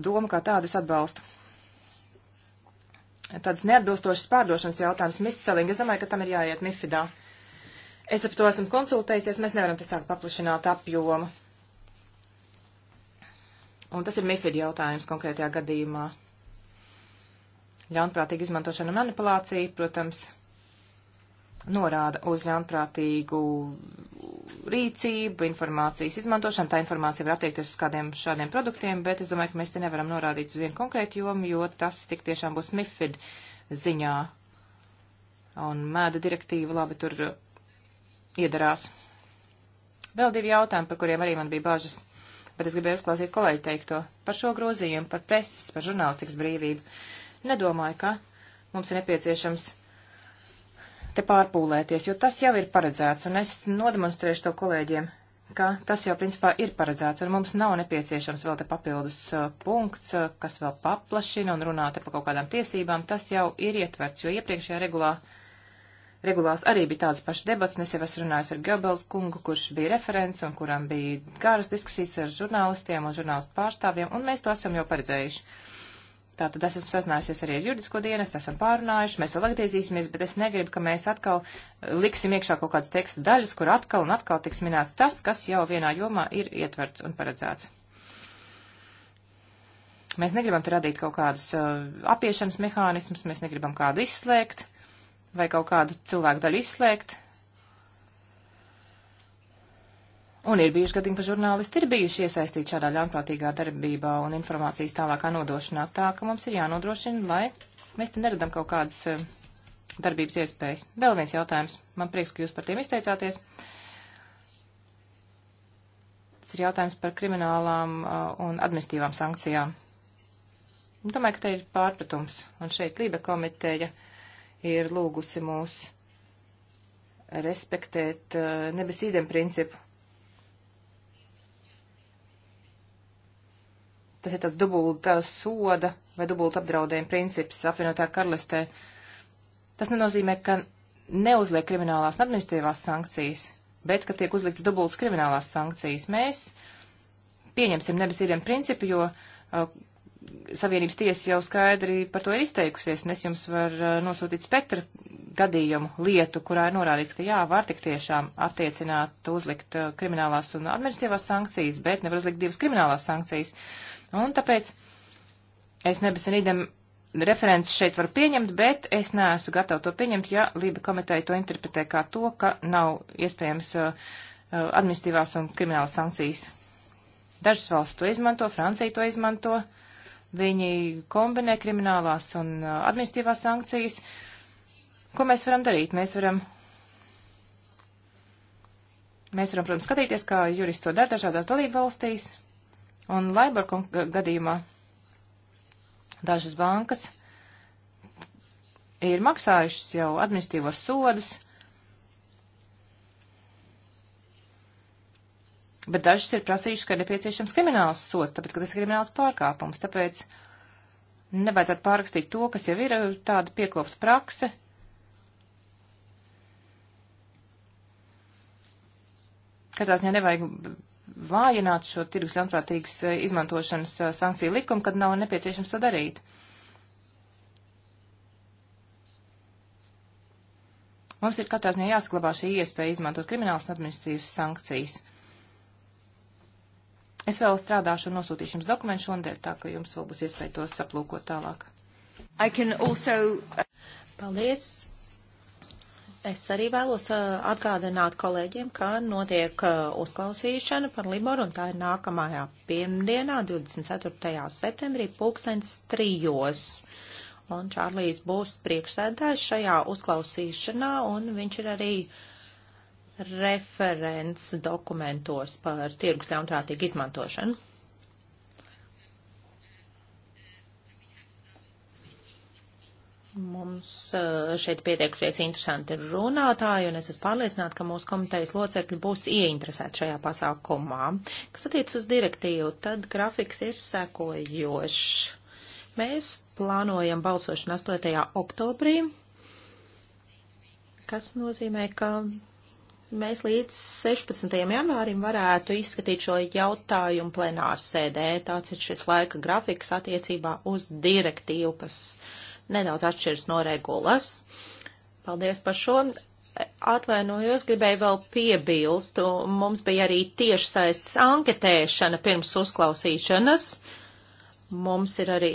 doma kā tāda es atbalstu tāds neatbilstošs pārdošanas jautājums, misselling. Es domāju, ka tam ir jāiet mifidā. Uh, Es ap to esmu konsultējusies, mēs nevaram te sākt paplašināt apjomu. Un tas ir MIFID jautājums konkrētajā gadījumā. Ļaunprātīga izmantošana manipulācija, protams, norāda uz ļaunprātīgu rīcību, informācijas izmantošanu. Tā informācija var attiekties uz kādiem šādiem produktiem, bet es domāju, ka mēs te nevaram norādīt uz vienu konkrētu jomu, jo tas tik tiešām būs MIFID ziņā. Un mēda direktīva labi tur iedarās. Vēl divi jautājumi, par kuriem arī man bija bažas, bet es gribēju uzklausīt kolēģi teikto par šo grozījumu, par preses, par žurnālistikas brīvību. Nedomāju, ka mums ir nepieciešams te pārpūlēties, jo tas jau ir paredzēts, un es nodemonstrēšu to kolēģiem, ka tas jau principā ir paredzēts, un mums nav nepieciešams vēl te papildus uh, punkts, uh, kas vēl paplašina un runā te par kaut kādām tiesībām, tas jau ir ietverts, jo iepriekšējā regulā uh, regulās arī bija tādas pašas debats, un es jau esmu runājis ar Gebels kungu, kurš bija referents un kuram bija garas diskusijas ar žurnālistiem un žurnālistu pārstāvjiem, un mēs to esam jau paredzējuši. Tātad es esmu sazinājusies arī ar juridisko dienestu, esam pārunājuši, mēs vēl atgriezīsimies, bet es negribu, ka mēs atkal liksim iekšā kaut kādas teksta daļas, kur atkal un atkal tiks minēts tas, kas jau vienā jomā ir ietverts un paredzēts. Mēs negribam te radīt kaut kādus uh, apiešanas mehānismus, mēs negribam kādu izslēgt. Uh, vai kaut kādu cilvēku daļu izslēgt. Un ir bijuši gadījumi, ka žurnālisti ir bijuši iesaistīti šādā ļaunprātīgā darbībā un informācijas tālākā nodošanā. Tā ka mums ir jānodrošina, lai mēs te neredam kaut kādas eh, darbības iespējas. Vēl viens jautājums. Man prieks, ka jūs par tiem izteicāties. Tas ir jautājums par kriminālām eh, un administīvām sankcijām. Domāju, ka te ir pārpratums. Un šeit Lība komiteja ir lūgusi mūs respektēt uh, nebesīdiem principu. Tas ir tāds dubulta soda vai dubulta apdraudējuma princips apvienotā karalistē. Tas nenozīmē, ka neuzliek kriminālās un administratīvās sankcijas, bet ka tiek uzlikts dubultas kriminālās sankcijas. Mēs pieņemsim nebesīdiem principu, jo uh, Savienības tiesa jau skaidri par to ir izteikusies, un es jums varu uh, nosūtīt spektra gadījumu lietu, kurā ir norādīts, ka jā, var tik tiešām attiecināt, uzlikt uh, kriminālās un administratīvās sankcijas, bet nevar uzlikt divas kriminālās sankcijas. Un tāpēc es nebesen idem referents šeit varu pieņemt, bet es neesmu gatava to pieņemt, ja Lība komiteja to interpretē kā to, ka nav iespējams uh, uh administratīvās un kriminālas sankcijas. Dažas valsts to izmanto, Francija to izmanto. Uh, Viņi kombinē kriminālās un uh, administratīvās sankcijas. Ko mēs varam darīt? Mēs varam, mēs varam protams, skatīties, kā juristi to dara dažādās dalību valstīs. Un Laiborku gadījumā dažas bankas ir maksājušas jau administratīvos sodus Bet dažas ir prasījušas, ka ir nepieciešams krimināls sots, tāpēc, ka tas ir krimināls pārkāpums. Tāpēc nevajadzētu pārrakstīt to, kas jau ir uh, tāda piekopta prakse. Katrā ziņā nevajag vājināt šo tirgus ļaunprātīgas uh, izmantošanas uh, sankciju likumu, kad nav nepieciešams to darīt. Mums ir katrā ziņā jāsaglabā šī iespēja izmantot kriminālas un administrīvas sankcijas. Es vēl strādāšu un nosūtīšu jums dokumentu šonadēļ, tā ka jums vēl būs iespēja tos saplūkot tālāk. Also... Uh, Paldies! Es arī vēlos uh, atgādināt kolēģiem, ka notiek uh, uzklausīšana par Liboru, un tā ir nākamajā pirmdienā, 24. septembrī, pulkstens trijos. Un Čārlīs būs priekšsēdājs šajā uzklausīšanā, un viņš ir arī uh, referents dokumentos par tirgus ļaunprātīgu izmantošanu. Mums eh, šeit pietiekušies interesanti runātāji, un es esmu pārliecināta, ka mūsu komitejas locekļi būs ieinteresēti šajā pasākumā. Kas attiec uz direktīvu, tad grafiks ir sekojošs. Mēs plānojam balsošanu 8. oktobrī, kas nozīmē, ka mēs līdz 16. janvārim varētu izskatīt šo jautājumu plenāru sēdē. Tāds ir šis laika grafiks attiecībā uz direktīvu, kas nedaudz atšķiras no regulas. Paldies par šo. Atvainojos, gribēju vēl piebilst, mums bija arī tiešsaistes anketēšana pirms uzklausīšanas. Mums ir arī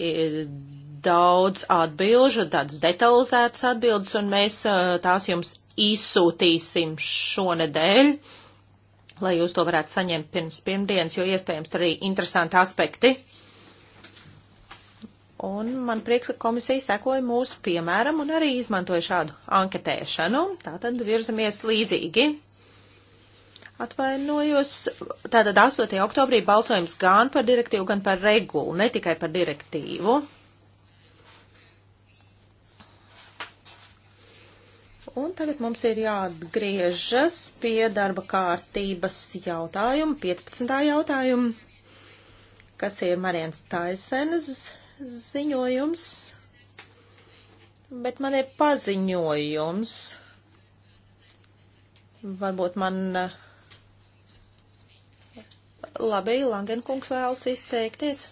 daudz atbilžu, tādas detalizētas atbildes, un mēs eh, tās jums izsūtīsim šonedēļ, lai jūs to varētu saņemt pirms pirmdienas, jo iespējams tur arī interesanti aspekti. Un man prieks, ka komisija sekoja mūsu piemēram un arī izmantoja šādu anketēšanu. Tātad virzamies līdzīgi. Atvainojos. Tātad 8. oktobrī balsojums gan par direktīvu, gan par regulu, ne tikai par direktīvu. Un tagad mums ir jāatgriežas pie darba kārtības jautājuma, 15. jautājuma, kas ir Marijas Taisenes ziņojums. Bet man ir paziņojums. Varbūt man. Eh, labi, Langenkungs vēlas izteikties.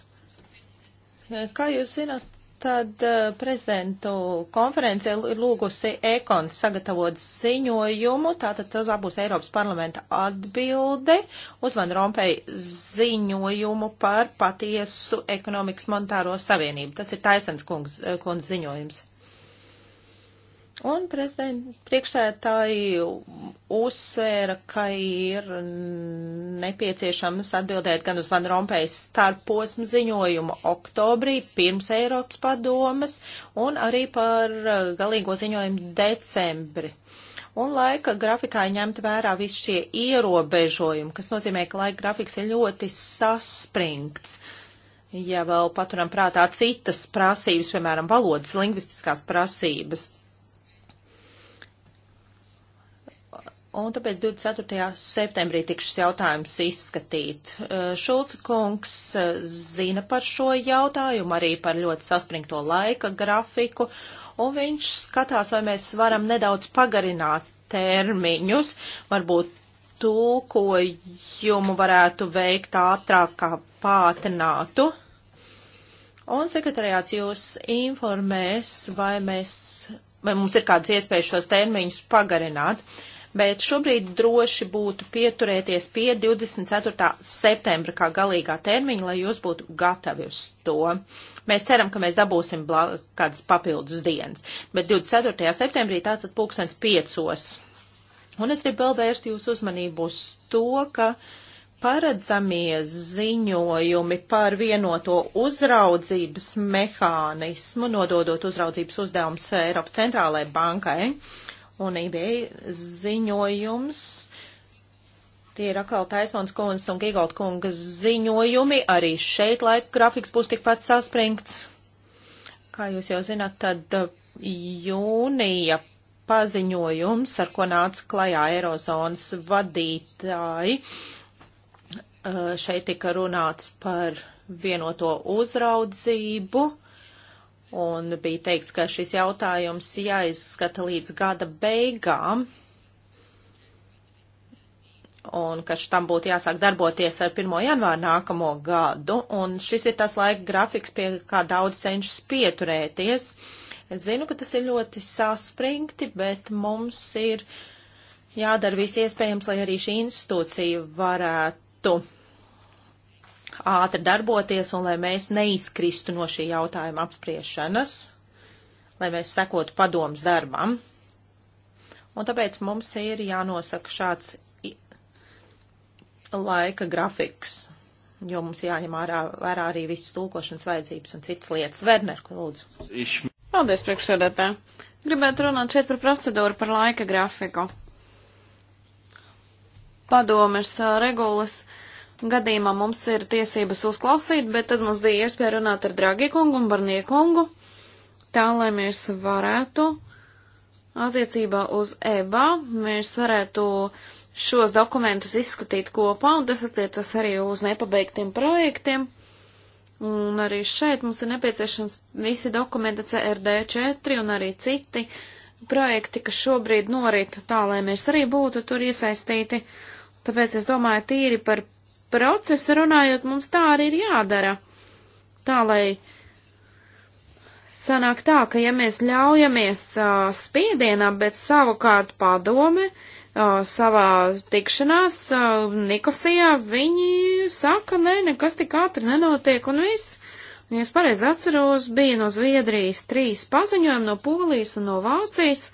Kā jūs zināt, tad eh, prezidentu konference ir lūgusi Ekons sagatavot ziņojumu, tātad tas būs Eiropas parlamenta atbilde uz Van Rompeja ziņojumu par patiesu ekonomikas monetāro savienību. Tas ir Taisens kungs, eh, kungs ziņojums. Un priekšsētāji uzsvēra, ka ir nepieciešams atbildēt gan uz Van Rompējas starposmu ziņojumu oktobrī pirms Eiropas padomas un arī par uh, galīgo ziņojumu decembri. Un laika grafikā ņemt vērā visi šie ierobežojumi, kas nozīmē, ka laika grafiks ir ļoti saspringts. Ja vēl paturam prātā citas prasības, piemēram, valodas, lingvistiskās prasības, Un tāpēc 24. septembrī tikšas jautājums izskatīt. Šulca kungs zina par šo jautājumu, arī par ļoti saspringto laika grafiku, un viņš skatās, vai mēs varam nedaudz pagarināt termiņus, varbūt tulkojumu varētu veikt ātrāk kā pātrinātu. Un sekretariāts jūs informēs, vai mēs, vai mums ir kādas iespējas šos termiņus pagarināt. Uh, bet šobrīd droši būtu pieturēties pie 24. septembra kā galīgā termiņa, lai jūs būtu gatavi uz to. Mēs ceram, ka mēs dabūsim kādas papildus dienas, bet 24. septembrī tātad pulkstens piecos. Un es gribu vēl vērst jūsu uzmanību uz to, ka paredzamie ziņojumi par vienoto uzraudzības mehānismu, nododot uzraudzības uzdevums Eiropas centrālajai bankai, un eBay ziņojums. Tie ir atkal Taisvans kundzes un Gigalda kungas ziņojumi. Arī šeit laika grafiks būs tikpat saspringts. Kā jūs jau zināt, tad uh, jūnija paziņojums, ar ko nāca klajā Eirozonas vadītāji, uh, šeit tika runāts par vienoto uzraudzību un bija teikts, ka šis jautājums jāizskata līdz gada beigām, un ka tam būtu jāsāk darboties ar 1. janvāru nākamo gadu, un šis ir tas laika grafiks, pie kā daudz cenšas pieturēties. Es zinu, ka tas ir ļoti saspringti, bet mums ir jādara viss iespējams, lai arī šī institūcija varētu ātri darboties un lai mēs neizkristu no šī jautājuma apspriešanas, lai mēs sekotu padoms darbam. Un tāpēc mums ir jānosaka šāds laika grafiks, jo mums jāņem ārā, vērā arī visas tulkošanas vajadzības un citas lietas. Werner, lūdzu. Paldies, priekšsēdētā. Gribētu runāt šeit par procedūru, par laika grafiku. Padomes regulas gadījumā mums ir tiesības uzklausīt, bet tad mums bija iespēja runāt ar Dragi kungu un Barnie kungu, tā lai mēs varētu attiecībā uz EBA, mēs varētu šos dokumentus izskatīt kopā, un tas attiecas arī uz nepabeigtiem projektiem. Un arī šeit mums ir nepieciešams visi dokumenti CRD4 un arī citi projekti, kas šobrīd norit tā, lai mēs arī būtu tur iesaistīti. Tāpēc es domāju tīri par procesa runājot, mums tā arī ir jādara. Tā lai sanāk tā, ka ja mēs ļaujamies uh, spiedienam, bet savukārt padome uh, savā tikšanās uh, Nikosijā, viņi saka, nē, ne, nekas tik ātri nenotiek un viss. Un, ja es pareizi atceros, bija no Zviedrijas trīs paziņojumi no Polijas un no Vācijas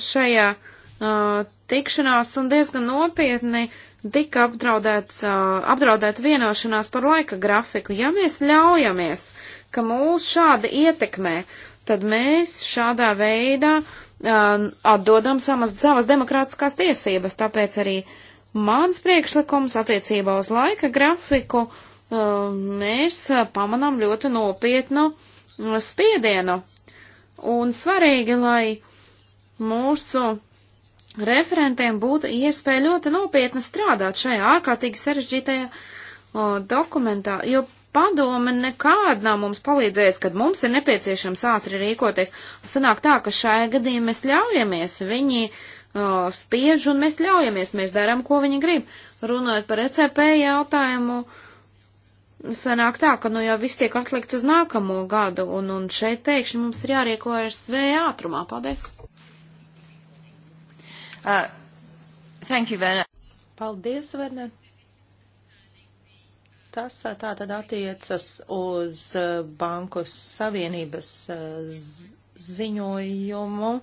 šajā uh, tikšanās un diezgan nopietni uh, tika apdraudēts, apdraudēta vienošanās par laika grafiku. Ja mēs ļaujamies, ka mūs šādi ietekmē, tad mēs šādā veidā atdodam samas, savas demokrātiskās tiesības. Tāpēc arī mans priekšlikums attiecībā uz laika grafiku mēs pamanām ļoti nopietnu spiedienu. Un svarīgi, lai mūsu referentiem būtu iespēja ļoti nopietni strādāt šajā ārkārtīgi sarežģītajā o, dokumentā, jo padome nekāda nav mums palīdzējis, kad mums ir nepieciešams ātri rīkoties. Sanāk tā, ka šajā gadījumā mēs ļaujamies, viņi o, spiež un mēs ļaujamies, mēs darām, ko viņi grib. Runājot par ECP jautājumu, sanāk tā, ka nu jau viss tiek atlikts uz nākamo gadu, un, un šeit pēkšņi mums ir jārīkojas vēja ātrumā. Paldies! Uh, thank you, Werner. Paldies, Werner. Tas uh, tā tad attiecas uz uh, Banku Savienības uh, ziņojumu.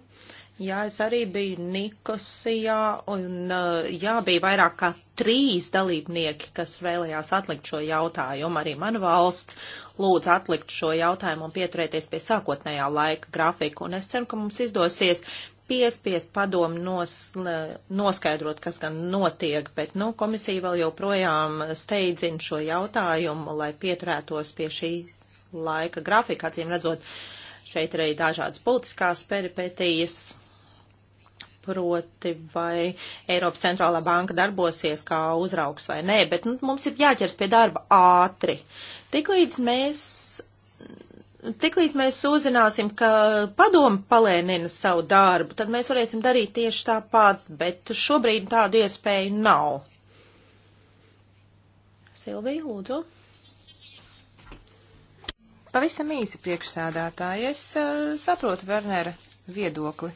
Jā, es arī biju Nikosijā, un jā, bija vairāk kā trīs dalībnieki, kas vēlējās atlikt šo jautājumu. Arī mana valsts lūdz atlikt šo jautājumu un pieturēties pie sākotnējā laika grafika, un es ceru, ka mums izdosies piespiest padomu nos, noskaidrot, kas gan notiek, bet nu, komisija vēl joprojām steidzina šo jautājumu, lai pieturētos pie šī laika grafika. Acīm redzot, šeit arī dažādas politiskās peripetijas. Proti, vai Eiropas centrālā banka darbosies kā uzraugs vai nē, bet nu, mums ir jāķers pie darba ātri. Tiklīdz mēs Tiklīdz mēs uzzināsim, ka padomu palēnina savu darbu, tad mēs varēsim darīt tieši tāpat, bet šobrīd tādu iespēju nav. Silvija, lūdzu. Pavisam īsi priekšsēdētāji, es uh, saprotu Vernera viedokli.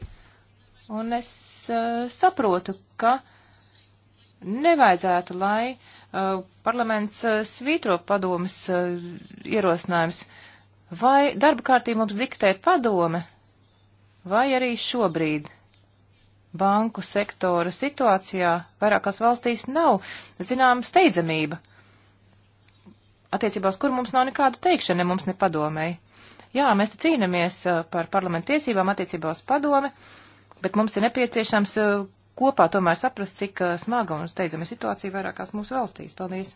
Un es uh, saprotu, ka nevajadzētu, lai uh, parlaments uh, svītro padomas uh, ierosinājums. Uh, Vai darba kārtība mums diktē padome, vai arī šobrīd banku sektora situācijā vairākās valstīs nav zināma steidzamība, attiecībā uz kur mums nav nekāda teikšana, ne mums ne padomēji. Jā, mēs te cīnāmies uh, par parlamentu tiesībām attiecībā uz padomi, bet mums ir nepieciešams uh, kopā tomēr saprast, cik uh, smaga un steidzama situācija vairākās mūsu valstīs. Paldies!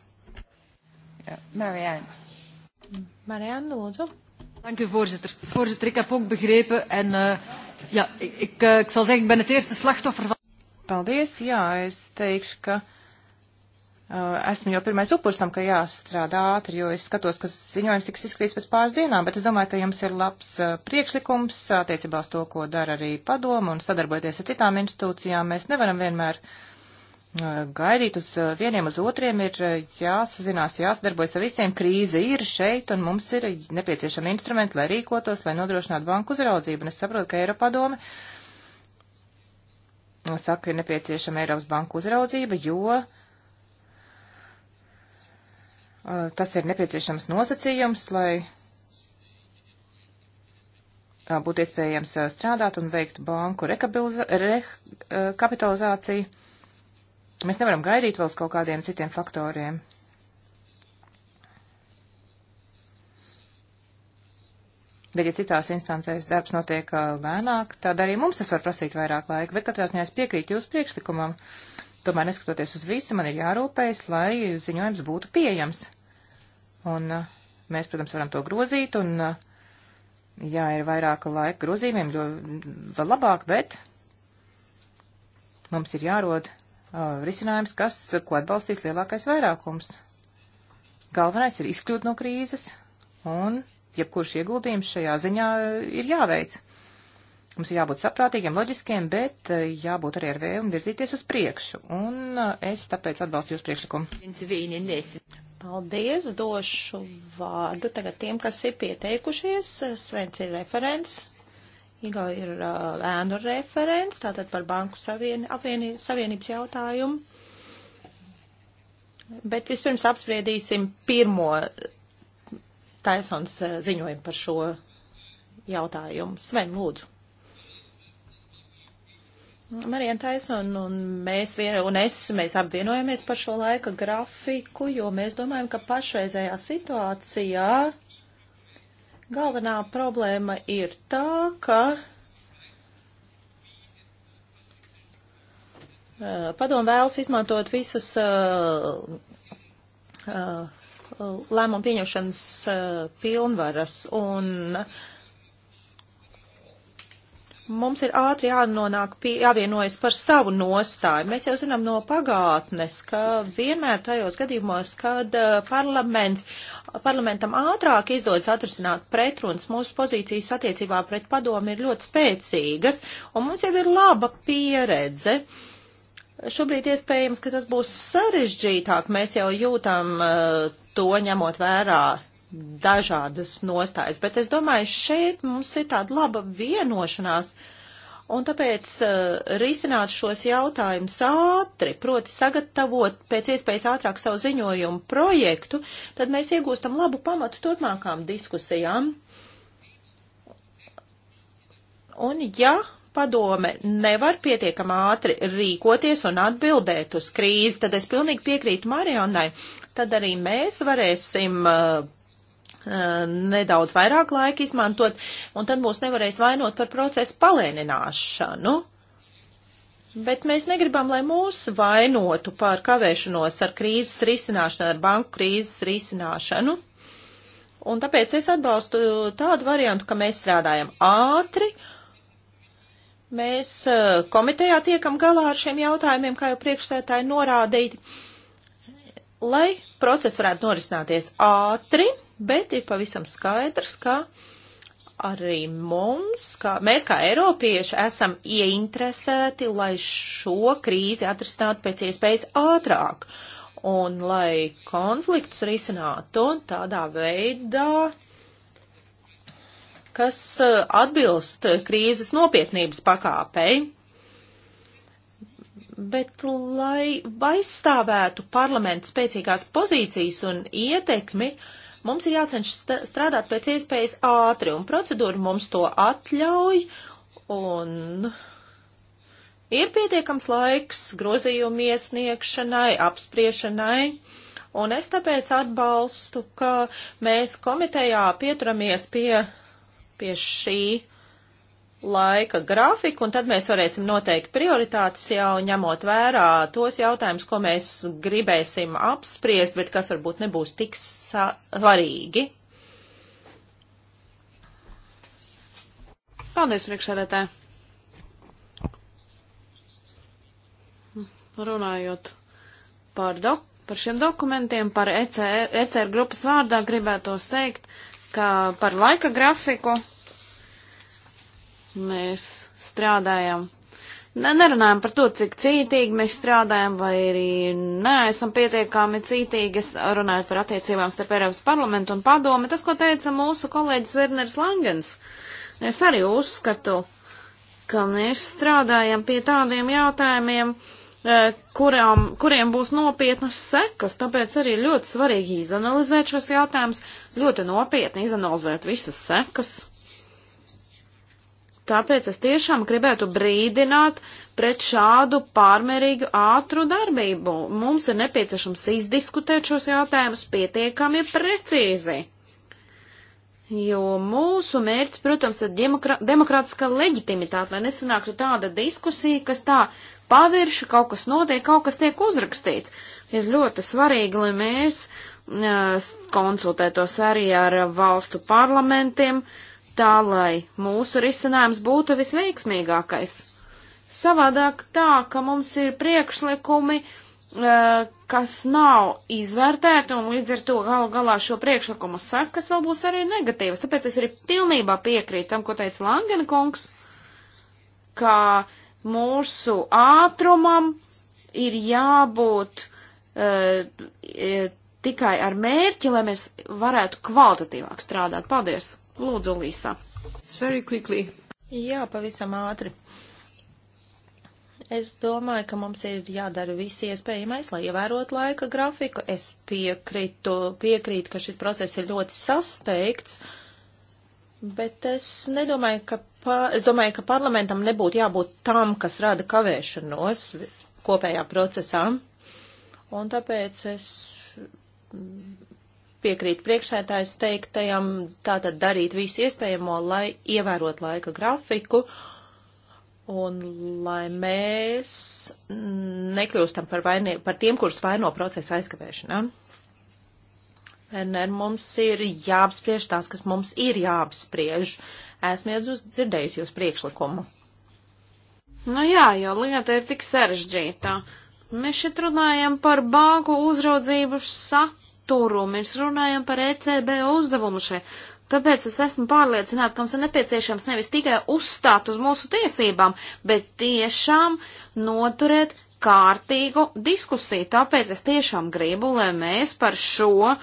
Marianne. Marianne, lūdzu. Dank u, voorzitter. Voorzitter, ik heb ook begrepen en uh, ja, ik, uh, ik eh, zal zeggen, ik ben het eerste slachtoffer van. Paldies, jā, es teikšu, ka uh, esmu jau pirmais upurs tam, ka jāstrādā ātri, jo es skatos, ka ziņojums tiks izskatīts pēc pāris dienām, bet es domāju, ka jums ir labs uh, priekšlikums attiecībā uz to, ko dara arī padoma un sadarbojoties ar citām institūcijām. Mēs nevaram vienmēr uh, gaidīt uz eh, vieniem uz otriem, ir eh, jāsazinās, jāsadarbojas ar visiem. Krīze ir šeit, un mums ir nepieciešami instrumenti, lai rīkotos, lai nodrošinātu banku uzraudzību. Un es saprotu, ka Eiropadome saka, ir nepieciešama Eiropas banku uzraudzība, jo eh, tas ir nepieciešams nosacījums, lai būtu iespējams strādāt un veikt banku rekapitalizāciju. Re, Mēs nevaram gaidīt vēl uz kaut kādiem citiem faktoriem. Bet, ja citās instancēs darbs notiek uh, lēnāk, tad arī mums tas var prasīt vairāk laika, bet katrā ziņā es piekrītu jūsu priekšlikumam. Tomēr, neskatoties uz visu, man ir jārūpējas, lai ziņojums būtu pieejams. Un uh, mēs, protams, varam to grozīt, un, uh, jā, ir vairāka laika grozījumiem, jo vēl labāk, bet mums ir jārod Uh, risinājums, kas, ko atbalstīs lielākais vairākums. Galvenais ir izkļūt no krīzes, un jebkurš ieguldījums šajā ziņā uh, ir jāveic. Mums ir jābūt saprātīgiem, loģiskiem, bet uh, jābūt arī ar vēlmi virzīties uz priekšu, un es tāpēc atbalstu jūs priekšlikumu. Paldies, došu vārdu tagad tiem, kas ir pieteikušies. Svens ir referents, Igo ir uh, ēnu referents, tātad par banku savien, apvieni, savienības jautājumu. Bet vispirms apspriedīsim pirmo Taisons uh, ziņojumu par šo jautājumu. Sven, lūdzu. Marija Taisona un mēs un es, mēs apvienojamies par šo laika grafiku, jo mēs domājam, ka pašreizējā situācijā Galvenā problēma ir tā, ka eh, padomu vēlas izmantot visas eh, eh, lēmumu pieņemšanas pilnvaras un uh, mums ir ātri jānonāk pie, jāvienojas par savu nostāju. Mēs jau zinām no pagātnes, ka vienmēr tajos gadījumos, kad eh, parlaments, parlamentam ātrāk izdodas atrisināt pretrunas, mūsu pozīcijas attiecībā pret padomu ir ļoti spēcīgas, un mums jau ir laba pieredze. Šobrīd iespējams, ka tas būs sarežģītāk, mēs jau jūtam uh, to ņemot vērā dažādas nostājas, bet es domāju, šeit mums ir tāda laba vienošanās, un tāpēc uh, risināt šos jautājumus ātri, proti sagatavot pēc iespējas ātrāk savu ziņojumu projektu, tad mēs iegūstam labu pamatu turpmākām diskusijām. Un ja padome nevar pietiekam ātri rīkoties un atbildēt uz krīzi, tad es pilnīgi piekrītu Marijanai, tad arī mēs varēsim uh, nedaudz vairāk laika izmantot, un tad mūs nevarēs vainot par procesu palēnināšanu. Bet mēs negribam, lai mūs vainotu par kavēšanos ar krīzes risināšanu, ar banku krīzes risināšanu. Un tāpēc es atbalstu tādu variantu, ka mēs strādājam ātri, mēs komitejā tiekam galā ar šiem jautājumiem, kā jau priekšsētāji norādīti, lai process varētu norisināties ātri bet ir pavisam skaidrs, ka arī mums, kā, mēs kā Eiropieši, esam ieinteresēti, lai šo krīzi atrisinātu pēc iespējas ātrāk un lai konfliktus risinātu tādā veidā, kas eh, atbilst krīzes nopietnības pakāpei. Bet, lai aizstāvētu parlamentu spēcīgās pozīcijas un ietekmi, uh, Mums ir jācenšas strādāt pēc iespējas ātri, un procedūra mums to atļauj, un ir pietiekams laiks grozījumu iesniegšanai, apspriešanai. Un es tāpēc atbalstu, ka mēs komitejā pieturamies pie, pie šī laika grafiku, un tad mēs varēsim noteikt prioritātes jau ņemot vērā tos jautājumus, ko mēs gribēsim apspriest, bet kas varbūt nebūs tik svarīgi. Paldies, priekšsēdētāji! Runājot par, dok par šiem dokumentiem, par ECR, e, e e ECR grupas vārdā gribētos teikt, ka par laika grafiku mēs strādājam. Ne, nerunājam par to, cik cītīgi mēs strādājam, vai arī neesam pietiekami cītīgi. Es runāju par attiecībām starp Eiropas parlamentu un padomi. Tas, ko teica mūsu kolēģis Werners Langens, es arī uzskatu, ka mēs strādājam pie tādiem jautājumiem, eh, kurām, kuriem būs nopietnas sekas, tāpēc arī ļoti svarīgi izanalizēt šos jautājumus, ļoti nopietni izanalizēt visas sekas. Tāpēc es tiešām gribētu brīdināt pret šādu pārmērīgu ātru darbību. Mums ir nepieciešams izdiskutēt šos jautājumus pietiekami precīzi. Jo mūsu mērķis, protams, ir demokrātiskā leģitimitāte, lai nesanāktu tāda diskusija, kas tā pavirši kaut kas notiek, kaut kas tiek uzrakstīts. Ir ļoti svarīgi, lai mēs eh, konsultētos arī ar valstu parlamentiem, uh, tā lai mūsu risinājums būtu visveiksmīgākais. Savādāk tā, ka mums ir priekšlikumi, eh, kas nav izvērtēti, un līdz ar to galu galā šo priekšlikumu sakas vēl būs arī negatīvas. Tāpēc es arī pilnībā piekrītu tam, ko teica Langena kungs, ka mūsu ātrumam ir jābūt uh, tikai ar mērķi, lai mēs varētu kvalitatīvāk strādāt. Paldies! Lūdzu, Līsā. Jā, pavisam ātri. Es domāju, ka mums ir jādara viss iespējamais, lai ievērotu laika grafiku. Es piekrītu, piekrītu, ka šis process ir ļoti sasteigts, bet es nedomāju, ka, pa, es domāju, ka parlamentam nebūtu jābūt tam, kas rada kavēšanos kopējā procesā. Un tāpēc es piekrīt priekšsētājs teiktajam, tātad darīt visu iespējamo, lai ievērot laika grafiku un lai mēs nekļūstam par, vainie, par tiem, kurus vaino procesa aizkavēšanā. Werner, mums ir jāapspriež tās, kas mums ir jāapspriež. Esmu dzirdējusi jūs priekšlikumu. Nu jā, jo lieta ir tik sarežģītā. Mēs šeit runājam par banku uzraudzību sat saturu, mēs runājam par ECB uzdevumu šeit. Tāpēc es esmu pārliecināta, ka mums ir nepieciešams nevis tikai uzstāt uz mūsu tiesībām, bet tiešām noturēt kārtīgu diskusiju. Tāpēc es tiešām gribu, lai mēs par šo uh,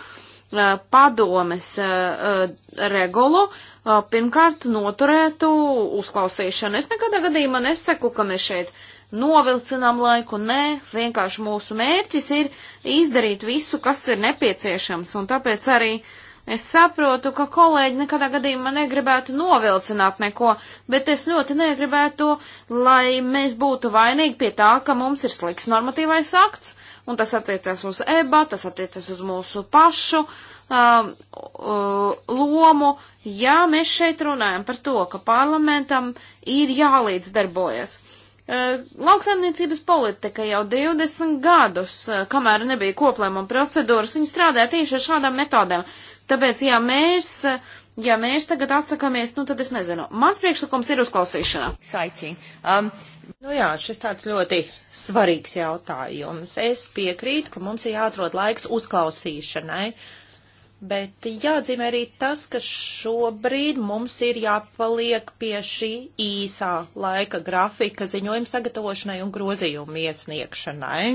padomes uh, regulu uh, pirmkārt noturētu uzklausīšanu. Es nekādā gadījumā nesaku, ka mēs šeit uh, novilcinām laiku, nē, vienkārši mūsu mērķis ir izdarīt visu, kas ir nepieciešams, un tāpēc arī es saprotu, ka kolēģi nekadā gadījumā negribētu novilcināt neko, bet es ļoti negribētu, lai mēs būtu vainīgi pie tā, ka mums ir slikts normatīvais akts, un tas attiecas uz EBA, tas attiecas uz mūsu pašu um, lomu, ja mēs šeit runājam par to, ka parlamentam ir jālīdzdarbojas. darbojas. Eh, lauksaimniecības politika jau 20 gadus, eh, kamēr nebija koplēmuma procedūras, viņi strādāja tieši ar šādām metodēm. Tāpēc, ja mēs, eh, ja mēs tagad atsakāmies, nu tad es nezinu. Mans priekšlikums ir uzklausīšana. Exciting. Um, Nu jā, šis tāds ļoti svarīgs jautājums. Es piekrītu, ka mums ir jāatrod laiks uzklausīšanai. Uh, Bet jāatzīmē arī tas, ka šobrīd mums ir jāpaliek pie šī īsā laika grafika ziņojuma sagatavošanai un grozījumu iesniegšanai.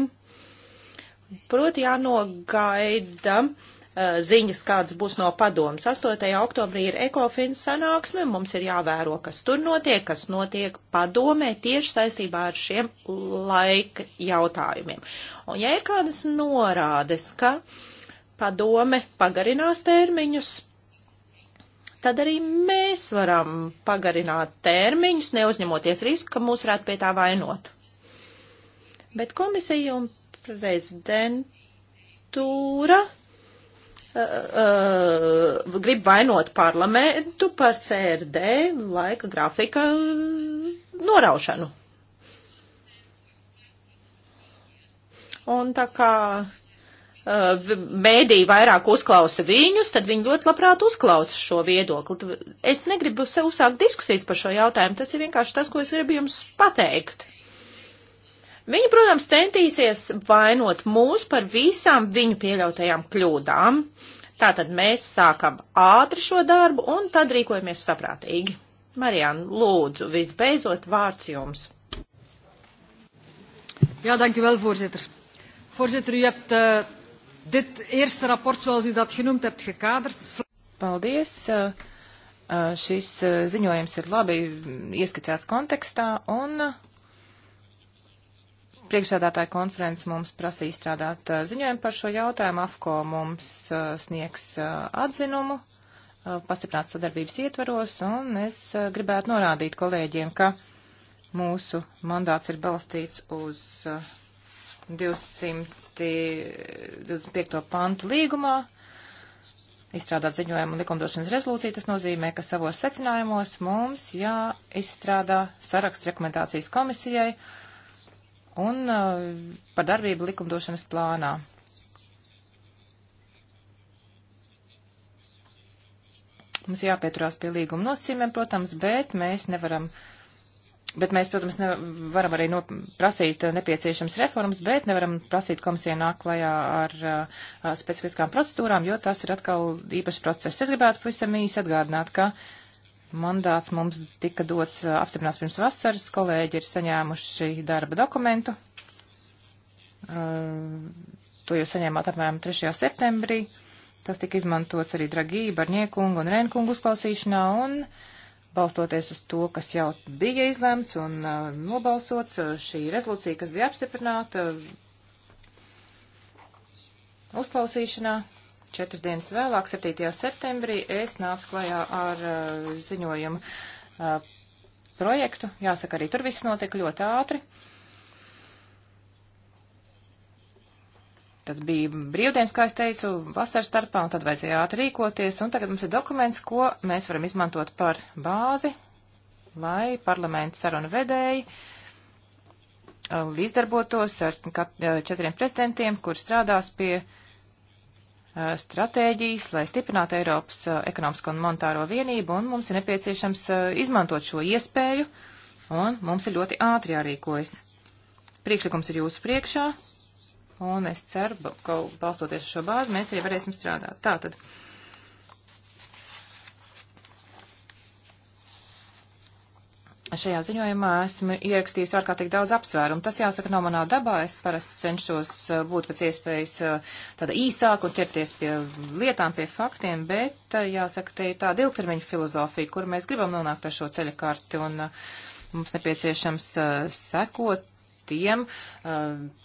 Proti jānogaida eh, ziņas, kādas būs no padomas. 8. oktobrī ir ekofins sanāksme, mums ir jāvēro, kas tur notiek, kas notiek padomē tieši saistībā ar šiem laika jautājumiem. Un ja ir kādas norādes, ka. Uh, padome pagarinās termiņus, tad arī mēs varam pagarināt termiņus, neuzņemoties risku, ka mūs varētu pie tā vainot. Bet komisija un prezidentūra Uh, uh, grib vainot parlamentu par CRD laika grafika noraušanu. Un tā kā Uh, mēdī vairāk uzklausa viņus, tad viņi ļoti labprāt uzklausa šo viedokli. Es negribu sev uzsākt diskusijas par šo jautājumu, tas ir vienkārši tas, ko es gribu jums pateikt. Viņi, protams, centīsies vainot mūs par visām viņu pieļautajām kļūdām. Tātad mēs sākam ātri šo darbu un tad rīkojamies saprātīgi. Marijan, lūdzu, visbeidzot vārds jums. Jā, dank u wel, voorzitter. Voorzitter, u hebt uh, dit eerste rapport, zoals u dat genoemd hebt, gekaderd. Paldies. Eh, eh, šis eh, ziņojums ir labi ieskatīts kontekstā un priekšsēdātāja konferences mums prasīja strādāt ziņojumu par šo jautājumu. AFCO mums sniegs atzinumu pastiprināt sadarbības ietvaros, un es gribētu norādīt kolēģiem, ka mūsu mandāts ir balstīts uz 200 25. Eh, pantu līgumā, izstrādāt ziņojumu un likumdošanas rezolūciju, tas nozīmē, ka savos secinājumos mums jāizstrādā saraksts rekomendācijas komisijai un uh, par darbību likumdošanas plānā. Mums jāpieturās pie līguma nosacījumiem, protams, bet mēs nevaram uh, Bet mēs, protams, varam arī prasīt nepieciešams reformas, bet nevaram prasīt komisijai nāk klajā ar uh, specifiskām procedūrām, jo tas ir atkal īpašs process. Es gribētu pavisam īsi atgādināt, ka mandāts mums tika dots uh, apstiprināts pirms vasaras, kolēģi ir saņēmuši darba dokumentu. Uh, to jūs saņēmāt apmēram 3. septembrī. Tas tika izmantots arī Dragī, Barņiekungu un Renkungu uzklausīšanā. Un, uh, balstoties uz to, kas jau bija izlemts un uh, nobalsots, uh, šī rezolūcija, kas bija apstiprināta uh, uzklausīšanā. Četras dienas vēlāk, 7. septembrī, es nācu klajā ar uh, ziņojumu uh, projektu. Jāsaka, arī tur viss notika ļoti ātri. Uh, Tad bija brīvdienas, kā es teicu, vasaras starpā, un tad vajadzēja ātri rīkoties, un tagad mums ir dokuments, ko mēs varam izmantot par bāzi, lai parlamenta sarunu vedēji uh, līdzdarbotos ar uh, četriem prezidentiem, kur strādās pie uh, stratēģijas, lai stiprinātu Eiropas ekonomisko un monetāro vienību, un mums ir nepieciešams izmantot šo iespēju, un mums ir ļoti ātri jārīkojas. Priekšlikums ir jūsu priekšā, Un es ceru, ka balstoties uz šo bāzi, mēs arī varēsim strādāt. Tātad. Šajā ziņojumā esmu ierakstījis ārkārtīgi daudz apsvērumu. Tas, jāsaka, nav manā dabā. Es parasti cenšos uh, būt pēc iespējas uh, tāda īsāka un ķerties pie lietām, pie faktiem, bet, uh, jāsaka, te ir tāda ilgtermiņa filozofija, kur mēs gribam nonākt ar šo ceļa karti un mums nepieciešams sekot tiem uh,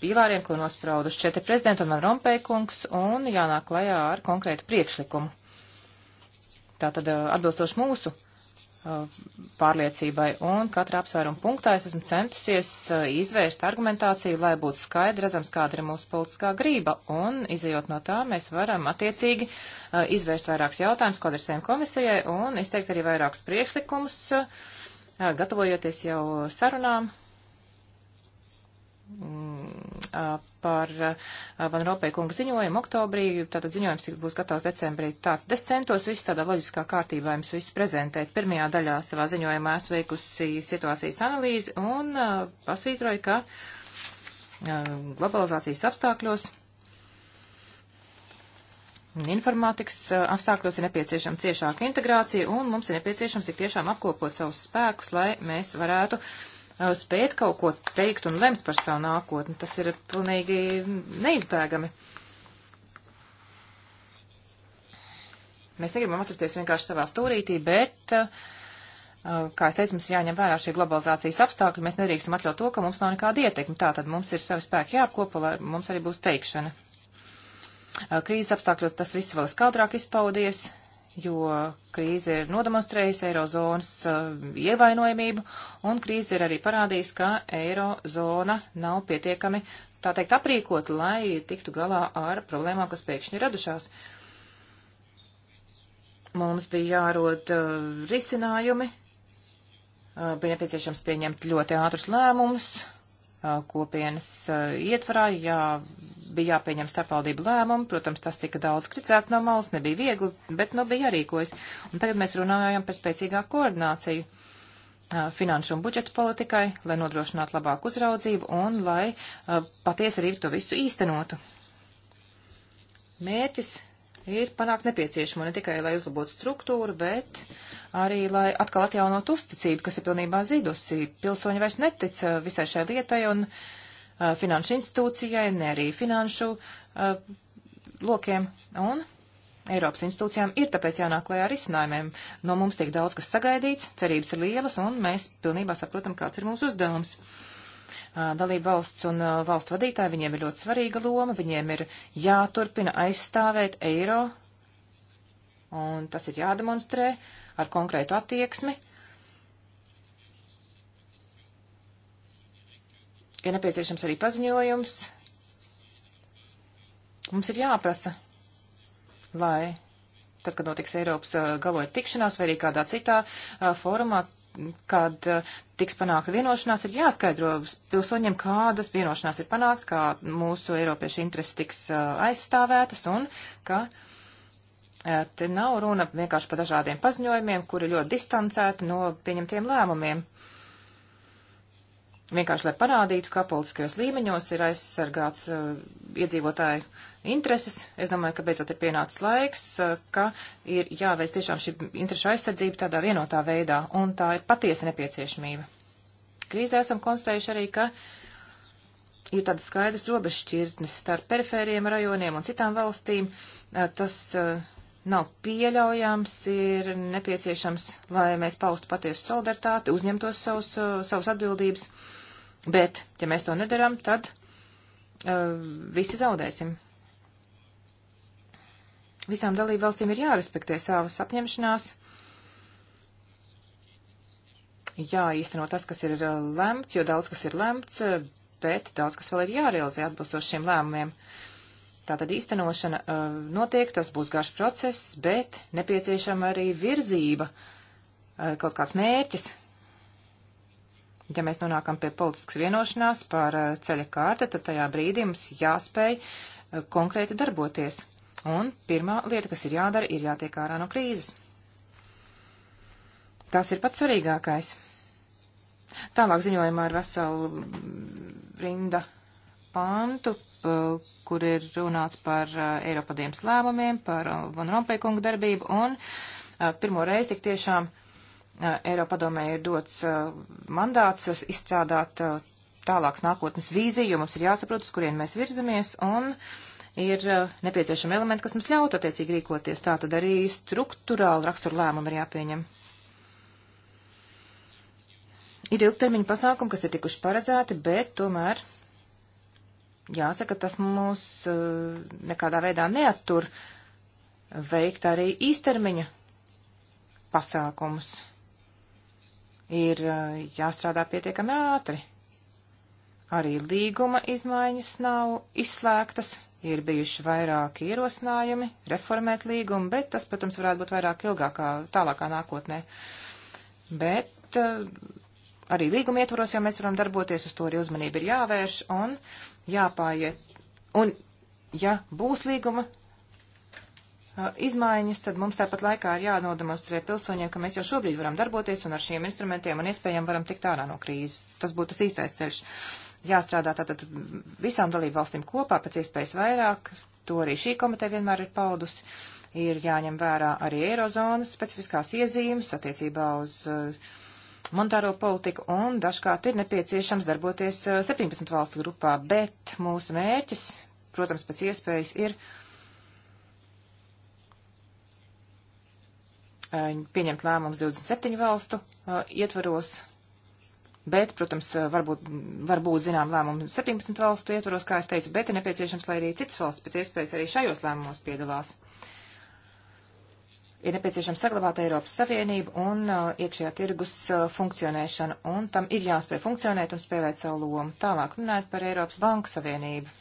pīlāriem, ko nosprauduši četri prezidenti un man Rompēkungs, un jānāk klajā ar konkrētu priekšlikumu. Tātad uh, atbilstoši mūsu uh, pārliecībai, un katra apsvēruma punktā es esmu centusies uh, izvērst argumentāciju, lai būtu skaidri redzams, kāda ir mūsu politiskā grība, un izējot no tā, mēs varam attiecīgi uh, izvērst vairākus jautājumus kodresējumu komisijai un izteikt arī vairākus priekšlikumus, uh, gatavojoties jau sarunām Mm, par Van Ropēja kunga ziņojumu oktobrī, tātad ziņojums būs gatavs decembrī. Tātad es centos visu tādā loģiskā kārtībā jums visu prezentēt. Pirmajā daļā savā ziņojumā es veikusi situācijas analīzi un pasvītroju, ka globalizācijas apstākļos Informātikas apstākļos ir nepieciešama ciešāka integrācija, un mums ir nepieciešams tik tiešām apkopot savus spēkus, lai mēs varētu uh, Uh, spēt kaut ko teikt un lemt par savu nākotni. Tas ir pilnīgi neizbēgami. Mēs negribam atrasties vienkārši savā stūrītī, bet, uh, uh, kā es teicu, mums jāņem vērā šie globalizācijas apstākļi. Mēs nedrīkstam atļaut to, ka mums nav nekāda ietekme. Tā tad mums ir savi spēki jāapkopo, lai mums arī būs teikšana. Krīzes apstākļos tas viss vēl skaudrāk izpaudies jo krīze ir nodemonstrējusi eirozonas uh, ievainojamību, un krīze ir arī parādījusi, ka eirozona nav pietiekami, tā teikt, aprīkot, lai tiktu galā ar problēmām, kas pēkšņi ir radušās. Mums bija jārod uh, risinājumi, uh, bija nepieciešams pieņemt ļoti ātrus lēmumus, kopienas ietvarā, jā, bija jāpieņem starpvaldību lēmumu, protams, tas tika daudz kritizēts no malas, nebija viegli, bet, nu, bija jārīkojas. Un tagad mēs runājam par spēcīgāku koordināciju finanšu un budžeta politikai, lai nodrošinātu labāku uzraudzību un lai patiesi arī to visu īstenotu. Mērķis ir panākt nepieciešamo ne tikai, lai uzlabotu struktūru, bet arī, lai atkal atjaunot uzticību, kas ir pilnībā zidusi. Pilsoņi vairs netic uh, visai šai lietai un uh, finanšu institūcijai, ne arī finanšu uh, lokiem. Un Eiropas institūcijām ir tāpēc jānāk klajā ar izcinājumiem. No mums tiek daudz kas sagaidīts, cerības ir lielas, un mēs pilnībā saprotam, kāds ir mūsu uzdevums. Uh, dalību valsts un valstu vadītāji, viņiem ir ļoti svarīga loma, viņiem ir jāturpina aizstāvēt eiro, un tas ir jādemonstrē ar konkrētu attieksmi. Ir nepieciešams arī paziņojums. Mums ir jāprasa, lai tad, kad notiks Eiropas galoja tikšanās vai arī kādā citā a, fórumā, kad eh, tiks panākta vienošanās, ir jāskaidro pilsoņiem, kādas vienošanās ir panākt, kā mūsu Eiropiešu intereses tiks eh, aizstāvētas un ka eh, te nav runa vienkārši par dažādiem paziņojumiem, kuri ļoti distancēti no pieņemtiem lēmumiem. Uh, vienkārši lai parādītu, kā politiskajos līmeņos ir aizsargāts uh, iedzīvotāju intereses. Es domāju, ka beidzot ir pienācis laiks, uh, ka ir jāveic tiešām šī interešu aizsardzība tādā vienotā veidā, un tā ir patiesa nepieciešamība. Krīzē esam konstatējuši arī, ka ir tādas skaidras robežšķirtnes starp perifēriem rajoniem un citām valstīm. Uh, tas uh, nav pieļaujams, ir nepieciešams, lai mēs paustu patiesu solidaritāti, uzņemtos savus, uh, savus atbildības. Uh, Bet, ja mēs to nedaram, tad uh, visi zaudēsim. Visām dalību valstīm ir jārespektē savas apņemšanās, jāīsteno tas, kas ir uh, lemts, jo daudz kas ir lemts, uh, bet daudz kas vēl ir jārealizē atbilstoši šiem lēmumiem. Tātad īstenošana uh, notiek, tas būs garš process, bet nepieciešama arī virzība, uh, kaut kāds mērķis, Ja mēs nonākam pie politiskas vienošanās par eh, ceļa kārta, tad tajā brīdī mums jāspēj eh, konkrēti darboties. Un pirmā lieta, kas ir jādara, ir jātiek ārā no krīzes. Tas ir pats svarīgākais. Tālāk ziņojumā ir vesela mm, rinda pantu, eh, kur ir runāts par Eiropadiem slēmumiem, par Van Rompēkungu darbību, un pirmo reizi tik tiešām Eiropadomē ir dots mandāts izstrādāt tālāks nākotnes vīziju, mums ir jāsaprot, uz kurien mēs virzamies, un ir nepieciešami elementi, kas mums ļautu attiecīgi rīkoties. Tā tad arī struktūrāli rakstur lēmumu ir jāpieņem. Ir ilgtermiņa pasākumi, kas ir tikuši paredzēti, bet tomēr jāsaka, tas mūs nekādā veidā neattur veikt arī īstermiņa pasākumus ir eh, jāstrādā pietiekami ātri. Arī līguma izmaiņas nav izslēgtas, ir bijuši vairāki ierosinājumi reformēt līgumu, bet tas, protams, varētu būt vairāk ilgākā, tālākā nākotnē. Bet eh, arī līguma ietvaros, ja mēs varam darboties, uz to arī uzmanība ir jāvērš un jāpāiet. Un, ja būs līguma Uh, izmaiņas, tad mums tāpat laikā ir jānodemonstrē pilsoņiem, ka mēs jau šobrīd varam darboties un ar šiem instrumentiem un iespējām varam tikt ārā no krīzes. Tas būtu tas īstais ceļš. Jāstrādā tātad visām dalību valstīm kopā pēc iespējas vairāk, to arī šī komiteja vienmēr ir paudusi. Ir jāņem vērā arī eirozonas specifiskās iezīmes attiecībā uz uh, monetāro politiku un dažkārt ir nepieciešams darboties 17 uh, valstu grupā, bet mūsu mērķis, protams, pēc iespējas ir uh, pieņemt lēmumus 27 valstu uh, ietvaros, bet, protams, uh, varbūt, varbūt zinām lēmumu 17 valstu ietvaros, kā es teicu, bet ir nepieciešams, lai arī citas valsts pēc iespējas arī šajos lēmumos piedalās. Ir nepieciešams saglabāt Eiropas Savienību un uh, iekšējā tirgus uh, funkcionēšanu, un tam ir jāspēj funkcionēt un spēlēt savu lomu. Tālāk runājot par Eiropas Banku Savienību.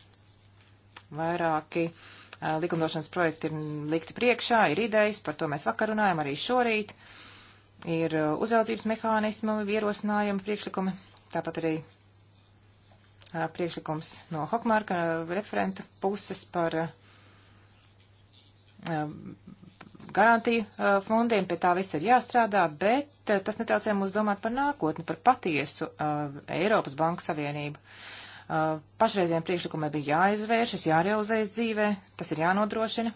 Vairāki uh, Eh, likumdošanas projekti ir likti priekšā, ir idejas, par to mēs vakar runājam arī šorīt, ir eh, uzraudzības mehānismu ierosinājumi priekšlikumi, tāpat arī eh, priekšlikums no Hokmārka referenta puses par garantiju fondiem, pie tā viss ir jāstrādā, bet tas netraucē mums domāt par nākotni, par patiesu Eiropas Banku Savienību. Uh, Uh, pašreiziem priekšlikumiem ir jāizvēršas, jārealizējas dzīvē, tas ir jānodrošina.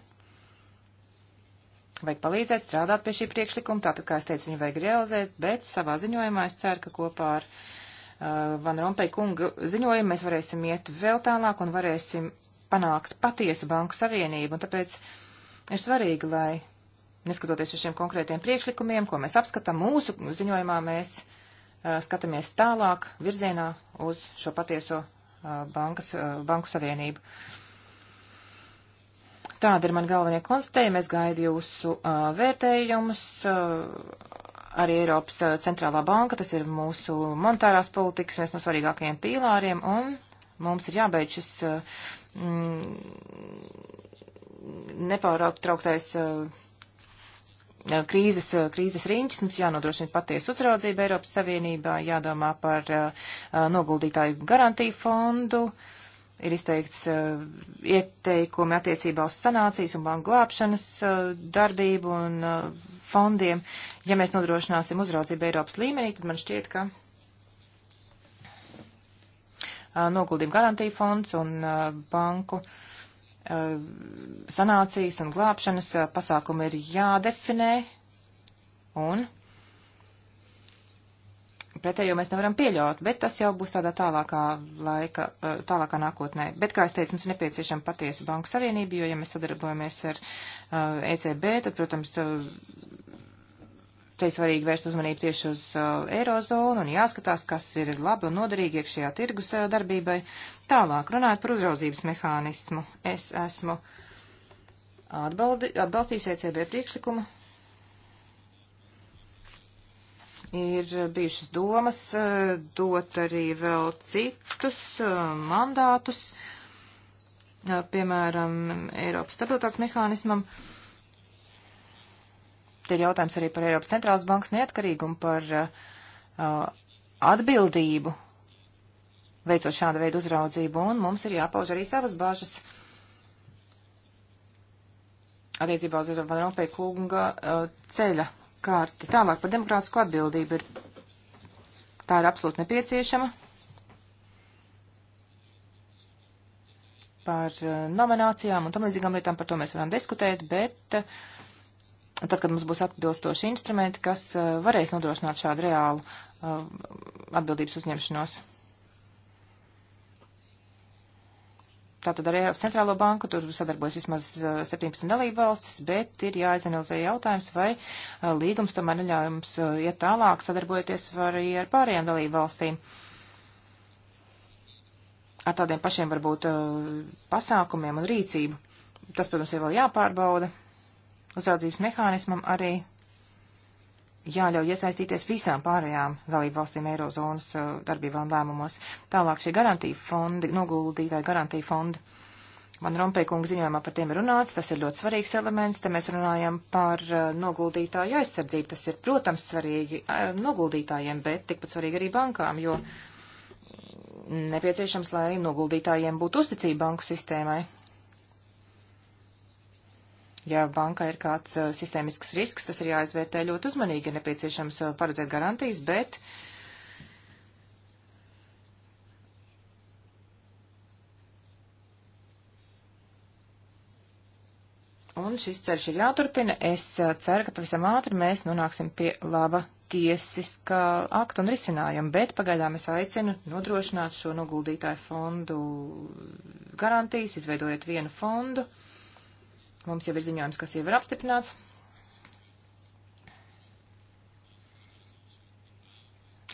Vajag palīdzēt strādāt pie šī priekšlikuma, tātad, kā es teicu, viņu vajag realizēt, bet savā ziņojumā es ceru, ka kopā ar uh, Van Rompei kunga ziņojumu mēs varēsim iet vēl tālāk un varēsim panākt patiesu banku savienību, un tāpēc ir svarīgi, lai, neskatoties uz šiem konkrētiem priekšlikumiem, ko mēs apskatām mūsu ziņojumā, mēs uh, skatāmies tālāk virzienā uz šo patieso Uh, bankas, uh, banku savienību. Tāda ir man galvenie konstatējumi. Es gaidu jūsu uh, vērtējumus. Arī Eiropas centrālā banka, tas ir mūsu monetārās politikas viens no svarīgākajiem pīlāriem, un mums ir jābeidz šis mm, nepārtrauktais uh, krīzes, krīzes riņķis, mums jānodrošina patiesu uzraudzību Eiropas Savienībā, jādomā par noguldītāju garantiju fondu, ir izteikts ieteikumi attiecībā uz sanācijas un banku glābšanas darbību un fondiem. Ja mēs nodrošināsim uzraudzību Eiropas līmenī, tad man šķiet, ka noguldījumu garantiju fonds un banku uh, Eh, sanācijas un glābšanas eh, pasākumi ir jādefinē un pretējo mēs nevaram pieļaut, bet tas jau būs tādā tālākā laika, eh, tālākā nākotnē. Bet, kā es teicu, mums ir nepieciešama patiesa banku savienība, jo, ja mēs sadarbojamies ar uh, ECB, tad, protams, uh, Te ir svarīgi vērst uzmanību tieši uz uh, eirozonu un jāskatās, kas ir labi un noderīgi iekšējā tirgus uh, darbībai. Tālāk runājot par uzraudzības mehānismu, es esmu atbaldi, atbalstījis ECB priekšlikumu. Ir bijušas domas uh, dot arī vēl citus uh, mandātus, uh, piemēram, Eiropas stabilitātes mehānismam. Uh, Te ir jautājums arī par Eiropas centrālas bankas neatkarīgumu, par uh, atbildību, veicot šādu veidu uzraudzību, un mums ir jāpauž arī savas bažas attiecībā uz Van Rompēja kunga uh, ceļa kārti. Tālāk par demokrātisko atbildību ir. Tā ir absolūti nepieciešama. Par uh, nominācijām un tam līdzīgām lietām par to mēs varam diskutēt, bet uh, tad, kad mums būs atbilstoši instrumenti, kas eh, varēs nodrošināt šādu reālu eh, atbildības uzņemšanos. Tātad ar Eiropas centrālo banku tur sadarbojas vismaz 17 eh, dalību valstis, bet ir jāizanalizē jautājums, vai līgums tomēr neļauj mums iet tālāk, sadarbojoties arī ar pārējām dalību valstīm. Ar tādiem pašiem varbūt pasākumiem un rīcību. Tas, protams, ir vēl jāpārbauda, uzraudzības mehānismam arī jāļauj iesaistīties visām pārējām dalību valstīm Eirozonas uh, darbībām lēmumos. Tālāk šie garantija fondi, noguldītāji garantija fondi. Man Rompēkunga ziņojumā par tiem ir runāts, tas ir ļoti svarīgs elements, te mēs runājam par uh, noguldītāju aizsardzību, tas ir, protams, svarīgi uh, noguldītājiem, bet tikpat svarīgi arī bankām, jo nepieciešams, lai noguldītājiem būtu uzticība banku sistēmai, Ja bankā ir kāds uh, sistēmisks risks, tas ir jāizvērtē ļoti uzmanīgi, ir nepieciešams uh, paredzēt garantijas, bet Un šis ceļš ir jāturpina. Es eh, ceru, ka pavisam ātri mēs nonāksim pie laba tiesiskā akta un risinājuma, bet pagaidām es aicinu nodrošināt šo noguldītāju fondu garantijas, izveidojot vienu fondu. Uh, Mums jau ir ziņojums, kas jau ir apstiprināts.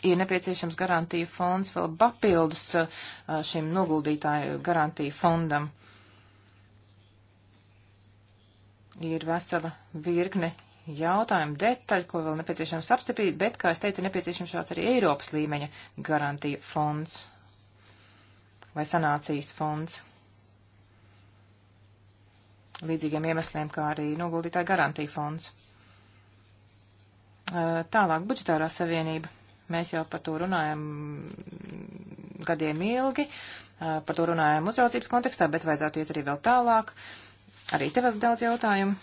Ir nepieciešams garantija fonds vēl papildus uh, šim noguldītāju garantija fondam. Ir vesela virkne jautājumu detaļu, ko vēl nepieciešams apstiprināt, bet, kā es teicu, nepieciešams šāds arī Eiropas līmeņa garantija fonds vai sanācijas fonds, līdzīgiem iemesliem, kā arī noguldītāja garantija fonds. Tālāk, budžetārā savienība. Mēs jau par to runājam gadiem ilgi, par to runājam uzraudzības kontekstā, bet vajadzētu iet arī vēl tālāk. Arī te vēl daudz jautājumu.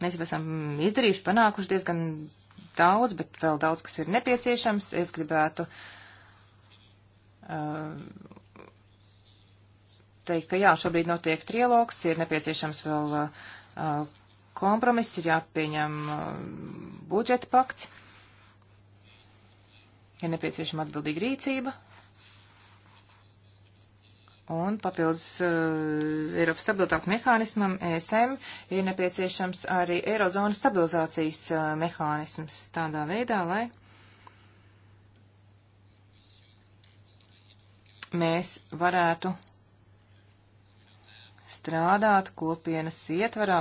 Mēs jau esam izdarījuši, panākuši diezgan daudz, bet vēl daudz, kas ir nepieciešams. Es gribētu uh, teikt, ka jā, šobrīd notiek trialogs, ir nepieciešams vēl uh, kompromiss, ir jāpieņem uh, budžeta pakts, ir nepieciešama atbildīga rīcība. Un papildus uh, Eiropas stabilitātes mehānismam, ESM, ir nepieciešams arī Eirozonas stabilizācijas uh, mehānisms tādā veidā, lai mēs varētu strādāt kopienas ietvarā,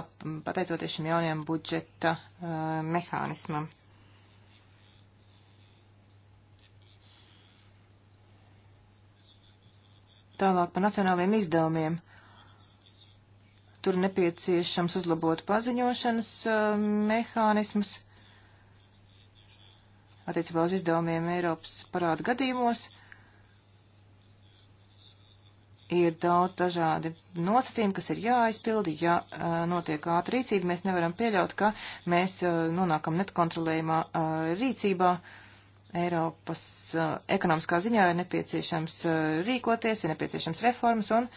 pateicoties šim jaunajam budžeta uh, mehānismam. Tālāk par nacionāliem izdevumiem. Tur nepieciešams uzlabot paziņošanas uh, mehānismus attiecībā uz izdevumiem Eiropas parāda gadījumos ir daudz dažādi nosacījumi, kas ir jāaizpildi, ja notiek ātra rīcība. Mēs nevaram pieļaut, ka mēs nonākam netkontrolējumā rīcībā. Eiropas ekonomiskā ziņā ir nepieciešams rīkoties, ir nepieciešams reformas un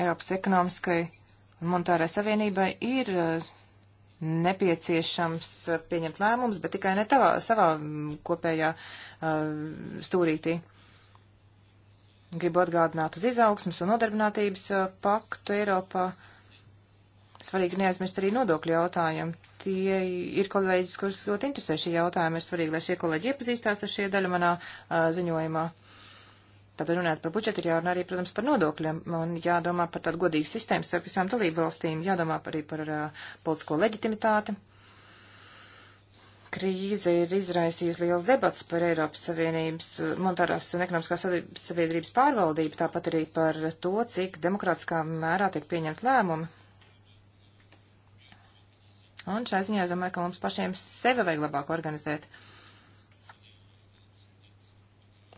Eiropas ekonomiskai un monetārai savienībai ir nepieciešams pieņemt lēmumus, bet tikai ne tavā, savā kopējā stūrītī. Uh, Gribu atgādināt uz izaugsmas un nodarbinātības uh, paktu Eiropā. Svarīgi neaizmirst arī nodokļu jautājumu. Tie ir kolēģis, kurus ļoti interesē šie jautājumi. Ir svarīgi, lai šie kolēģi iepazīstās ar šie daļu manā a, uh, ziņojumā. Tad runāt par budžetu ir jārunā arī, protams, par nodokļiem un jādomā par tādu godīgu sistēmu starp visām dalību valstīm, jādomā arī par uh, politisko leģitimitāti. Uh, krīze ir izraisījusi liels debats par Eiropas Savienības eh, monetārās un ekonomiskās sabiedrības pārvaldību, tāpat arī par to, cik demokrātiskā mērā tiek pieņemt lēmumi. Un šai ziņā es domāju, ka mums pašiem sevi vajag labāk organizēt.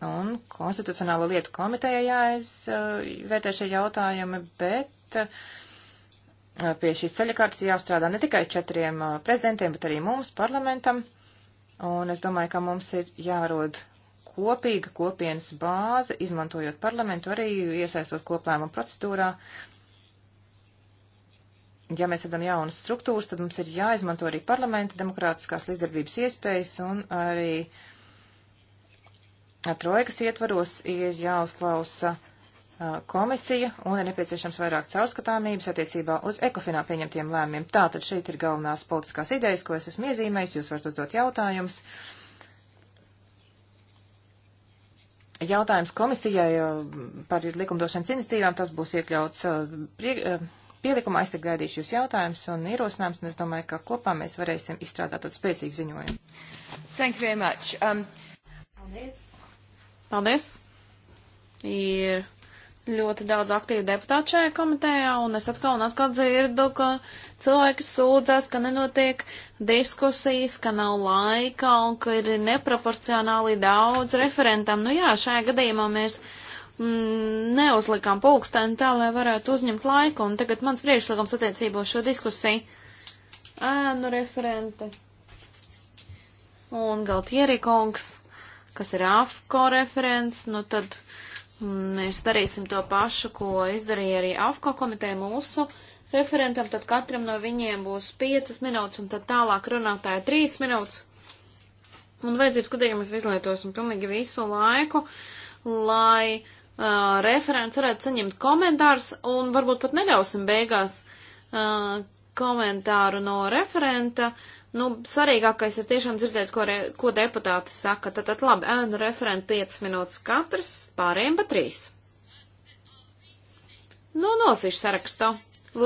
Un Konstitucionāla lietu komiteja jāizvērtē eh, šie jautājumi, bet uh, pie šīs ceļakārtas jāstrādā ne tikai četriem prezidentiem, bet arī mums, parlamentam. Un es domāju, ka mums ir jārod kopīga kopienas bāze, izmantojot parlamentu, arī iesaistot koplēmu procedūrā. Ja mēs redzam jaunas struktūras, tad mums ir jāizmanto arī parlamenta demokrātiskās līdzdarbības iespējas un arī trojkas ietvaros ir jāuzklausa uh, komisija un ir nepieciešams vairāk caurskatāmības attiecībā uz ekofinā pieņemtiem lēmumiem. Tātad šeit ir galvenās politiskās idejas, ko es esmu iezīmējis, jūs varat uzdot jautājumus. Jautājums komisijai par likumdošanas iniciatīvām, tas būs iekļauts prie, pielikumā, es te gaidīšu jūs jautājumus un ierosinājums, un es domāju, ka kopā mēs varēsim izstrādāt tādu spēcīgu ziņojumu. Thank you very much. Um... Paldies. Paldies. Ir ļoti daudz aktīvu deputātu šajā komitejā, un es atkal un atkal dzirdu, ka cilvēki sūdzas, ka nenotiek diskusijas, ka nav laika, un ka ir neproporcionāli daudz referentam. Nu jā, šajā gadījumā mēs mm, neuzlikām pulksteni tā, lai varētu uzņemt laiku, un tagad mans priekšlikums attiecībā uz šo diskusiju. Ā, nu referente. Un Galtieri kungs, kas ir AFCO referents, nu tad. Mēs darīsim to pašu, ko izdarīja arī AFCO komiteja mūsu referentam, tad katram no viņiem būs 5 minūtes, un tad tālāk runātāja 3 minūtes. Un vajadzības gadījumā mēs izlietosim pilnīgi visu laiku, lai uh, referents varētu saņemt komentārus, un varbūt pat neļausim beigās uh, komentāru no referenta, uh, Nu, svarīgākais ir tiešām dzirdēt, ko, re, ko deputāti saka. Tad, tad labi, ēnu referenti 5 minūtes katrs, pārējiem pa 3. Nu, nosīšu sarakstu.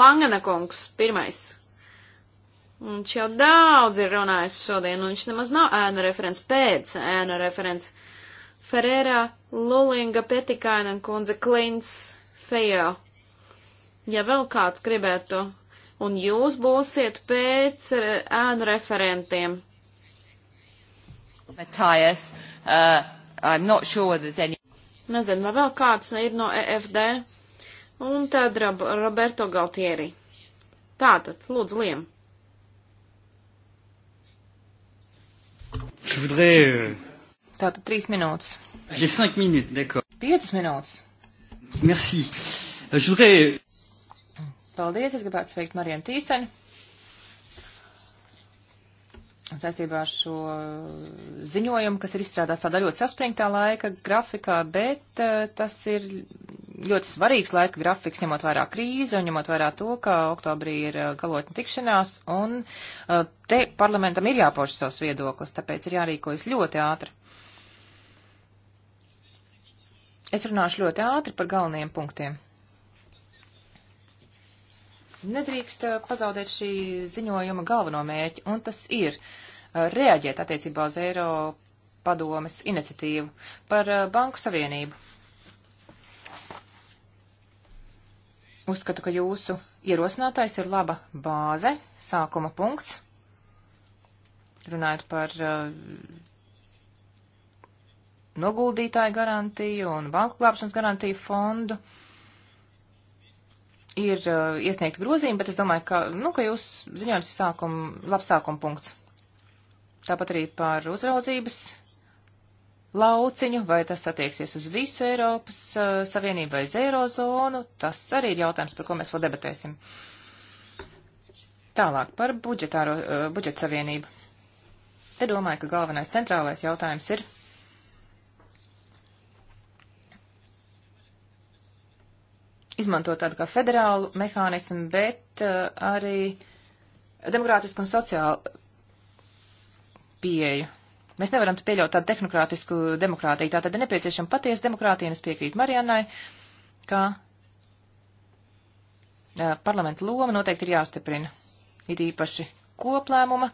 Langana kungs, pirmais. Viņš jau daudz ir runājis šodien, un viņš nemaz nav ēnu referents pēc ēnu referents. Ferēra, Lulinga, Petikainen kundze, Klints, Fejo. Ja vēl kāds gribētu un jūs būsiet pēc ēnu referentiem. Matthias, uh, I'm not sure there's any. Nezinu, vai vēl kāds ir no EFD. Un tad Rob Roberto Galtieri. Tātad, lūdzu, liem. Euh, Tātad trīs minūtes. J'ai cinq minutes, d'accord. Piecas minūtes. Merci. Euh, je voudrais Paldies, es gribētu sveikt Marienu Tīseni. Saistībā ar šo ziņojumu, kas ir izstrādāts tādā ļoti saspringtā laika grafikā, bet eh, tas ir ļoti svarīgs laika grafiks, ņemot vērā krīzi un ņemot vērā to, ka oktobrī ir eh, galotņa tikšanās, un eh, te parlamentam ir jāpauž savs viedoklis, tāpēc ir jārīkojas ļoti ātri. Es runāšu ļoti ātri par galvenajiem punktiem. Nedrīkst eh, pazaudēt šī ziņojuma galveno mērķi, un tas ir eh, reaģēt attiecībā uz Eiro padomes iniciatīvu par eh, Banku Savienību. Uzskatu, ka jūsu ierosinātais ir laba bāze, sākuma punkts. Runājot par uh, noguldītāju garantiju un banku glābšanas garantiju fondu. Uh, ir uh, iesniegti grozījumi, bet es domāju, ka, nu, ka jūs ziņojums ir sākuma, labs sākuma punkts. Tāpat arī par uzraudzības lauciņu, vai tas attieksies uz visu Eiropas uh, Savienību vai uz Eirozonu, tas arī ir jautājums, par ko mēs vēl debatēsim. Tālāk par budžetāro, uh, budžeta savienību. Te domāju, ka galvenais centrālais jautājums ir izmantot tādu kā federālu mehānismu, bet uh, arī demokrātisku un sociālu pieeju. Mēs nevaram pieļaut tādu tehnokrātisku demokrātiju. Tā tad ir nepieciešama patiesa demokrātija, un es piekrītu Marijanai, ka uh, parlamenta loma noteikti ir jāstiprina. It īpaši koplēmuma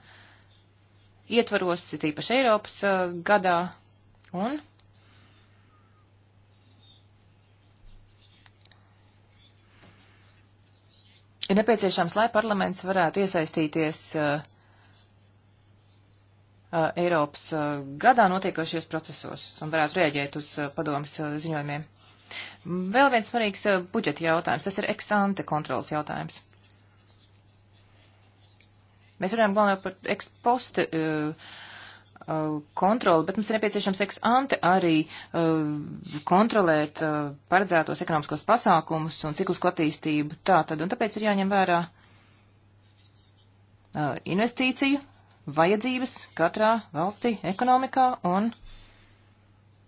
ietvaros, it īpaši Eiropas uh, gadā, un ir nepieciešams, lai parlaments varētu iesaistīties uh, uh, Eiropas uh, gadā notiekošajos procesos un varētu rēģēt uz uh, padomas uh, ziņojumiem. Vēl viens svarīgs uh, budžeta jautājums, tas ir eksante kontrolas jautājums. Mēs runājam galvenokārt par eksposte uh, Uh, kontroli, bet mums ir nepieciešams eks ante arī uh, kontrolēt uh, paredzētos ekonomiskos pasākumus un ciklisko attīstību. Tā tad, un tāpēc ir jāņem vērā uh, investīciju vajadzības katrā valstī ekonomikā un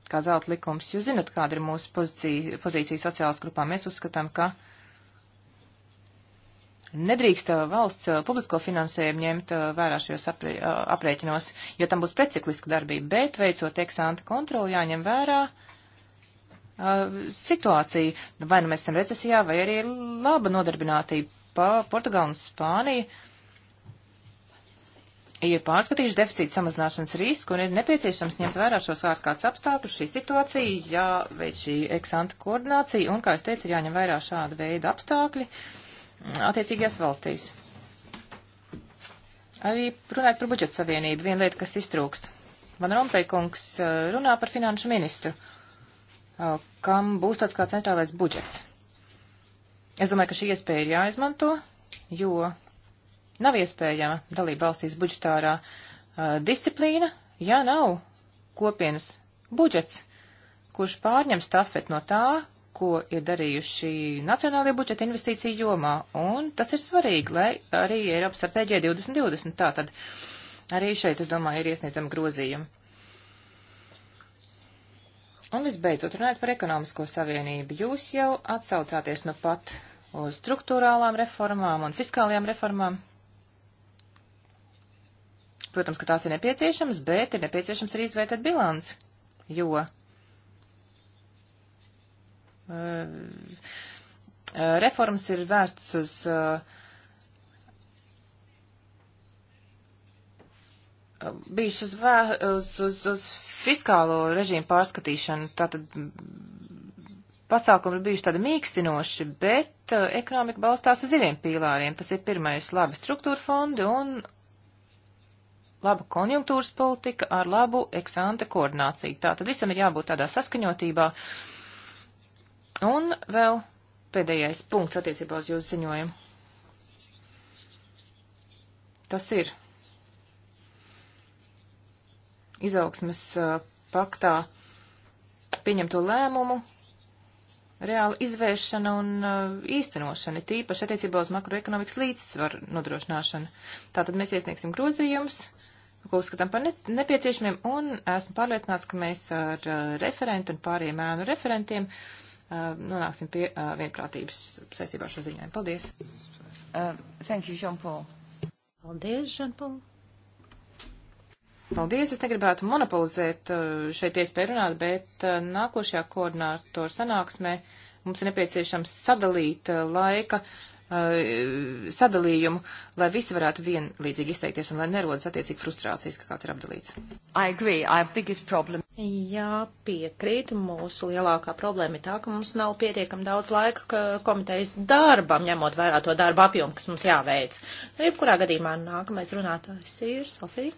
kā zelta likums. Jūs zinat, kāda ir mūsu pozīcija, pozīcija sociālas grupā. Mēs uzskatām, ka uh, Nedrīkst uh, valsts uh, publisko finansējumu ņemt uh, vērā šajos aprē, aprēķinos, jo tam būs precikliska darbība, bet veicot eksāntu kontroli jāņem vērā situācija. Vai nu mēs esam recesijā, vai arī ir laba nodarbinātība. Pa Portugāla un Spānija ir pārskatījuši deficīta samazināšanas risku un ir nepieciešams ņemt vērā šos ārkārtas apstākļus, šī situācija, jāveic šī eksanta koordinācija un, kā es teicu, ir jāņem vērā šāda veida apstākļi. Uh, attiecīgajās valstīs. Arī runājot par budžeta savienību, viena lieta, kas iztrūkst. Van Rompēkungs eh, runā par finanšu ministru, eh, kam būs tāds kā centrālais budžets. Es domāju, ka šī iespēja ir jāizmanto, jo nav iespējama dalība valstīs budžetārā eh, disciplīna, ja nav kopienas budžets, kurš pārņem stafet no tā, ko ir darījuši nacionālajie budžeta investīciju jomā, un tas ir svarīgi, lai arī Eiropas stratēģija 2020 tā tad arī šeit, es domāju, ir iesniedzama grozījuma. Un visbeidzot, runājot par ekonomisko savienību, jūs jau atsaucāties nu pat uz struktūrālām reformām un fiskālajām reformām. Protams, ka tās ir nepieciešamas, bet ir nepieciešams arī izvērtēt bilanci, jo Eh, reformas ir vērstas uz eh, bijuši uz, vē, uz, uz, uz fiskālo režīmu pārskatīšanu, tātad pasākumi ir bijuši tādi mīkstinoši, bet uh, ekonomika balstās uz diviem pīlāriem. Tas ir pirmais labi struktūra fondi un laba konjunktūras politika ar labu eksante koordināciju. Tātad visam ir jābūt tādā saskaņotībā. Uh, Un vēl pēdējais punkts attiecībā uz jūsu ziņojumu. Tas ir izaugsmes paktā pieņemto lēmumu reāla izvēršana un īstenošana, tīpaši attiecībā uz makroekonomikas līdzsvaru nodrošināšanu. Tātad mēs iesniegsim grozījumus, ko uzskatām par nepieciešamiem, un esmu pārliecināts, ka mēs ar referentu un pāriem ēnu referentiem uh, Uh, nonāksim pie uh, vienprātības saistībā ar šo ziņojumu. Paldies! Uh, thank you, Jean-Paul. Paldies, Jean-Paul. Paldies, es negribētu monopolizēt uh, šeit iespēju runāt, bet nākošajā koordinātoru sanāksmē mums ir nepieciešams sadalīt laika uh, Uh, sadalījumu, lai visi varētu vienlīdzīgi izteikties un lai nerodas attiecīgi frustrācijas, ka kāds ir apdalīts. I agree, our biggest problem. Jā, piekrītu. Mūsu lielākā problēma ir tā, ka mums nav pietiekam daudz laika komitejas darbam, ņemot vērā to darbu apjomu, kas mums jāveic. Nu, jebkurā gadījumā nākamais runātājs ir Sofija.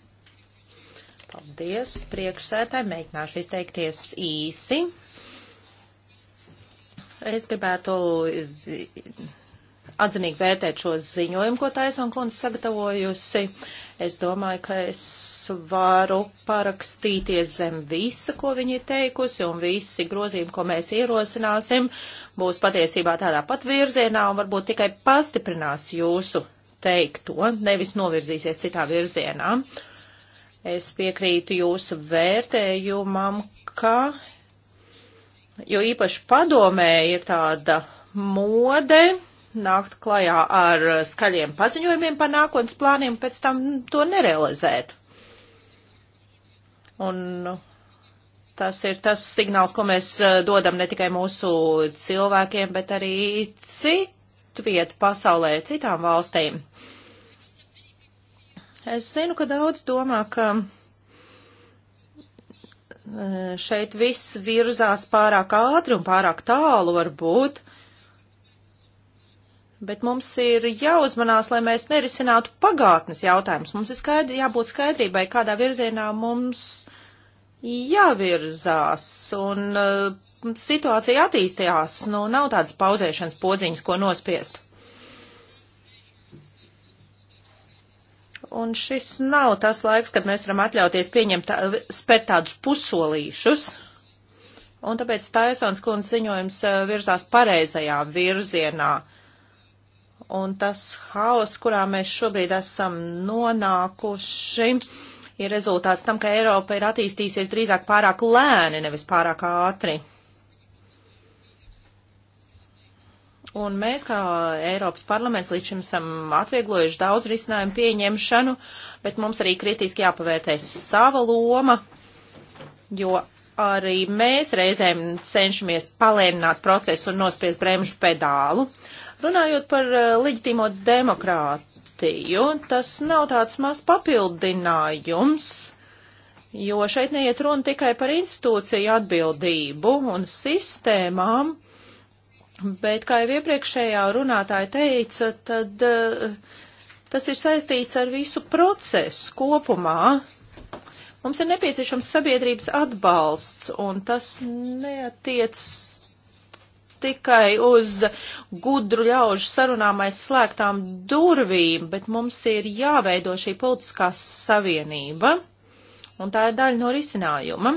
Paldies, priekšsētāji, mēģināšu izteikties īsi. Es gribētu atzinīgi vērtēt šo ziņojumu, ko Taisona kundze sagatavojusi. Es domāju, ka es varu parakstīties zem visa, ko viņi ir teikusi, un visi grozījumi, ko mēs ierosināsim, būs patiesībā tādā pat virzienā un varbūt tikai pastiprinās jūsu teikto, nevis novirzīsies citā virzienā. Es piekrītu jūsu vērtējumam, ka, jo īpaši padomē ir tāda mode, nākt klajā ar eh, skaļiem paziņojumiem par nākotnes plāniem, pēc tam mm, to nerealizēt. Un nu, tas ir tas signāls, ko mēs eh, dodam ne tikai mūsu cilvēkiem, bet arī citu vietu pasaulē, citām valstīm. Es zinu, ka daudz domā, ka eh, šeit viss virzās pārāk ātri un pārāk tālu varbūt. Uh, Bet mums ir jāuzmanās, lai mēs nerisinātu pagātnes jautājumus. Mums ir skaidri, jābūt skaidrībai, kādā virzienā mums jāvirzās. Un uh, situācija attīstījās. Nu, nav tādas pauzēšanas podziņas, ko nospiest. Un šis nav tas laiks, kad mēs varam atļauties pieņemt, tā, uh, spērt tādus pusolīšus, un tāpēc Taisons kundze ziņojums uh, virzās pareizajā virzienā un tas haoss, kurā mēs šobrīd esam nonākuši, ir rezultāts tam, ka Eiropa ir attīstījusies drīzāk pārāk lēni, nevis pārāk ātri. Un mēs, kā Eiropas parlaments, līdz šim esam atvieglojuši daudz risinājumu pieņemšanu, bet mums arī kritiski jāpavērtē sava loma, jo arī mēs reizēm cenšamies palēnināt procesu un nospiest bremžu pedālu. Uh, Runājot par eh, leģitīmo demokrātiju, tas nav tāds maz papildinājums, jo šeit neiet runa tikai par institūciju atbildību un sistēmām, bet, kā jau iepriekšējā runātāja teica, tad eh, tas ir saistīts ar visu procesu kopumā, Mums ir nepieciešams sabiedrības atbalsts, un tas neatiecas tikai uz gudru ļaužu sarunām aiz slēgtām durvīm, bet mums ir jāveido šī politiskā savienība, un tā ir daļa no risinājuma.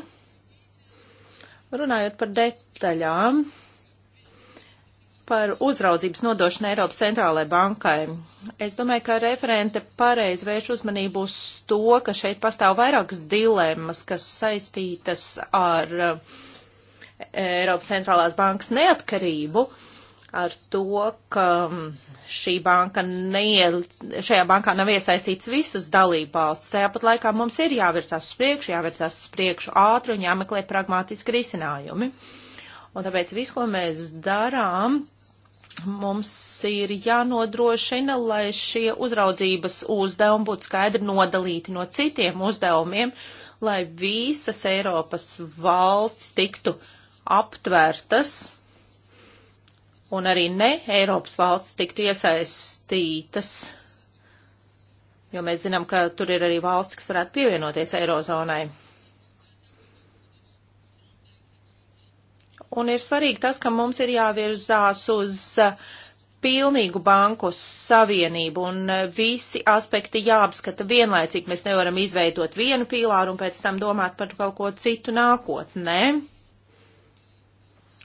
Runājot par detaļām, par uzraudzības nodošanu Eiropas centrālajai bankai. Es domāju, ka referente pareizi vērš uzmanību uz to, ka šeit pastāv vairākas dilemmas, kas saistītas ar uh, Eiropas centrālās bankas neatkarību ar to, ka šī banka nie, šajā bankā nav iesaistīts visas dalībvalsts. Tāpat laikā mums ir jāvirzās uz priekšu, jāvirzās uz priekšu ātri un jāmeklē pragmātiski risinājumi. Un tāpēc visu, ko mēs darām, mums ir jānodrošina, lai šie uzraudzības uzdevumi būtu skaidri nodalīti no citiem uzdevumiem, lai visas Eiropas valstis tiktu uh, aptvērtas un arī ne Eiropas valsts tiktu iesaistītas, jo mēs zinām, ka tur ir arī valsts, kas varētu pievienoties Eirozonai. Un ir svarīgi tas, ka mums ir jāvirzās uz uh, pilnīgu banku savienību un uh, visi aspekti jāapskata vienlaicīgi. Mēs nevaram izveidot vienu pīlāru un pēc tam domāt par kaut ko citu nākotnē. Ne?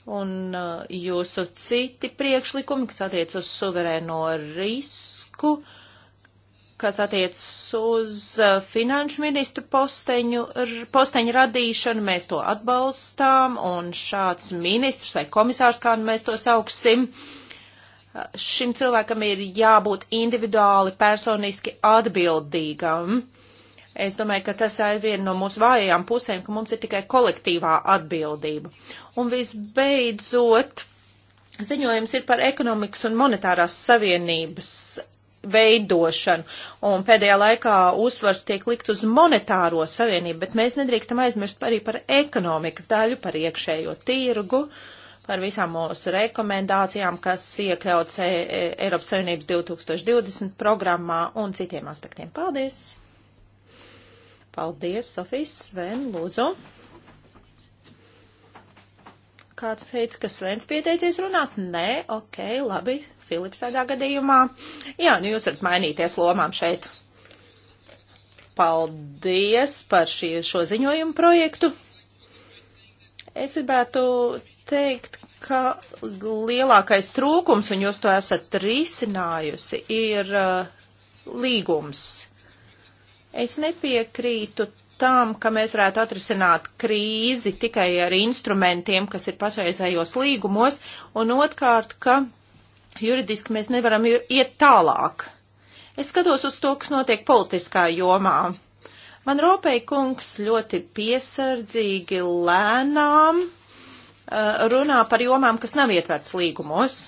un uh, jūsu citi priekšlikumi, kas attiec uz suverēno risku, kas attiec uz uh, finanšu ministru posteņu, posteņu radīšanu, mēs to atbalstām, un šāds ministrs vai komisārs, kā nu mēs to sauksim, uh, šim cilvēkam ir jābūt individuāli personiski atbildīgam. Uh, Es domāju, ka tas ir viena no mūsu vājajām pusēm, ka mums ir tikai kolektīvā atbildība. Un visbeidzot, ziņojums ir par ekonomikas un monetārās savienības veidošanu, un pēdējā laikā uzsvars tiek likt uz monetāro savienību, bet mēs nedrīkstam aizmirst arī par ekonomikas daļu, par iekšējo tirgu, par visām mūsu rekomendācijām, kas iekļauts e- e- Eiropas Savienības 2020 programmā un citiem aspektiem. Paldies! Paldies, Sofijas, Sven, lūdzu. Kāds teica, ka Svens pieteicies runāt? Nē, ok, labi, Filips tādā gadījumā. Jā, nu jūs varat mainīties lomām šeit. Paldies par šī, šo ziņojumu projektu. Es gribētu teikt, ka lielākais trūkums, un jūs to esat risinājusi, ir uh, līgums. Es nepiekrītu tam, ka mēs varētu atrisināt krīzi tikai ar instrumentiem, kas ir pašreizējos līgumos, un otrkārt, ka juridiski mēs nevaram iet tālāk. Es skatos uz to, kas notiek politiskā jomā. Man Ropei kungs ļoti piesardzīgi lēnām uh, runā par jomām, kas nav ietverts līgumos.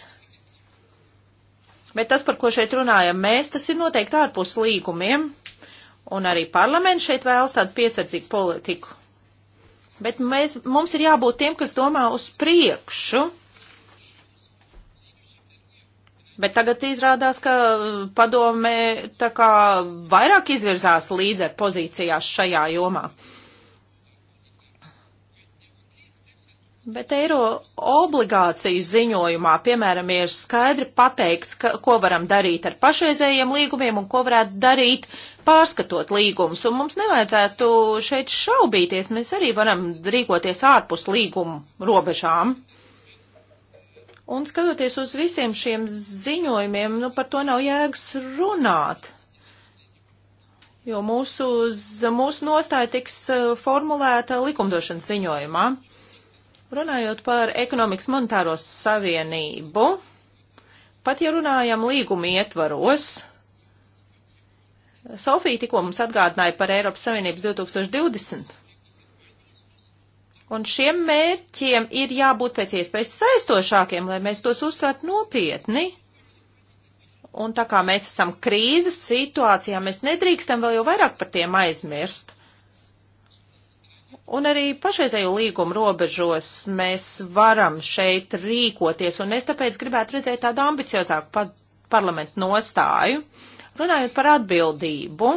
Bet tas, par ko šeit runājam mēs, tas ir noteikti ārpus līgumiem. Un arī parlaments šeit vēlas tādu piesardzīgu politiku. Bet mēs, mums ir jābūt tiem, kas domā uz priekšu. Bet tagad izrādās, ka uh, padome tā kā vairāk izvirzās līderu pozīcijās šajā jomā. Uh, Bet eiro obligāciju ziņojumā, piemēram, ir skaidri pateikts, ka, ko varam darīt ar pašreizējiem līgumiem un ko varētu darīt pārskatot līgumus. Un mums nevajadzētu šeit šaubīties, mēs arī varam rīkoties ārpus līgumu robežām. Un skatoties uz visiem šiem ziņojumiem, nu par to nav jēgas runāt. Jo mūsu, mūsu nostāja tiks eh, formulēta likumdošanas ziņojumā. Runājot par ekonomikas monetāro savienību, pat ja runājam līguma ietvaros, Sofija tikko mums atgādināja par Eiropas Savienības 2020. Un šiem mērķiem ir jābūt pēc iespējas saistošākiem, lai mēs tos uztvērtu nopietni. Un tā kā mēs esam krīzes situācijā, mēs nedrīkstam vēl jau vairāk par tiem aizmirst. Un arī pašreizējo līgumu robežos mēs varam šeit rīkoties, un es tāpēc gribētu redzēt tādu ambiciozāku pa parlamentu nostāju. Runājot par atbildību,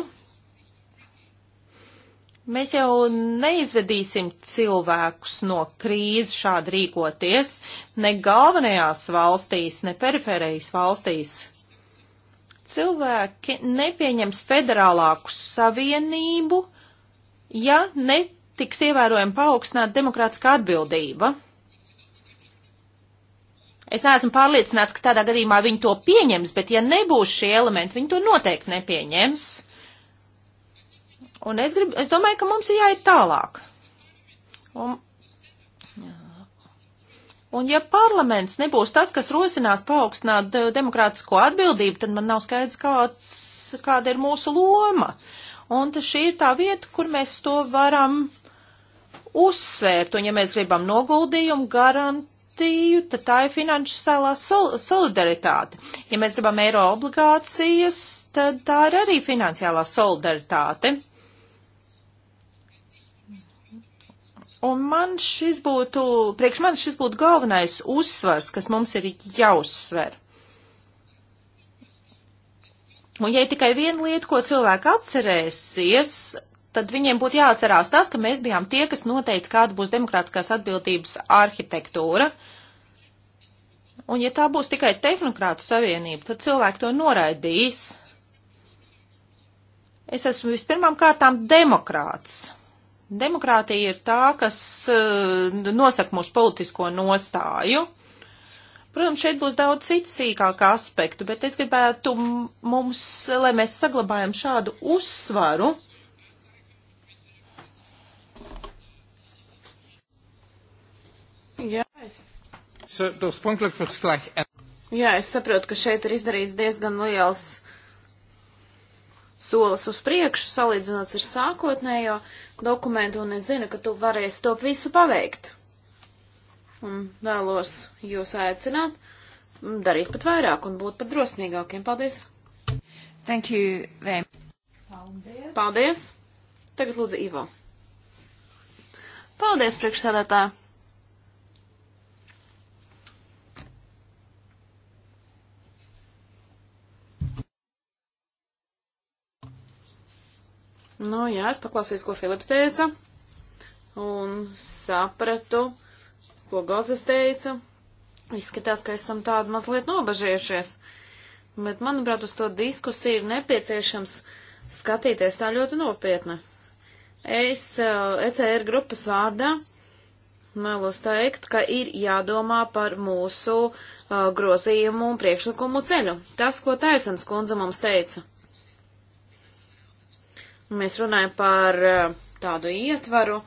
mēs jau neizvedīsim cilvēkus no krīzes šādi rīkoties, ne galvenajās valstīs, ne periferijas valstīs. Cilvēki nepieņems federālāku savienību, ja ne tiks ievērojami paaugstināta demokrātiskā atbildība. Es neesmu pārliecināts, ka tādā gadījumā viņi to pieņems, bet ja nebūs šie elementi, viņi to noteikti nepieņems. Un es, grib, es domāju, ka mums ir jāiet tālāk. Un, un ja parlaments nebūs tas, kas rosinās paaugstināt eh, demokrātisko atbildību, tad man nav skaidrs, kāds, kāda ir mūsu loma. Un šī ir tā vieta, kur mēs to varam uzsvērt, un ja mēs gribam noguldījumu garantiju, tad tā ir finansiālā sol solidaritāte. Ja mēs gribam eiro obligācijas, tad tā ir arī finansiālā solidaritāte. Un man šis būtu, priekš man šis būtu galvenais uzsvars, kas mums ir jāuzsver. Un ja ir tikai viena lieta, ko cilvēki atcerēsies, tad viņiem būtu jāatcerās tas, ka mēs bijām tie, kas noteica, kāda būs demokrātiskās atbildības arhitektūra. Un ja tā būs tikai tehnokrātu savienība, tad cilvēki to noraidīs. Es esmu vispirmām kārtām demokrāts. Demokrātija ir tā, kas uh, nosaka mūsu politisko nostāju. Protams, šeit būs daudz citu sīkāku aspektu, bet es gribētu mums, lai mēs saglabājam šādu uzsvaru Jā, es. Eh, Jā, es saprotu, ka šeit ir izdarīts diezgan liels solis uz priekšu, salīdzinot ar sākotnējo dokumentu, un es zinu, ka tu varēsi to visu paveikt. Un vēlos jūs aicināt darīt pat vairāk un būt pat drosmīgākiem. Paldies! Thank you, Vēm. Paldies! Paldies! Tagad lūdzu Ivo. Paldies, priekšsēdētāji! Nu, jā, es paklausījos, ko Filips teica, un sapratu, ko Gozes teica. Izskatās, ka esam tādu mazliet nobažījušies, bet, manuprāt, uz to diskusiju ir nepieciešams skatīties tā ļoti nopietni. Es ECR eh, e grupas vārdā vēlos teikt, ka ir jādomā par mūsu uh, grozījumu un priekšlikumu ceļu. Tas, ko Taisans kundze mums teica. Mēs runājam par eh, tādu ietvaru,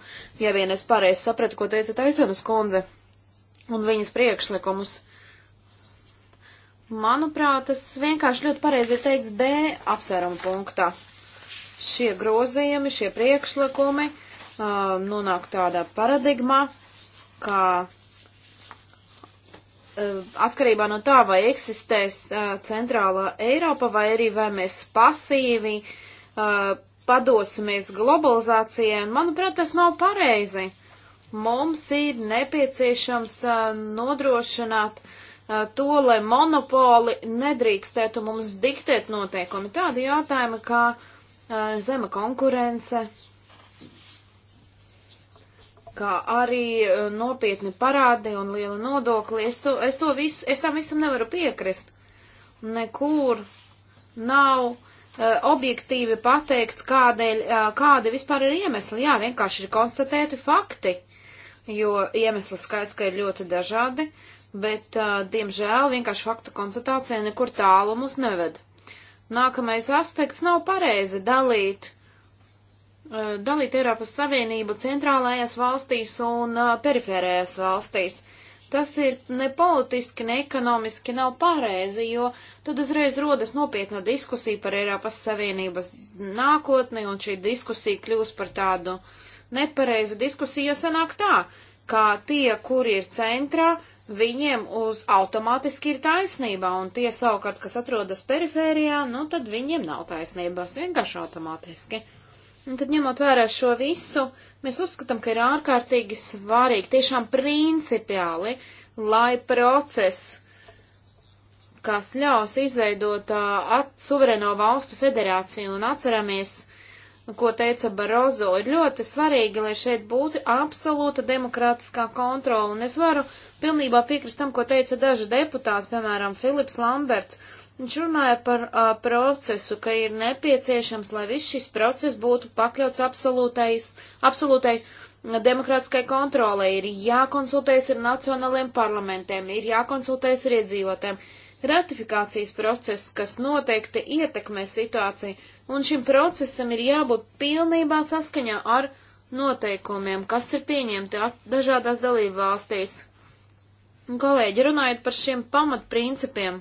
ja vien es pareizi sapratu, ko teica Taisanas kundze un viņas priekšlikumus. Manuprāt, tas vienkārši ļoti pareizi ir teikts D apsvērumu punktā. Šie grozījumi, šie priekšlikumi uh, nonāk tādā paradigmā, ka eh, atkarībā no tā, vai eksistēs uh, centrālā Eiropa, vai arī vai mēs pasīvi uh, padosimies globalizācijai, un manuprāt, tas nav pareizi. Mums ir nepieciešams nodrošināt to, lai monopoli nedrīkstētu mums diktēt noteikumi. Tādi jautājumi kā zema konkurence, kā arī nopietni parādi un liela nodokļa. Es, to, es, to visu, es tam visam nevaru piekrist. Nekur nav uh, Eh, objektīvi pateikts, kādēļ, eh, kādi vispār ir iemesli. Jā, vienkārši ir konstatēti fakti, jo iemesli skaits, ka ir ļoti dažādi, bet, eh, diemžēl, vienkārši faktu konstatācija nekur tālu mums neved. Nākamais aspekts nav pareizi dalīt, dalīt Eiropas Savienību centrālajās valstīs un perifērējās valstīs. Tas ir ne politiski, ne ekonomiski nav pareizi, jo tad uzreiz rodas nopietna diskusija par Eiropas Savienības nākotni, un šī diskusija kļūs par tādu nepareizu diskusiju, jo sanāk tā, ka tie, kuri ir centrā, viņiem uz automātiski ir taisnība, un tie savukārt, kas atrodas perifērijā, nu tad viņiem nav taisnības, vienkārši automātiski. Un tad ņemot vērā šo visu, Mēs uzskatām, ka ir ārkārtīgi svarīgi, tiešām principiāli, lai process, kas ļaus izveidot suverēno valstu federāciju un atceramies, ko teica Barozo, ir ļoti svarīgi, lai šeit būtu absolūta demokrātiskā kontrola. Un es varu pilnībā piekrist tam, ko teica daži deputāti, piemēram, Filips Lamberts Viņš runāja par uh, procesu, ka ir nepieciešams, lai viss šis process būtu pakļauts absolūtai demokrātiskai kontrolē. Ir jākonsultējas ar nacionāliem parlamentiem, ir jākonsultējas ar iedzīvotēm. Ratifikācijas process, kas noteikti ietekmē situāciju, un šim procesam ir jābūt pilnībā saskaņā ar noteikumiem, kas ir pieņemti dažādās dalību valstīs. Kolēģi, runājot par šiem pamatprincipiem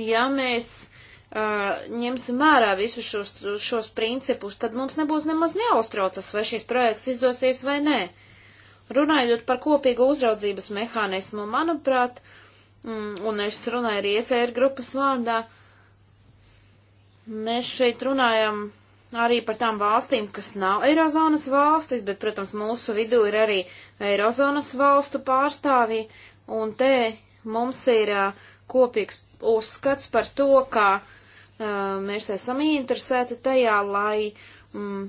Ja mēs uh, ņemsim vērā visus šos, šos principus, tad mums nebūs nemaz neaustraucas, vai šis projekts izdosies vai nē. Runājot par kopīgu uzraudzības mehānismu, manuprāt, mm, un es runāju arī ECR grupas vārdā, mēs šeit runājam arī par tām valstīm, kas nav Eirozonas valstis, bet, protams, mūsu vidū ir arī Eirozonas valstu pārstāvji, un te mums ir uh, kopīgs uzskats par to, ka uh, mēs esam interesēti tajā, lai, mm,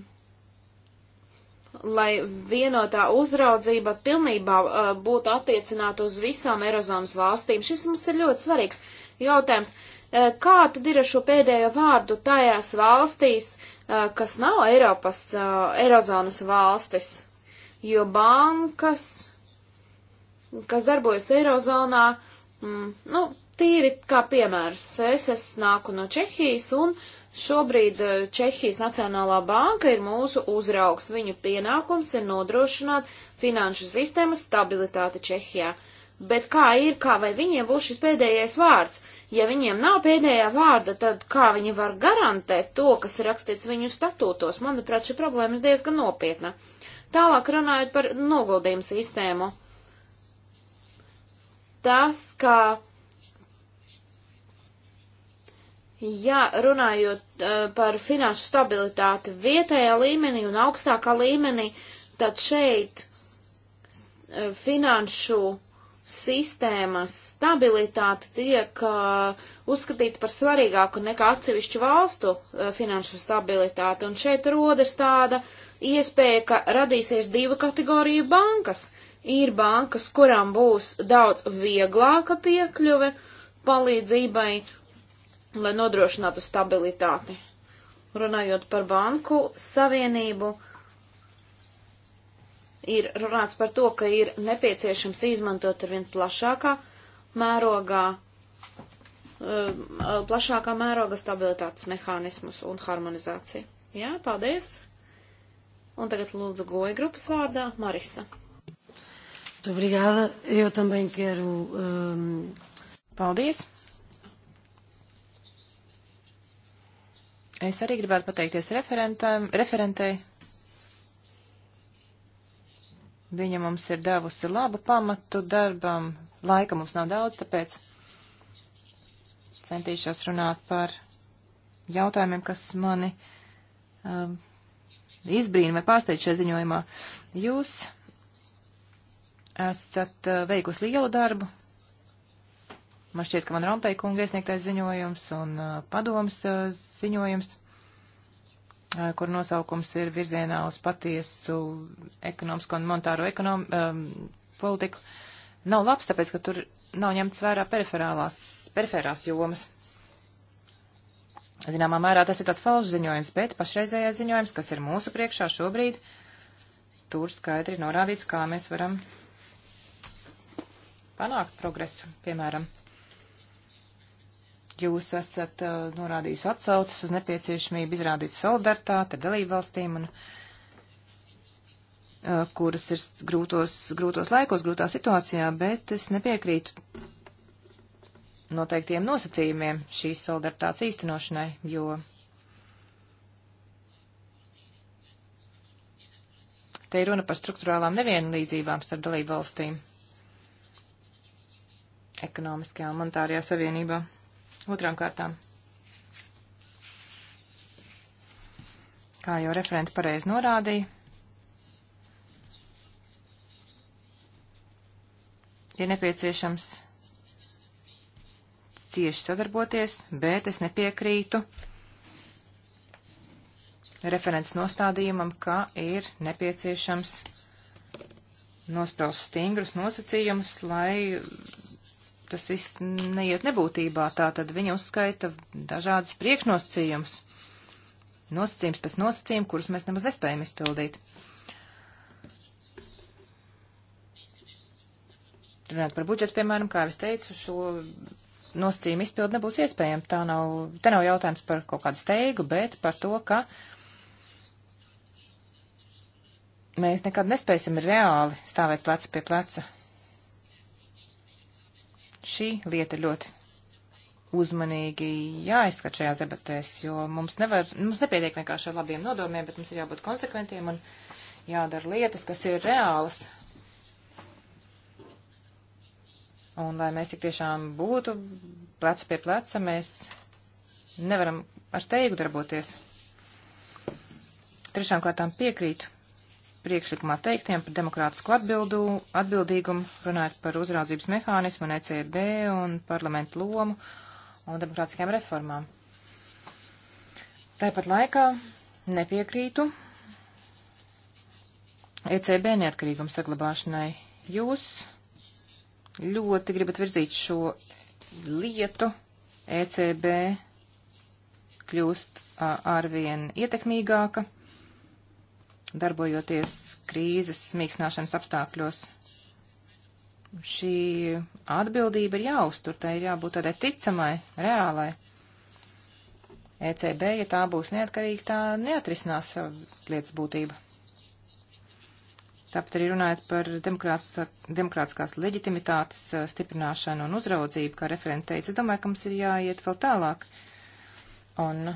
lai vienotā uzraudzība pilnībā uh, būtu attiecināta uz visām Eirozonas valstīm. Šis mums ir ļoti svarīgs jautājums. Uh, kā tad ir ar šo pēdējo vārdu tajās valstīs, uh, kas nav Eiropas, uh, Eirozonas valstis? Jo bankas, kas darbojas Eirozonā, mm, nu, Tīri kā piemērs, es, es nāku no Čehijas un šobrīd eh, Čehijas Nacionālā banka ir mūsu uzraugs. Viņu pienākums ir nodrošināt finanšu sistēmas stabilitāti Čehijā. Bet kā ir, kā vai viņiem būs šis pēdējais vārds? Ja viņiem nav pēdējā vārda, tad kā viņi var garantēt to, kas ir rakstīts viņu statūtos? Manuprāt, šī problēma ir diezgan nopietna. Tālāk runājot par noguldījumu sistēmu. Tas, ka Jā, runājot eh, par finanšu stabilitāti vietējā līmenī un augstākā līmenī, tad šeit eh, finanšu sistēmas stabilitāte tiek uh, uzskatīta par svarīgāku nekā atsevišķu valstu uh, finanšu stabilitāte. Un šeit rodas tāda iespēja, ka radīsies divu kategoriju bankas. Ir bankas, kurām būs daudz vieglāka piekļuve palīdzībai, lai nodrošinātu stabilitāti. Runājot par banku savienību, ir runāts par to, ka ir nepieciešams izmantot arvien plašākā mērogā, um, plašākā mēroga stabilitātes mehānismus un harmonizāciju. Jā, paldies! Un tagad lūdzu goja grupas vārdā Marisa. Obrigada, eu também quero. Um... Paldies! Es arī gribētu pateikties referentei. Viņa mums ir devusi labu pamatu darbam. Laika mums nav daudz, tāpēc centīšos runāt par jautājumiem, kas mani um, izbrīna vai pārsteidz šajā ziņojumā. Jūs esat uh, veikusi lielu darbu, Man šķiet, ka man Rompēja kunga iesniegtais ziņojums un uh, padomas uh, ziņojums, uh, kur nosaukums ir virzienā uz patiesu ekonomisko un monetāro ekonom, um, politiku, nav labs, tāpēc, ka tur nav ņemts vērā periferās jomas. Zināmā mērā tas ir tāds falšs ziņojums, bet pašreizējais ziņojums, kas ir mūsu priekšā šobrīd, tur skaidri norādīts, kā mēs varam panākt progresu, piemēram. Jūs esat uh, norādījis atsaucis uz nepieciešamību izrādīt solidaritāti ar dalībvalstīm, un, uh, kuras ir grūtos, grūtos laikos, grūtā situācijā, bet es nepiekrītu noteiktiem nosacījumiem šīs solidaritātes īstenošanai, jo te ir runa par struktūrālām nevienlīdzībām starp dalību valstīm ekonomiskajā un monetārajā savienībā. Otrām kārtām. Kā jau referenti pareizi norādīja, ir nepieciešams cieši sadarboties, bet es nepiekrītu referents nostādījumam, ka ir nepieciešams nospraust stingrus nosacījumus, lai tas viss neiet nebūtībā, tā tad viņa uzskaita dažādas priekšnosacījumus, nosacījums pēc nosacījuma, kurus mēs nemaz nespējam izpildīt. Runāt par budžetu, piemēram, kā jau es teicu, šo nosacījumu izpildu nebūs iespējama. Tā nav, te nav jautājums par kaut kādu steigu, bet par to, ka mēs nekad nespēsim reāli stāvēt plecu pie pleca šī lieta ļoti uzmanīgi jāizskat šajās debatēs, jo mums, nevar, mums nepietiek vienkārši ar labiem nodomiem, bet mums ir jābūt konsekventiem un jādara lietas, kas ir reālas. Un lai mēs tik tiešām būtu plecu pie pleca, mēs nevaram ar steigu darboties. Trešām kārtām piekrītu priekšlikumā teiktiem par demokrātisku atbildu, atbildīgumu, runājot par uzraudzības mehānismu un ECB un parlamentu lomu un demokrātiskajām reformām. Tāpat laikā nepiekrītu ECB neatkarīgumu saglabāšanai. Jūs ļoti gribat virzīt šo lietu. ECB kļūst arvien ietekmīgāka darbojoties krīzes smīksnāšanas apstākļos. Šī atbildība ir jāuztur, tai ir jābūt tādai ticamai, reālai. ECB, ja tā būs neatkarīga, tā neatrisinās lietas būtību. Tāpat arī runājot par demokrātiskās leģitimitātes stiprināšanu un uzraudzību, kā referenta teica, es domāju, ka mums ir jāiet vēl tālāk. Un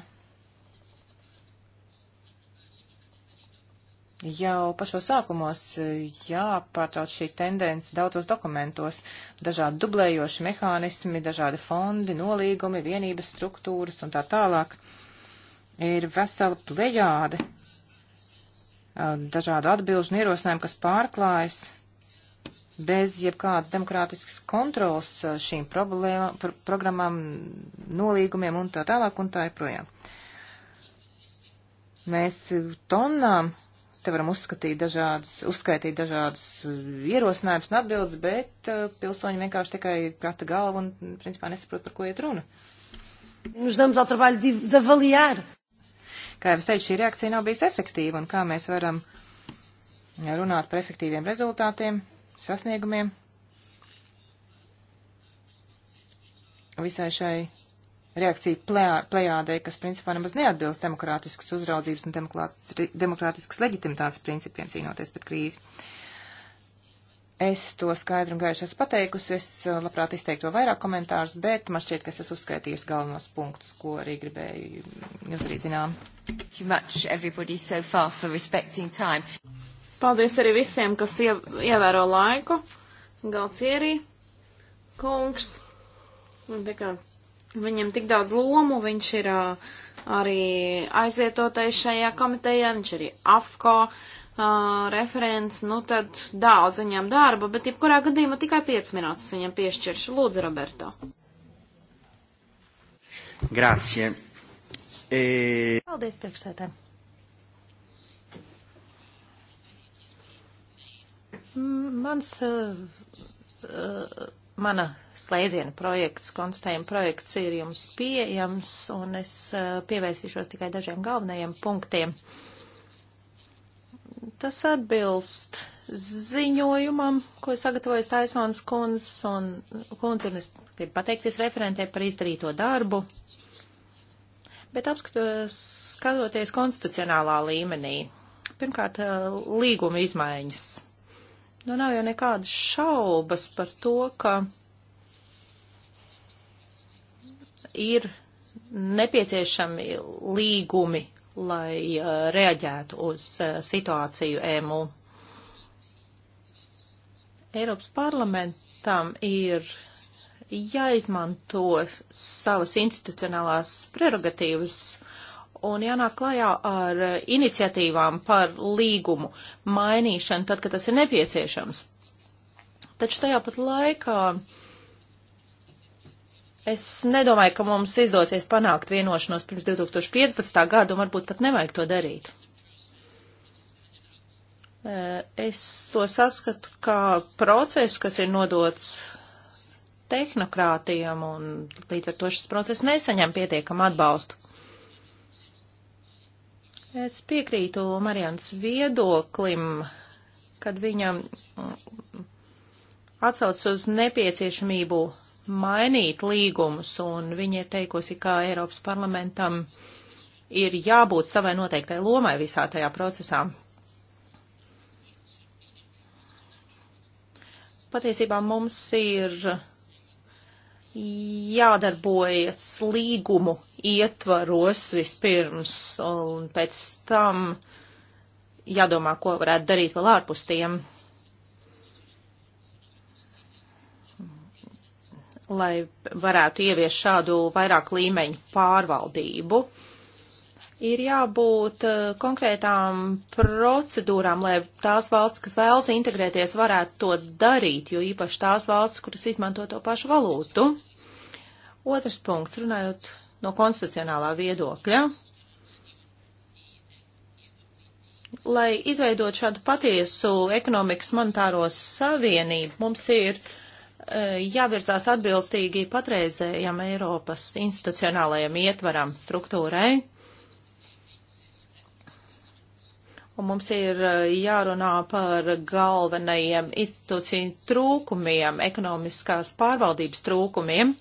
jau pašos sākumos eh, jāpārtrauc šī tendence daudzos dokumentos - dažādi dublējoši mehānismi, dažādi fondi, nolīgumi, vienības struktūras un tā tālāk. Ir vesela plejāde eh, dažādu atbilžu un ierosinājumu, kas pārklājas bez jebkādas demokrātiskas kontrolas eh, šīm problēma, pro programmām, nolīgumiem un tā tālāk un tā joprojām. Mēs tonnām Te varam uzskatīt dažādas, uzskaitīt dažādas eh, ierosinājumus un atbildes, bet uh, pilsoņi vienkārši tikai prata galvu un, principā, nesaprot, par ko iet runa. Nos damos ao trabalho de, de avaliar. Kā jau es teicu, šī reakcija nav bijis efektīva, un kā mēs varam runāt par efektīviem rezultātiem, sasniegumiem visai šai reakcija plējādē, kas principā nemaz neatbilst demokrātiskas uzraudzības un demokrātiskas leģitimitātes principiem cīnoties pret krīzi. Es to skaidru un gaišu esmu pateikusi, es eh, labprāt izteiktu vēl vairāk komentārus, bet man šķiet, ka es esmu uzskaitījusi galvenos punktus, ko arī gribēju jūs arī zinām. So Paldies arī visiem, kas ievēro laiku. Galcieri, kungs. Un tikai Viņam tik daudz lomu, viņš ir uh, arī aizvietotais šajā komitejā, viņš ir arī AFCO uh, referents, nu tad daudz viņam darba, bet jebkurā gadījumā tikai 5 minūtes viņam piešķiršu. Lūdzu, Roberto. Grācie. E... Paldies, priekšsētā. Mans uh, uh, mana slēdziena projekts, konstatējuma projekts ir jums pieejams, un es eh, pievērsīšos tikai dažiem galvenajiem punktiem. Tas atbilst ziņojumam, ko ir sagatavojis Taisons kundz, un kundz, un es gribu pateikties referentē par izdarīto darbu, bet apskatos, skatoties konstitucionālā līmenī. Pirmkārt, eh, līguma izmaiņas Nu, nav jau nekādas šaubas par to, ka ir nepieciešami līgumi, lai uh, reaģētu uz uh, situāciju EMU. Eiropas parlamentam ir jāizmanto savas institucionālās prerogatīvas un jānāk klajā ar eh, iniciatīvām par līgumu mainīšanu, tad, kad tas ir nepieciešams. Taču tajā pat laikā es nedomāju, ka mums izdosies panākt vienošanos pirms 2015. gada, un varbūt pat nevajag to darīt. Eh, es to saskatu kā procesu, kas ir nodots tehnokrātiem, un līdz ar to šis process nesaņem pietiekam atbalstu. Es piekrītu Marijans viedoklim, kad viņam atsauc uz nepieciešamību mainīt līgumus, un viņa ir teikusi, ka Eiropas parlamentam ir jābūt savai noteiktai lomai visā tajā procesā. Patiesībā mums ir jādarbojas līgumu ietvaros vispirms, un pēc tam jādomā, ko varētu darīt vēl ārpus tiem, lai varētu ieviest šādu vairāk līmeņu pārvaldību. Ir jābūt eh, konkrētām procedūrām, lai tās valsts, kas vēlas integrēties, varētu to darīt, jo īpaši tās valsts, kuras izmanto to pašu valūtu. Otrs punkts, runājot no konstitucionālā viedokļa. Lai izveidot šādu patiesu ekonomikas monetāro savienību, mums ir e, jāvirzās atbilstīgi patreizējam Eiropas institucionālajam ietvaram struktūrai. Un mums ir e, jārunā par galvenajiem institūciju trūkumiem, ekonomiskās pārvaldības trūkumiem.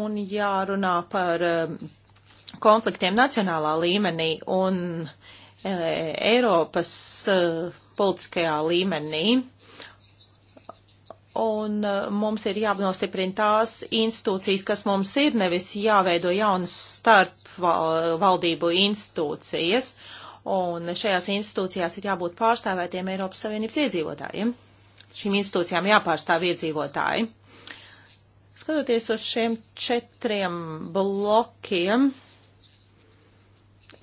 un jārunā par um, konfliktiem nacionālā līmenī un e, Eiropas e, politiskajā līmenī. Un e, mums ir jānostiprina tās institūcijas, kas mums ir, nevis jāveido jaunas starpvaldību institūcijas. Un šajās institūcijās ir jābūt pārstāvētiem Eiropas Savienības iedzīvotājiem. Šīm institūcijām jāpārstāv iedzīvotāji. Skatoties uz šiem četriem blokiem,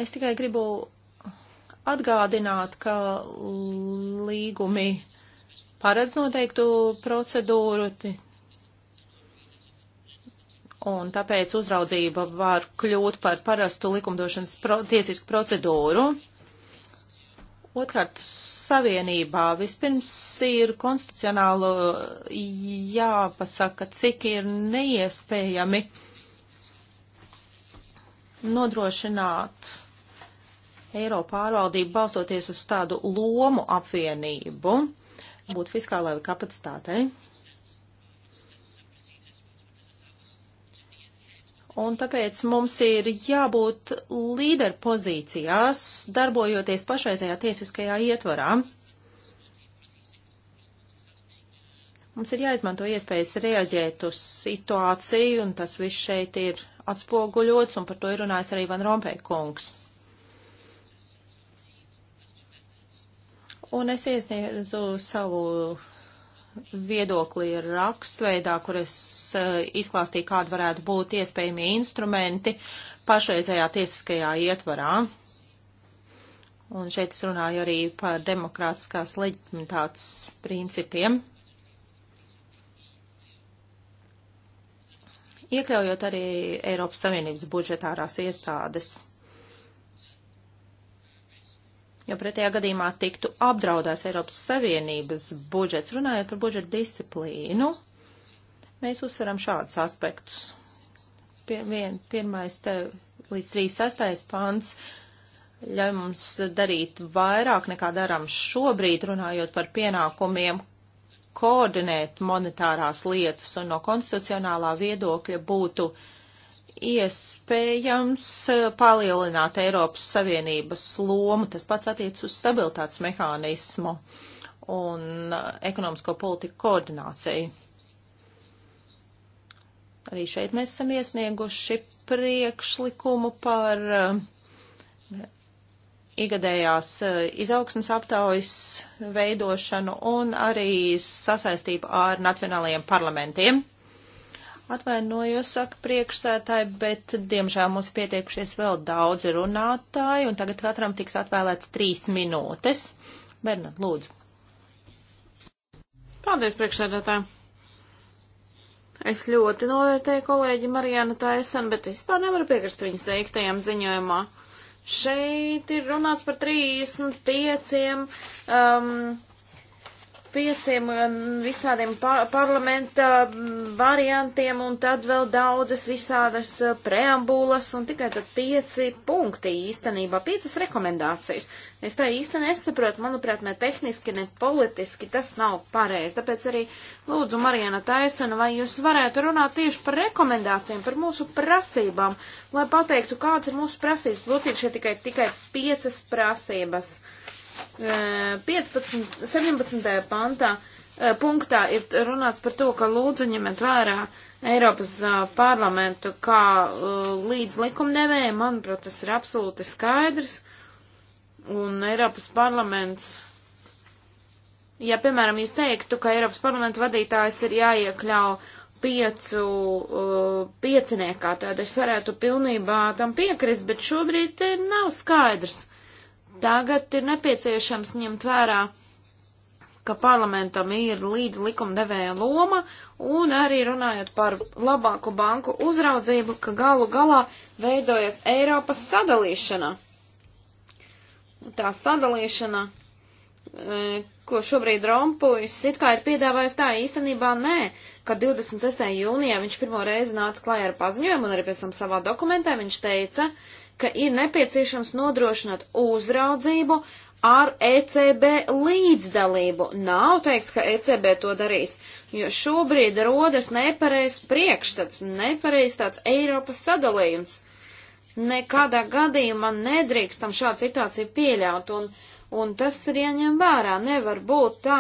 es tikai gribu atgādināt, ka līgumi paredz noteiktu procedūru, un tāpēc uzraudzība var kļūt par parastu likumdošanas pro tiesisku procedūru. Otkārt, savienībā vispirms ir konstitucionāli jāpasaka, cik ir neiespējami nodrošināt eiro pārvaldību balstoties uz tādu lomu apvienību, būtu fiskālai kapacitātei. Eh? Un tāpēc mums ir jābūt līderpozīcijās, darbojoties pašreizējā tiesiskajā ietvarā. Mums ir jāizmanto iespējas reaģēt uz situāciju, un tas viss šeit ir atspoguļots, un par to ir runājis arī Van Rompē kungs. Un es iesniedzu savu viedokli rakstveidā, kur es eh, izklāstīju, kāda varētu būt iespējamie instrumenti pašreizējā tiesiskajā ietvarā. Un šeit es runāju arī par demokrātiskās leģitimitātes principiem. Iekļaujot arī Eiropas Savienības budžetārās iestādes jo pretējā gadījumā tiktu apdraudēts Eiropas Savienības budžets. Runājot par budžeta disciplīnu, mēs uzsveram šādus aspektus. Pir, vien, pirmais te, līdz 36. pants ļauj mums darīt vairāk nekā darām šobrīd, runājot par pienākumiem koordinēt monetārās lietas un no konstitucionālā viedokļa būtu uh, iespējams eh, palielināt Eiropas Savienības lomu. Tas pats attiec uz stabilitātes mehānismu un eh, ekonomisko politiku koordināciju. Arī šeit mēs esam iesnieguši priekšlikumu par eh, igadējās izaugsmas aptaujas veidošanu un arī sasaistību ar nacionālajiem parlamentiem. Atvainojos, saka priekšsētāji, bet diemžēl mums pietiekušies vēl daudzi runātāji, un tagad katram tiks atvēlēts trīs minūtes. Bernat, lūdzu. Paldies, priekšsēdētāji. Es ļoti novērtēju kolēģi Marijānu Taisanu, bet vispār nevaru piekrist viņas teiktajam ziņojumā. Šeit ir runāts par 35 um, pieciem um, visādiem par parlamenta um, variantiem un tad vēl daudzas visādas uh, preambulas un tikai tad pieci punkti īstenībā, piecas rekomendācijas. Es tā īsti nesaprotu, manuprāt, ne tehniski, ne politiski tas nav pareizi. Tāpēc arī lūdzu, Marijana Taisana, vai jūs varētu runāt tieši par rekomendācijām, par mūsu prasībām, lai pateiktu, kāds ir mūsu prasības. Būtībā šeit tikai, tikai piecas prasības. Uh, 15, 17. pantā, e, punktā ir runāts par to, ka lūdzu ņemiet vērā Eiropas e, parlamentu kā e, līdz likumdevējiem. Manuprāt, tas ir absolūti skaidrs. Un Eiropas parlaments ja, piemēram, jūs teiktu, ka Eiropas parlamenta vadītājs ir jāiekļau piecu uh, pieciniekā, tad es varētu pilnībā tam piekrist, bet šobrīd nav skaidrs. Tagad ir nepieciešams ņemt vērā, ka parlamentam ir līdz likumdevēja loma, un arī runājot par labāku banku uzraudzību, ka galu galā veidojas Eiropas sadalīšana. Tā sadalīšana, e, ko šobrīd Rompuis it kā ir piedāvājis, tā īstenībā nē, ka 26. jūnijā viņš pirmo reizi nāca klājā ar paziņojumu, un arī pēc tam savā dokumentā viņš teica, uh, ka ir nepieciešams nodrošināt uzraudzību ar ECB līdzdalību. Nav teiks, ka ECB to darīs, jo šobrīd rodas nepareiz priekšstats, nepareiz tāds Eiropas sadalījums. Nekādā gadījumā nedrīkstam šādu situāciju pieļaut, un, un tas ir jāņem vērā. Nevar būt tā,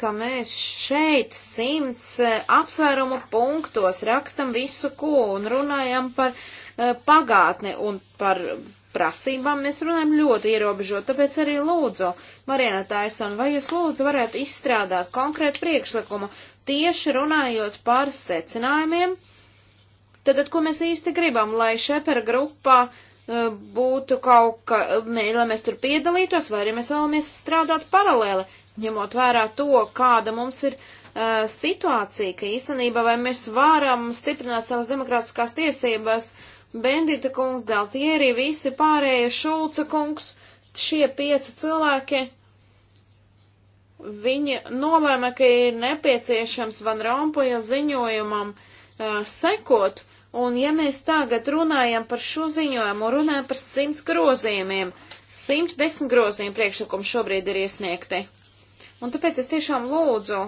ka mēs šeit simts eh, apsvērumu punktos rakstam visu ko un runājam par uh, Eh, pagātni un par prasībām mēs runājam ļoti ierobežot, tāpēc arī lūdzu, Mariana Taisona, vai jūs lūdzu varētu izstrādāt konkrētu priekšlikumu tieši runājot par secinājumiem? Tad, ko mēs īsti gribam, lai šepera grupā eh, būtu kaut ka, lai mēs tur piedalītos, vai arī mēs vēlamies strādāt paralēli, ņemot vērā to, kāda mums ir uh, situācija, ka īstenībā vai mēs varam stiprināt savas demokrātiskās tiesības uh, Bendita kungs, Galtieri, visi pārējie, Šulca kungs, šie pieci cilvēki, viņi nolēma, ka ir nepieciešams Van Rompuja ziņojumam uh, sekot, un ja mēs tagad runājam par šo ziņojumu, runājam par simts grozījumiem, 110 grozījumu priekšlikumu šobrīd ir iesniegti. Un tāpēc es tiešām lūdzu,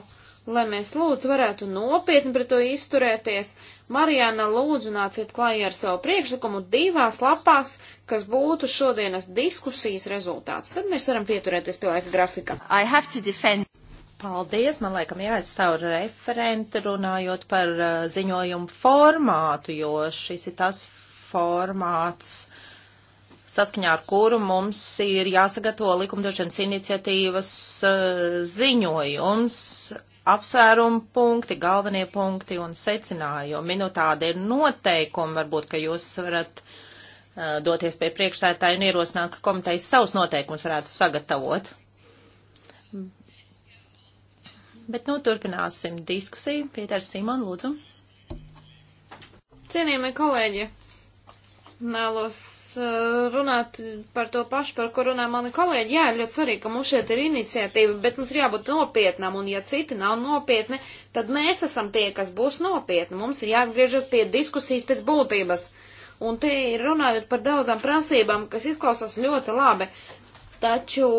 lai mēs lūdzu varētu nopietni pret to izturēties, Marijana lūdzu nāciet klājā ar savu priekšlikumu divās lapās, kas būtu šodienas diskusijas rezultāts. Tad mēs varam pieturēties pie laika grafika. Paldies, man laikam jāaizstāv referenti runājot par uh, ziņojumu formātu, jo šis ir tas formāts, saskaņā ar kuru mums ir jāsagatavo likumdošanas iniciatīvas uh, ziņojums apsvērumu punkti, galvenie punkti un secinājumi. Nu, tāda ir noteikuma, varbūt, ka jūs varat uh, doties pie priekšsētāja un ierosināt, ka komitejas savus noteikumus varētu sagatavot. Bet, nu, turpināsim diskusiju. Pieters Simon, lūdzu. Cienījamie kolēģi, nālos Eh, runāt par to pašu, par ko runā mani kolēģi. Jā, ļoti svarīgi, ka mums šeit ir iniciatīva, bet mums ir jābūt nopietnām, un ja citi nav nopietni, tad mēs esam tie, kas būs nopietni. Mums ir jāatgriežas pie diskusijas pēc būtības. Un te ir runājot par daudzām prasībām, kas izklausās ļoti labi, taču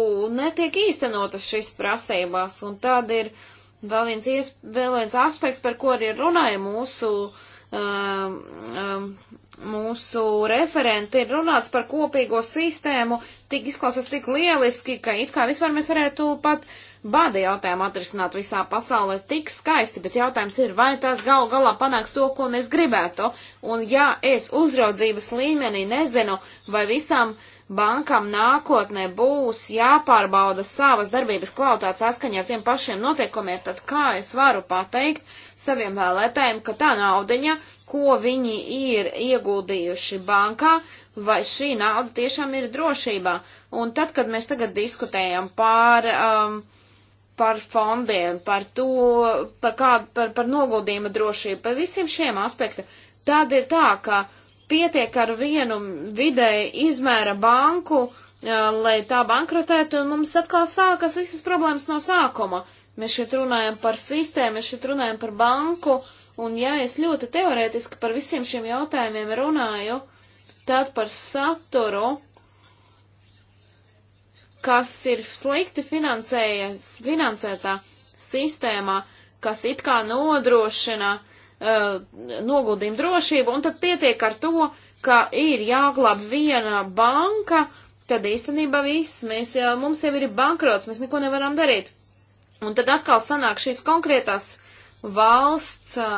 netiek īstenotas šīs prasībās, un tad ir vēl viens, iesp... vēl viens aspekts, par ko arī runāja mūsu uh, um, um, mūsu referenti ir runāts par kopīgo sistēmu, tik izklausās tik lieliski, ka it kā vispār mēs varētu pat bada jautājumu atrisināt visā pasaulē tik skaisti, bet jautājums ir, vai tas gal galā panāks to, ko mēs gribētu. Un ja es uzraudzības līmenī nezinu, vai visām uh, bankam nākotnē būs jāpārbauda savas darbības kvalitātes saskaņā ar tiem pašiem noteikumiem, tad kā es varu pateikt saviem vēlētājiem, ka tā naudaņa, ko viņi ir ieguldījuši bankā, vai šī nauda tiešām ir drošībā. Un tad, kad mēs tagad diskutējam par. Um, par fondiem, par to, par kādu, par, par noguldījuma drošību, par visiem šiem aspektiem. Tad ir tā, ka uh, pietiek ar vienu vidēji izmēra banku, uh, lai tā bankrotētu, un mums atkal sākas visas problēmas no sākuma. Mēs šeit runājam par sistēmu, mēs šeit runājam par banku, un ja es ļoti teorētiski par visiem šiem jautājumiem runāju, tad par saturu, kas ir slikti finansētā sistēmā, kas it kā nodrošina uh, Uh, noguldījumu drošību, un tad pietiek ar to, ka ir jāglāb viena banka, tad īstenībā viss, mēs jau, mums jau ir bankrots, mēs neko nevaram darīt. Un tad atkal sanāk šīs konkrētās valsts uh,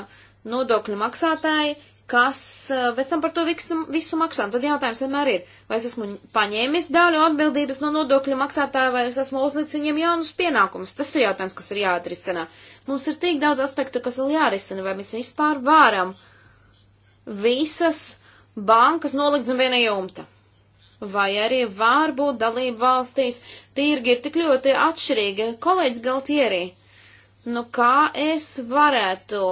nodokļu maksātāji, kas eh, pēc tam par to visu, visu maksā. Un tad jautājums vienmēr ir, vai es esmu paņēmis daļu atbildības no nodokļu maksātāja, vai es esmu uzlicis viņiem jaunus pienākumus. Tas ir jautājums, kas ir jāatrisina. Mums ir tik daudz aspektu, kas vēl jārisina, vai mēs vispār varam visas bankas nolikt zem viena jumta. Vai arī var būt dalība valstīs, tirgi ir tik ļoti atšķirīgi. Kolēģis Galtieri, nu kā es varētu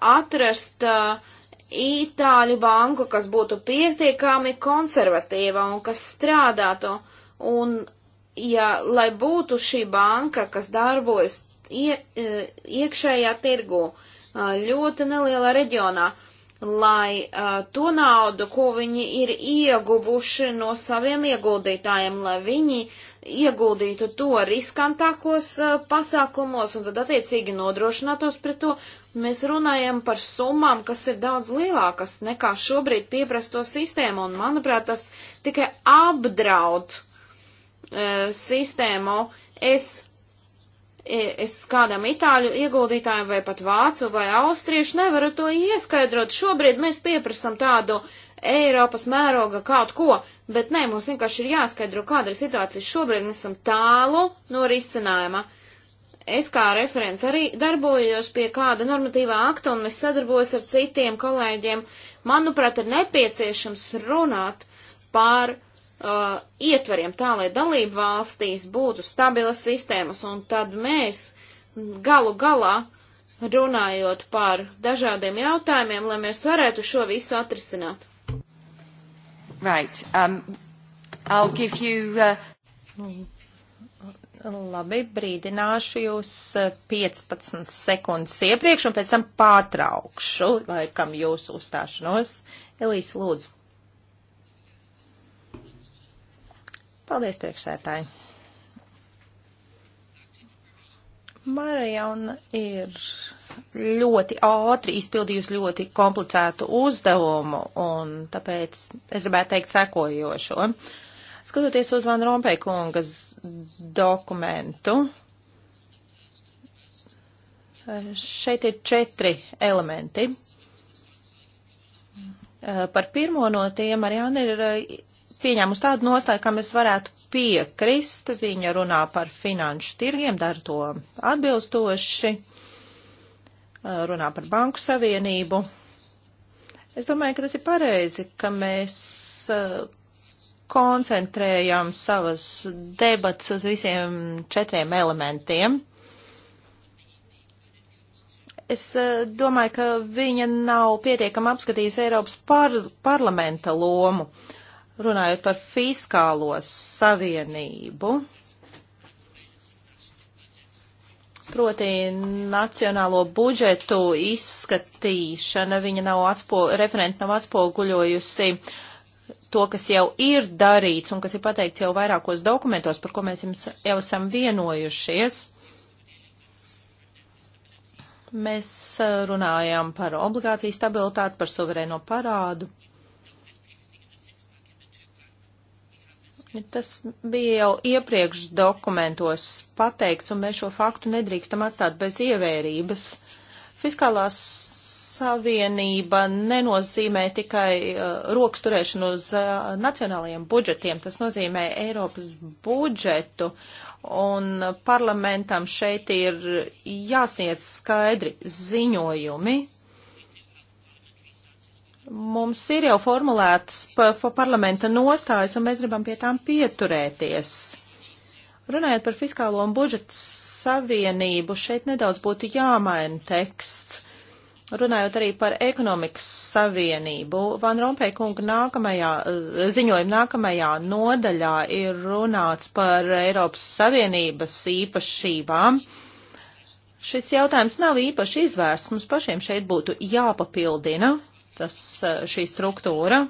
atrast uh, itāļu banku, kas būtu pietiekami konservatīva un kas strādātu. Un, ja, lai būtu šī banka, kas darbojas ie, e, iekšējā tirgu e, ļoti nelielā reģionā, lai uh, to naudu, ko viņi ir ieguvuši no saviem ieguldītājiem, lai viņi ieguldītu to riskantākos uh, pasākumos un tad attiecīgi nodrošinātos pret to, Mēs runājam par summām, kas ir daudz lielākas nekā šobrīd pieprasto sistēmu, un manuprāt, tas tikai apdraud uh, sistēmu. Es, e, es kādam itāļu ieguldītājam vai pat vācu vai austriešu nevaru to ieskaidrot. Šobrīd mēs pieprasam tādu Eiropas mēroga kaut ko, bet nē, mums vienkārši ir jāskaidro, kāda ir situācija. Šobrīd mēs esam tālu no risinājuma. Uh, es kā referents arī darbojos pie kāda normatīvā akta un es sadarbojos ar citiem kolēģiem. Manuprāt, ir nepieciešams runāt par uh, ietveriem tā, lai dalību valstīs būtu stabilas sistēmas un tad mēs galu galā runājot par dažādiem jautājumiem, lai mēs varētu šo visu atrisināt. Right. Um, I'll give you. Uh... Mm. Labi, brīdināšu jūs 15 eh, sekundes iepriekš un pēc tam pārtraukšu, laikam, jūsu uzstāšanos. Elīsa, lūdzu. Paldies, priekšsētāji. Marijana ir ļoti ātri izpildījusi ļoti komplicētu uzdevumu, un tāpēc es gribētu teikt sekojošo. Skatoties uz Van Rompēkungas dokumentu. Šeit ir četri elementi. Par pirmo no tiem Ariāna ir eh, pieņēmusi tādu nostāju, kam es varētu piekrist. Viņa runā par finanšu tirgiem, dara to atbilstoši, eh, runā par banku savienību. Es domāju, ka tas ir pareizi, ka mēs eh, koncentrējam savas debats uz visiem četriem elementiem. Es eh, domāju, ka viņa nav pietiekami apskatījusi Eiropas par parlamenta lomu, runājot par fiskālo savienību. Proti nacionālo budžetu izskatīšana viņa nav atspo, referenta nav atspoguļojusi uh, to, kas jau ir darīts un kas ir pateikts jau vairākos dokumentos, par ko mēs jums jau esam vienojušies. Mēs eh, runājām par obligāciju stabilitāti, par suverēno parādu. Tas bija jau iepriekš dokumentos pateikts, un mēs šo faktu nedrīkstam atstāt bez ievērības. Fiskālās savienība nenozīmē tikai uh, roksturēšanu uz uh, nacionālajiem budžetiem, tas nozīmē Eiropas budžetu, un parlamentam šeit ir jāsniedz skaidri ziņojumi. Mums ir jau formulētas pa, pa parlamenta nostājas, un mēs gribam pie tām pieturēties. Runājot par fiskālo un budžeta savienību, šeit nedaudz būtu jāmaina teksts Runājot arī par ekonomikas savienību, Van Rompēja kunga nākamajā, eh, ziņojuma nākamajā nodaļā ir runāts par Eiropas Savienības īpašībām. Šis jautājums nav īpaši izvērsts, mums pašiem šeit būtu jāpapildina tas, eh, šī struktūra.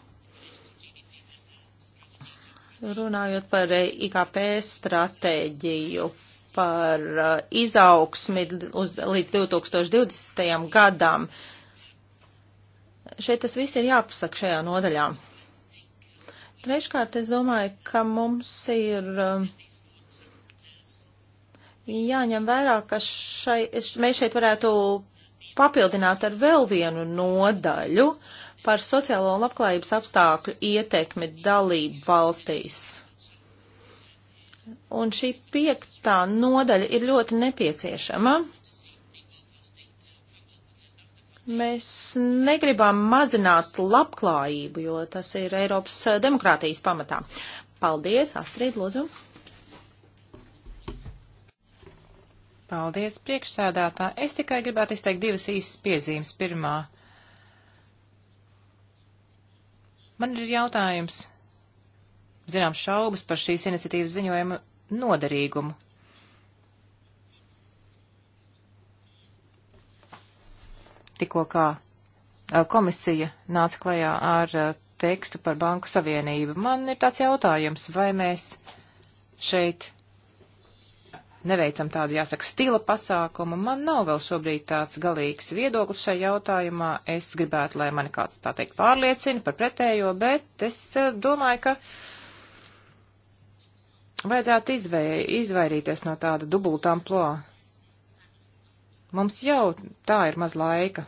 Runājot par eh, IKP stratēģiju, par uh, izaugsmi uz, līdz 2020. gadam. Šeit tas viss ir jāpasaka šajā nodaļā. Treškārt, es domāju, ka mums ir um, jāņem vērā, ka šai, mēs šeit varētu papildināt ar vēl vienu nodaļu par sociālo labklājības apstākļu ietekmi dalību valstīs. Un šī piektā nodaļa ir ļoti nepieciešama. Mēs negribam mazināt labklājību, jo tas ir Eiropas demokrātijas pamatā. Paldies, Astrid, lūdzu. Paldies, priekšsēdētā. Es tikai gribētu izteikt divas īsas piezīmes. Pirmā. Man ir jautājums, zinām, šaubas par šīs iniciatīvas ziņojumu noderīgumu. Tikko kā komisija nāca klajā ar tekstu par Banku Savienību. Man ir tāds jautājums, vai mēs šeit neveicam tādu, jāsaka, stila pasākumu. Man nav vēl šobrīd tāds galīgs viedoklis šajā jautājumā. Es gribētu, lai mani kāds tā teikt pārliecina par pretējo, bet es domāju, ka Vajadzētu izvē, izvairīties no tāda dubulta amploa. Mums jau tā ir maz laika.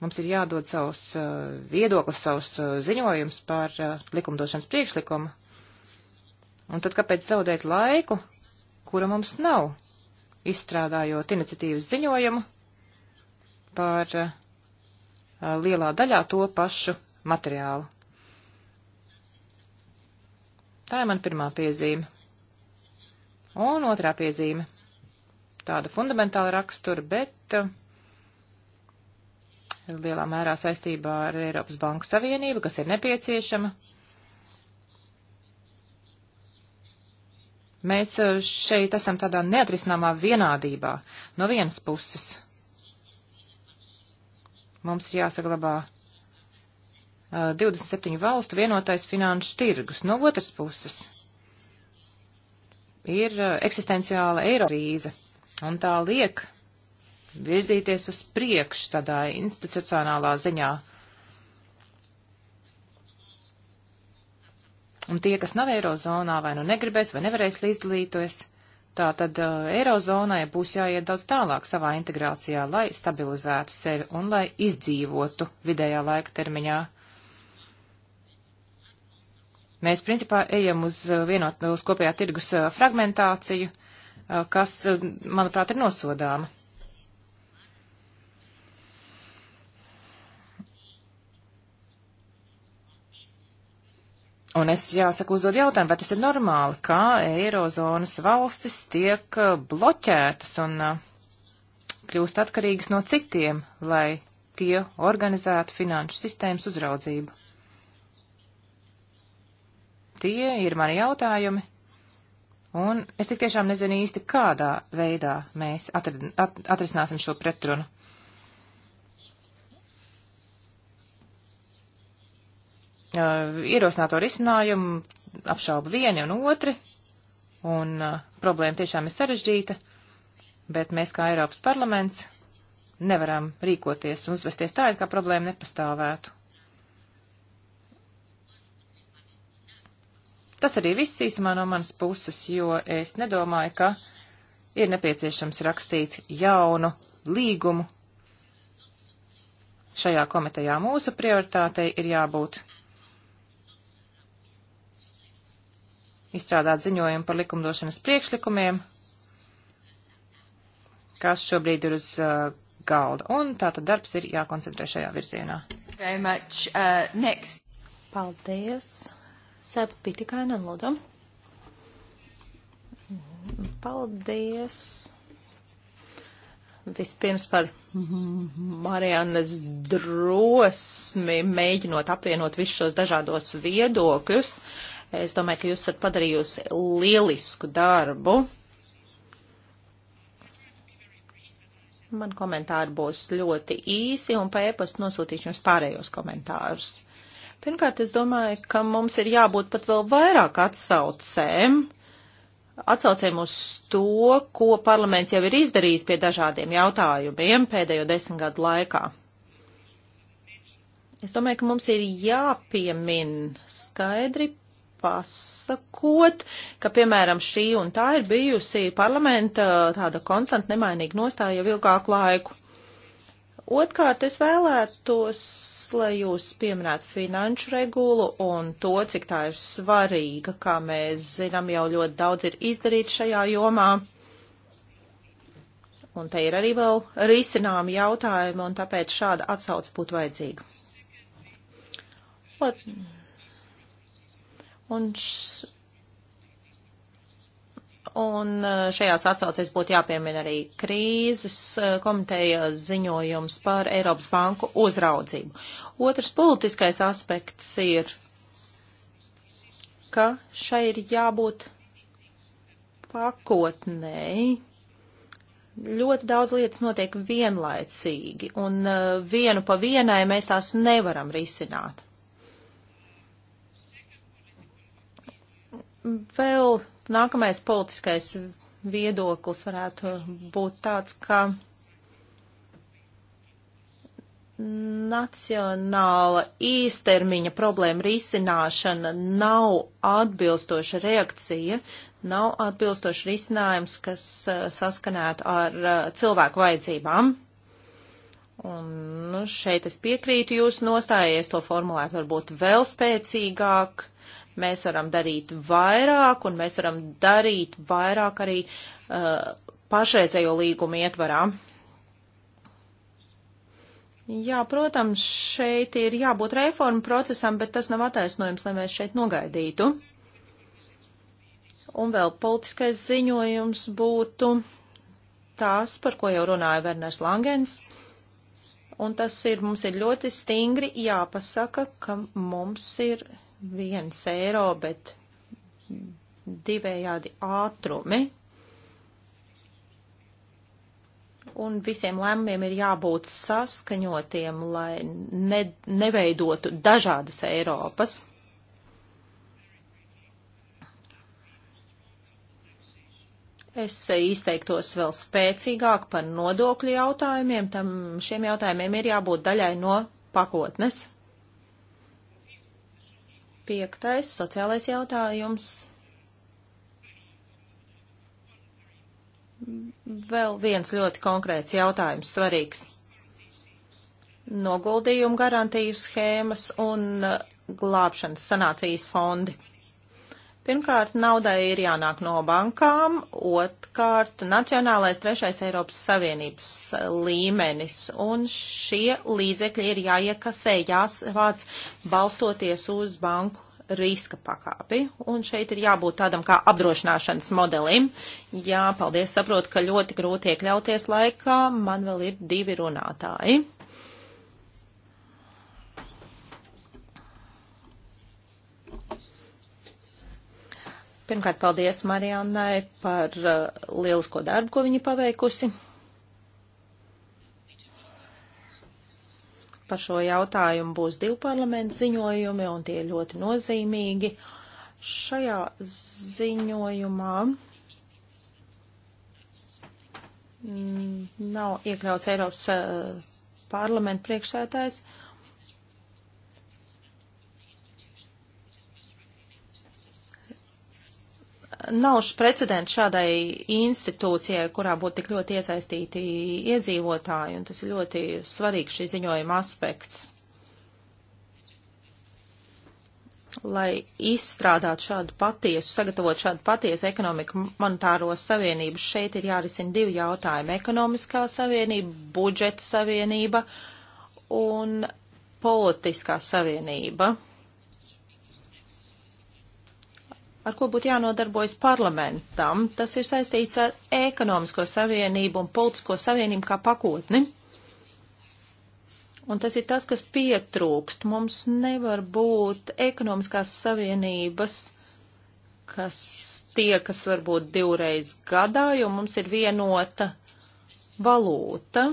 Mums ir jādod savus uh, viedoklis, savus uh, ziņojums par uh, likumdošanas priekšlikumu. Un tad kāpēc zaudēt laiku, kura mums nav, izstrādājot iniciatīvas ziņojumu par uh, lielā daļā to pašu materiālu? Tā ir man pirmā piezīme. Un otrā piezīme. Tāda fundamentāla rakstura, bet eh, lielā mērā saistībā ar Eiropas Banku Savienību, kas ir nepieciešama. Mēs eh, šeit esam tādā neatrisināmā vienādībā. No vienas puses mums ir jāsaglabā 27 uh, valstu vienotais finanšu tirgus. No otras puses ir uh, eksistenciāla eiro krīze, un tā liek virzīties uz priekšu tādā institucionālā ziņā. Un tie, kas nav eirozonā, vai nu negribēs, vai nevarēs līdzdalīties, tā tad uh, eirozonai būs jāiet daudz tālāk savā integrācijā, lai stabilizētu sevi un lai izdzīvotu vidējā laika termiņā. Mēs principā ejam uz eh, vienot, uz kopējā tirgus eh, fragmentāciju, eh, kas, manuprāt, ir nosodāma. Un es jāsaka uzdod jautājumu, vai tas ir normāli, kā Eirozonas valstis tiek bloķētas un kļūst atkarīgas no citiem, lai tie organizētu finanšu sistēmas uzraudzību. Tie ir mani jautājumi. Un es tik tiešām nezinu īsti, kādā veidā mēs atrid, at, atrisināsim šo pretrunu. Uh, ierosināto risinājumu apšauba vieni un otri, un uh, problēma tiešām ir sarežģīta, bet mēs kā Eiropas parlaments nevaram rīkoties un uzvesties tā, it kā problēma nepastāvētu. Tas arī viss īsumā no manas puses, jo es nedomāju, ka ir nepieciešams rakstīt jaunu līgumu. Šajā komitejā mūsu prioritātei ir jābūt izstrādāt ziņojumu par likumdošanas priekšlikumiem, kas šobrīd ir uz uh, galda. Un tātad darbs ir jākoncentrē šajā virzienā. Very much, uh, next. Paldies. Sēpa Pitikainen, lūdzu. Paldies. Vispirms par Marianas drosmi mēģinot apvienot visus šos dažādos viedokļus. Es domāju, ka jūs esat padarījusi lielisku darbu. Man komentāri būs ļoti īsi un pa e-pastu nosūtīšu jums pārējos komentārus. Pirmkārt, es domāju, ka mums ir jābūt pat vēl vairāk atsaucēm, atsaucēm uz to, ko parlaments jau ir izdarījis pie dažādiem jautājumiem pēdējo desmit gadu laikā. Es domāju, ka mums ir jāpiemin skaidri pasakot, ka, piemēram, šī un tā ir bijusi parlamenta tāda konstanta nemainīga nostāja jau ilgāku laiku. Otkārt, es vēlētos, lai jūs pieminētu finanšu regulu un to, cik tā ir svarīga, kā mēs zinām, jau ļoti daudz ir izdarīts šajā jomā. Un te ir arī vēl risinām jautājumi, un tāpēc šāda atsauca būtu vajadzīga. Un, un š, un e, šajās atsaucēs būtu jāpiemina arī krīzes e, komiteja ziņojums par Eiropas banku uzraudzību. Otrs politiskais aspekts ir, ka šai ir jābūt pakotnēji ļoti daudz lietas notiek vienlaicīgi, un uh, vienu pa vienai mēs tās nevaram risināt. Vēl nākamais politiskais viedoklis varētu būt tāds, ka nacionāla īstermiņa problēma risināšana nav atbilstoša reakcija, nav atbilstoša risinājums, kas uh, saskanētu ar uh, cilvēku vajadzībām. Un nu, šeit es piekrītu jūsu nostājies to formulēt varbūt vēl spēcīgāk Mēs varam darīt vairāk, un mēs varam darīt vairāk arī uh, pašreizējo līgumu ietvarā. Jā, protams, šeit ir jābūt reformu procesam, bet tas nav attaisnojums, lai mēs šeit nogaidītu. Un vēl politiskais ziņojums būtu tās, par ko jau runāja Werners Langens. Un tas ir, mums ir ļoti stingri jāpasaka, ka mums ir viens eiro, bet divējādi ātrumi. Un visiem lēmumiem ir jābūt saskaņotiem, lai ne, neveidotu dažādas Eiropas. Es izteiktos vēl spēcīgāk par nodokļu jautājumiem. Tam šiem jautājumiem ir jābūt daļai no pakotnes. Piektais sociālais jautājums. Vēl viens ļoti konkrēts jautājums, svarīgs. Noguldījumu garantiju schēmas un uh, glābšanas sanācijas fondi. Pirmkārt, naudai ir jānāk no bankām, otrkārt, nacionālais trešais Eiropas Savienības līmenis, un šie līdzekļi ir jāiekasē, jāsvāc balstoties uz banku riska pakāpi, un šeit ir jābūt tādam kā apdrošināšanas modelim. Jā, paldies, saprotu, ka ļoti grūti iekļauties laikā, man vēl ir divi runātāji. Pirmkārt, paldies Mariannai par uh, lielisko darbu, ko viņa paveikusi. Par šo jautājumu būs divi parlamentu ziņojumi, un tie ļoti nozīmīgi. Šajā ziņojumā mm, nav iekļauts Eiropas uh, parlamenta priekšsētājs. Uh, nav precedents šādai institūcijai, kurā būtu tik ļoti iesaistīti iedzīvotāji, un tas ir ļoti svarīgs šī ziņojuma aspekts. Lai izstrādātu šādu patiesu, sagatavot šādu patiesu ekonomiku monetāro savienību, šeit ir jārisina divi jautājumi - ekonomiskā savienība, budžeta savienība un politiskā savienība. Uh, ar ko būtu jānodarbojas parlamentam. Tas ir saistīts ar ekonomisko savienību un politisko savienību kā pakotni. Un tas ir tas, kas pietrūkst. Mums nevar būt ekonomiskās savienības, kas tie, kas varbūt divreiz gadā, jo mums ir vienota valūta.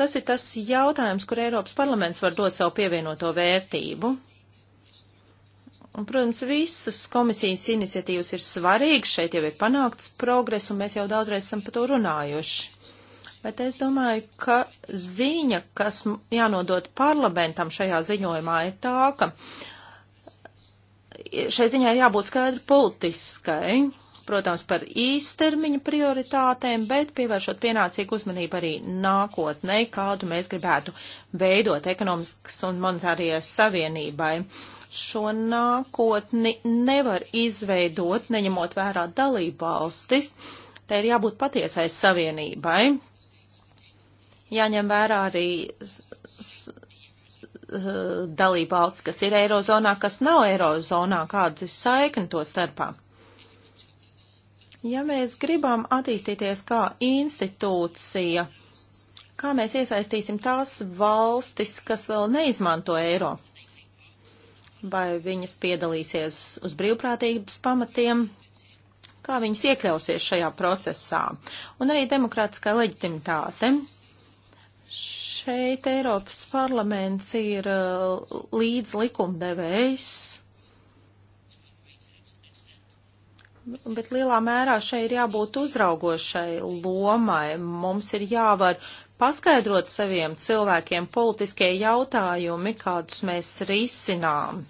Tas ir tas jautājums, kur Eiropas parlaments var dot savu pievienoto vērtību. Un, protams, visas komisijas iniciatīvas ir svarīgas, šeit jau ir panākts progress, un mēs jau daudzreiz esam par to runājuši. Bet es domāju, ka ziņa, kas jānodot parlamentam šajā ziņojumā, ir tā, ka šai ziņā ir jābūt skaidri politiskai protams, par īstermiņa prioritātēm, bet pievēršot pienācīgu uzmanību arī nākotnē, kādu mēs gribētu veidot ekonomiskas un monetārajai savienībai. Šo nākotni nevar izveidot, neņemot vērā dalību valstis. Te ir jābūt patiesai savienībai. Jāņem vērā arī dalībvalsts, kas ir Eirozonā, kas nav Eirozonā, kāda ir saikni to starpā. Ja mēs gribam attīstīties kā institūcija, kā mēs iesaistīsim tās valstis, kas vēl neizmanto eiro? Vai viņas piedalīsies uz brīvprātības pamatiem? Kā viņas iekļausies šajā procesā? Un arī demokrātiskā leģitimitāte. Šeit Eiropas parlaments ir uh, līdz likumdevējs bet lielā mērā šeit ir jābūt uzraugošai lomai. Mums ir jāvar paskaidrot saviem cilvēkiem politiskie jautājumi, kādus mēs risinām.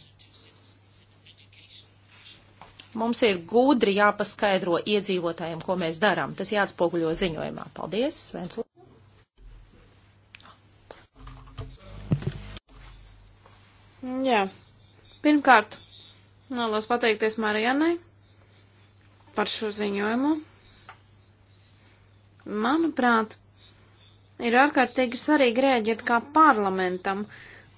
Mums ir gudri jāpaskaidro iedzīvotājiem, ko mēs darām. Tas jāatspoguļo ziņojumā. Paldies, Svens. Jā. Pirmkārt, vēlos pateikties Marijanai par šo ziņojumu. Manuprāt, ir ārkārtīgi svarīgi rēģēt kā parlamentam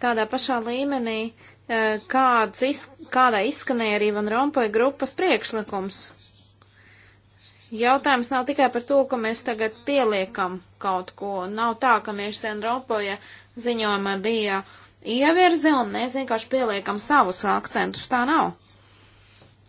tādā pašā līmenī, e, kāds iz, kādā izskanēja arī Van Rompuy grupas priekšlikums. Jautājums nav tikai par to, ka mēs tagad pieliekam kaut ko. Nav tā, ka mēs Van Rompuy ziņojumā bija ievirzi un mēs vienkārši pieliekam savus akcentus. Tā nav.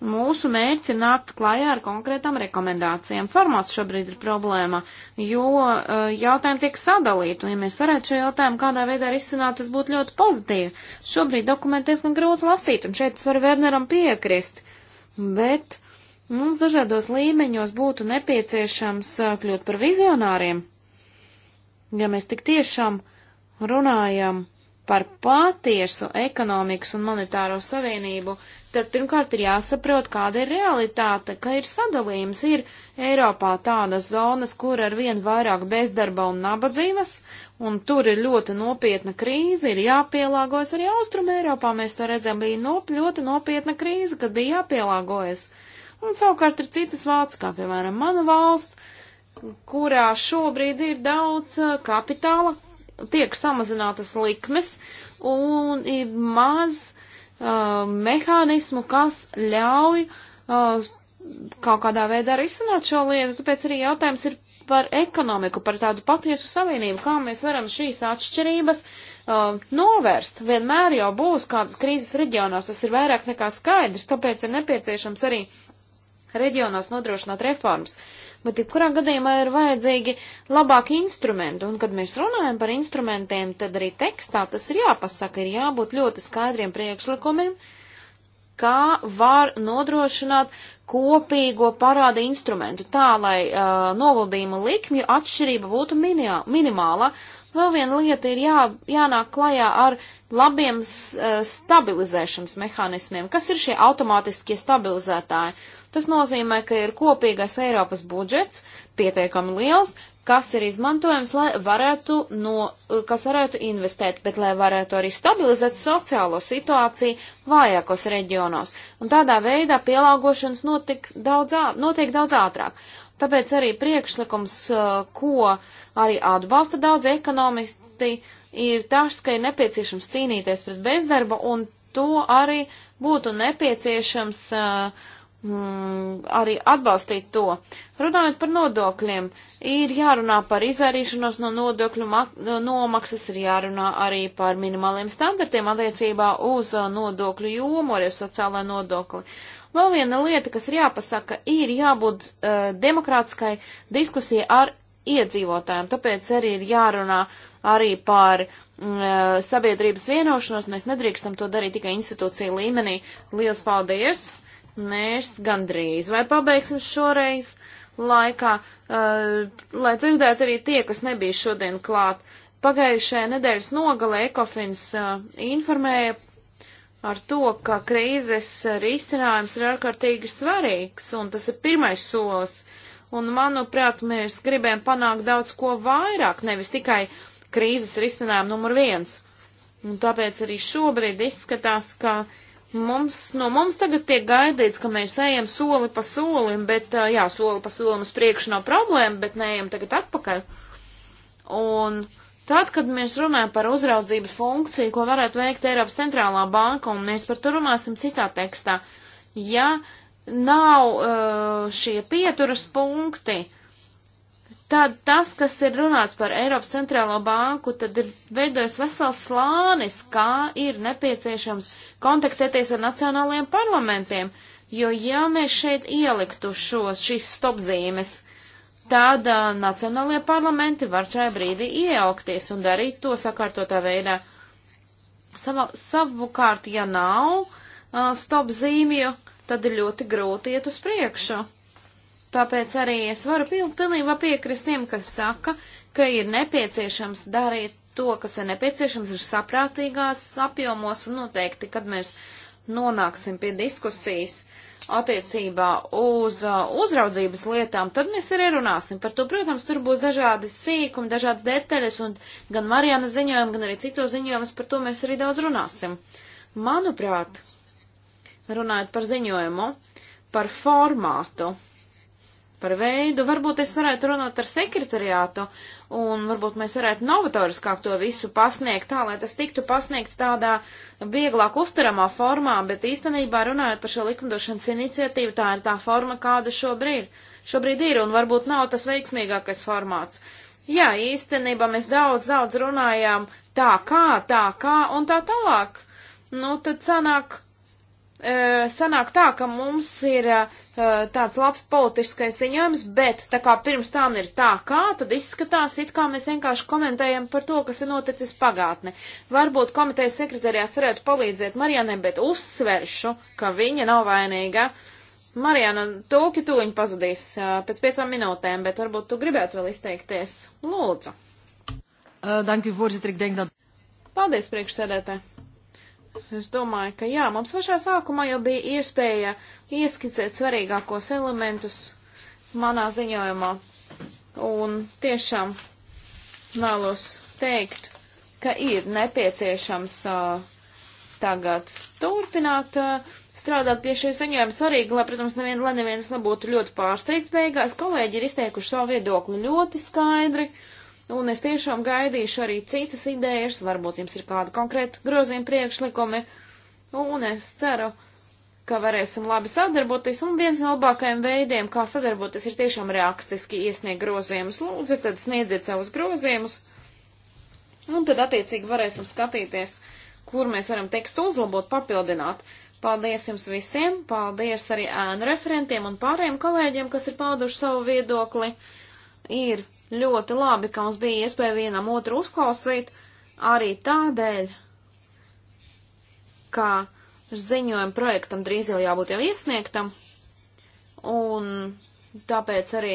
Mūsu mērķi ir nākt klajā ar konkrētām rekomendācijām. Formāts šobrīd ir problēma, jo uh, jautājumi tiek sadalīti, un ja mēs varētu šo jautājumu kādā veidā izcināt, tas būtu ļoti pozitīvi. Šobrīd dokumentu diezgan grūti lasīt, un šeit es varu Werneram piekrist, bet mums dažādos līmeņos būtu nepieciešams eh, kļūt par vizionāriem. Ja mēs tik tiešām runājam par patiesu ekonomikas un monetāro savienību, tad pirmkārt ir jāsaprot, kāda ir realitāte, ka ir sadalījums. Ir Eiropā tādas zonas, kur ar vien vairāk bezdarba un nabadzības, un tur ir ļoti nopietna krīze, ir jāpielāgojas arī Austrum Eiropā. Mēs to redzam, bija nop, ļoti nopietna krīze, kad bija jāpielāgojas. Un savukārt ir citas valsts, kā piemēram mana valsts, kurā šobrīd ir daudz uh, kapitāla, tiek samazinātas likmes un ir maz uh, mehānismu, kas ļauj uh, kaut kādā veidā risināt šo lietu. Tāpēc arī jautājums ir par ekonomiku, par tādu patiesu savienību, kā mēs varam šīs atšķirības uh, novērst. Vienmēr jau būs kādas krīzes reģionos, tas ir vairāk nekā skaidrs, tāpēc ir nepieciešams arī reģionos nodrošināt reformas. Uh, Bet, ja kurā gadījumā ir vajadzīgi labāki instrumenti, un kad mēs runājam par instrumentiem, tad arī tekstā tas ir jāpasaka, ir jābūt ļoti skaidriem priekšlikumiem, kā var nodrošināt kopīgo parāda instrumentu, tā lai uh, noguldījuma likmju atšķirība būtu minijā, minimāla. Vēl viena lieta ir jā, jānāk klajā ar labiem uh, stabilizēšanas mehānismiem. Kas ir šie automātiskie stabilizētāji? Uh, Tas nozīmē, ka ir kopīgais Eiropas budžets, pietiekami liels, kas ir izmantojams, lai varētu, no, kas varētu investēt, bet lai varētu arī stabilizēt sociālo situāciju vājākos reģionos. Un tādā veidā pielāgošanas notiek daudz, notiek daudz ātrāk. Tāpēc arī priekšlikums, ko arī atbalsta daudz ekonomisti, ir tas, ka ir nepieciešams cīnīties pret bezdarba, un to arī būtu nepieciešams uh, mm, arī atbalstīt to. Runājot par nodokļiem, ir jārunā par izvairīšanos no nodokļu nomaksas, ir jārunā arī par minimāliem standartiem attiecībā uz uh, nodokļu jomu, arī sociālai nodokli. Vēl viena lieta, kas ir jāpasaka, ir jābūt uh, demokrātiskai diskusijai ar iedzīvotājiem, tāpēc arī ir jārunā arī par mm, uh, sabiedrības vienošanos, mēs nedrīkstam to darīt tikai institūcija līmenī. Lielas paldies! Mēs gandrīz vai pabeigsim šoreiz laikā, uh, lai dzirdētu arī tie, kas nebija šodien klāt. Pagājušajā nedēļas nogalē Ekofins uh, informēja ar to, ka krīzes risinājums ir ārkārtīgi svarīgs, un tas ir pirmais solis. Un, manuprāt, mēs gribējam panākt daudz ko vairāk, nevis tikai krīzes risinājumu numur viens. Un tāpēc arī šobrīd izskatās, ka uh, Mums, no mums tagad tiek gaidīts, ka mēs ejam soli pa solim, bet, jā, soli pa solim uz priekšu nav problēma, bet neejam tagad atpakaļ. Un tad, kad mēs runājam par uzraudzības funkciju, ko varētu veikt Eiropas centrālā banka, un mēs par to runāsim citā tekstā, ja nav šie pieturas punkti, tad tas, kas ir runāts par Eiropas centrālo banku, tad ir veidojis vesels slānis, kā ir nepieciešams kontaktēties ar nacionālajiem parlamentiem, jo ja mēs šeit ieliktu šos, šīs stopzīmes, tad uh, nacionālajie parlamenti var šajā brīdī iejaukties un darīt to sakārtotā veidā. Sava, savukārt, ja nav uh, stopzīmju, tad ir ļoti grūti iet uz priekšu. Tāpēc arī es varu pilnībā piekrist tiem, kas saka, ka ir nepieciešams darīt to, kas ir nepieciešams, ir saprātīgās apjomos un noteikti, kad mēs nonāksim pie diskusijas attiecībā uz uh, uzraudzības lietām, tad mēs arī runāsim par to. Protams, tur būs dažādi sīkumi, dažādas detaļas, un gan Marijana ziņojumi, gan arī citos ziņojumus par to mēs arī daudz runāsim. Manuprāt, runājot par ziņojumu, par formātu, par veidu. Varbūt es varētu runāt ar sekretariātu un varbūt mēs varētu novatoriskāk to visu pasniegt tā, lai tas tiktu pasniegts tādā vieglāk uztaramā formā, bet īstenībā runājot par šo likumdošanas iniciatīvu, tā ir tā forma, kāda šobrīd, šobrīd ir un varbūt nav tas veiksmīgākais formāts. Jā, īstenībā mēs daudz, daudz runājām tā kā, tā kā un tā tālāk. Nu, tad sanāk, sanāk tā, ka mums ir uh, tāds labs politiskais ziņojums, bet tā kā pirms tām ir tā kā, tad izskatās, it kā mēs vienkārši komentējam par to, kas ir noticis pagātne. Varbūt komitejas sekretariāts varētu palīdzēt Marijanai, bet uzsveršu, ka viņa nav vainīga. Marijana, tulki tuliņ pazudīs uh, pēc piecām minūtēm, bet varbūt tu gribētu vēl izteikties. Lūdzu. Uh, danku, voorzitter, ik denk dat. Paldies, priekšsēdētāji. Es domāju, ka jā, mums pašā sākumā jau bija iespēja ieskicēt svarīgākos elementus manā ziņojumā. Un tiešām vēlos teikt, ka ir nepieciešams uh, tagad turpināt uh, strādāt pie šī ziņojuma. Svarīgi, lai, protams, nevien, lai neviens nebūtu ļoti pārsteigts beigās. Kolēģi ir izteikuši savu viedokli ļoti skaidri. Uh, un es tiešām gaidīšu arī citas idejas, varbūt jums ir kāda konkrēta grozījuma priekšlikumi, un es ceru, ka varēsim labi sadarboties, un viens no labākajiem veidiem, kā sadarboties, ir tiešām rakstiski iesniegt grozījumus. Lūdzu, tad sniedziet savus grozījumus, un tad attiecīgi varēsim skatīties, kur mēs varam tekstu uzlabot, papildināt. Paldies jums visiem, paldies arī ēnu referentiem un pārējiem kolēģiem, kas ir pauduši savu viedokli. Ir ļoti labi, ka mums bija iespēja vienam otru uzklausīt, arī tādēļ, ka ziņojuma projektam drīz jau jābūt jau iesniegtam, un tāpēc arī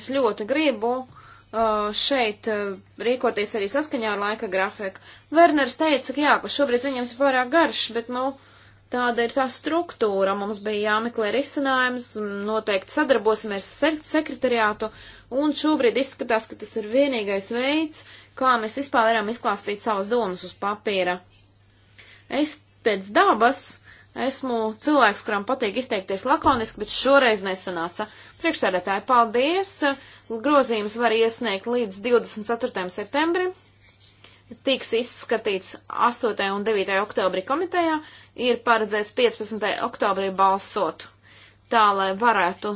es ļoti gribu uh, šeit uh, rīkoties arī saskaņā ar laika grafiku. Werners teica, ka jā, ka šobrīd ziņojums ir pārāk garš, bet, nu, Tāda ir tā struktūra. Mums bija jāmeklē risinājums, noteikti sadarbosimies ar sekretariātu, un šobrīd izskatās, ka tas ir vienīgais veids, kā mēs vispār varam izklāstīt savas domas uz papīra. Es pēc dabas esmu cilvēks, kuram patīk izteikties lakoniski, bet šoreiz nesanāca. Priekšsēdētāji, paldies! Grozījums var iesniegt līdz 24. septembrim. Tiks izskatīts 8. un 9. oktobrī komitejā ir paredzēts 15. oktobrī balsot, tā lai varētu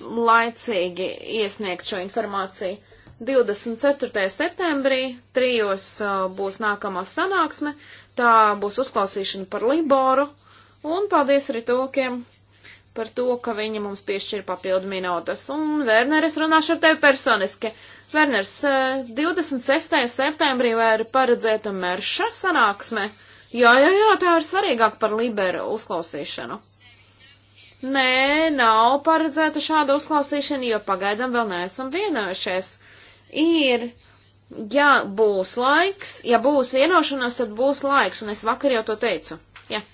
laicīgi iesniegt šo informāciju. 24. septembrī trijos uh, būs nākamā sanāksme, tā būs uzklausīšana par Liboru, un paldies arī tulkiem par to, ka viņi mums piešķir papildu minūtes, un Werneris runāšu ar tevi personiski. Verners, 26. Eh, septembrī vai ir paredzēta merša sanāksme? Jā, jā, jā, tā ir svarīgāk par liberu uzklausīšanu. Nē, nav paredzēta šāda uzklausīšana, jo pagaidām vēl neesam vienojušies. Ir, ja būs laiks, ja būs vienošanās, tad būs laiks, un es vakar jau to teicu. Jā. Ja.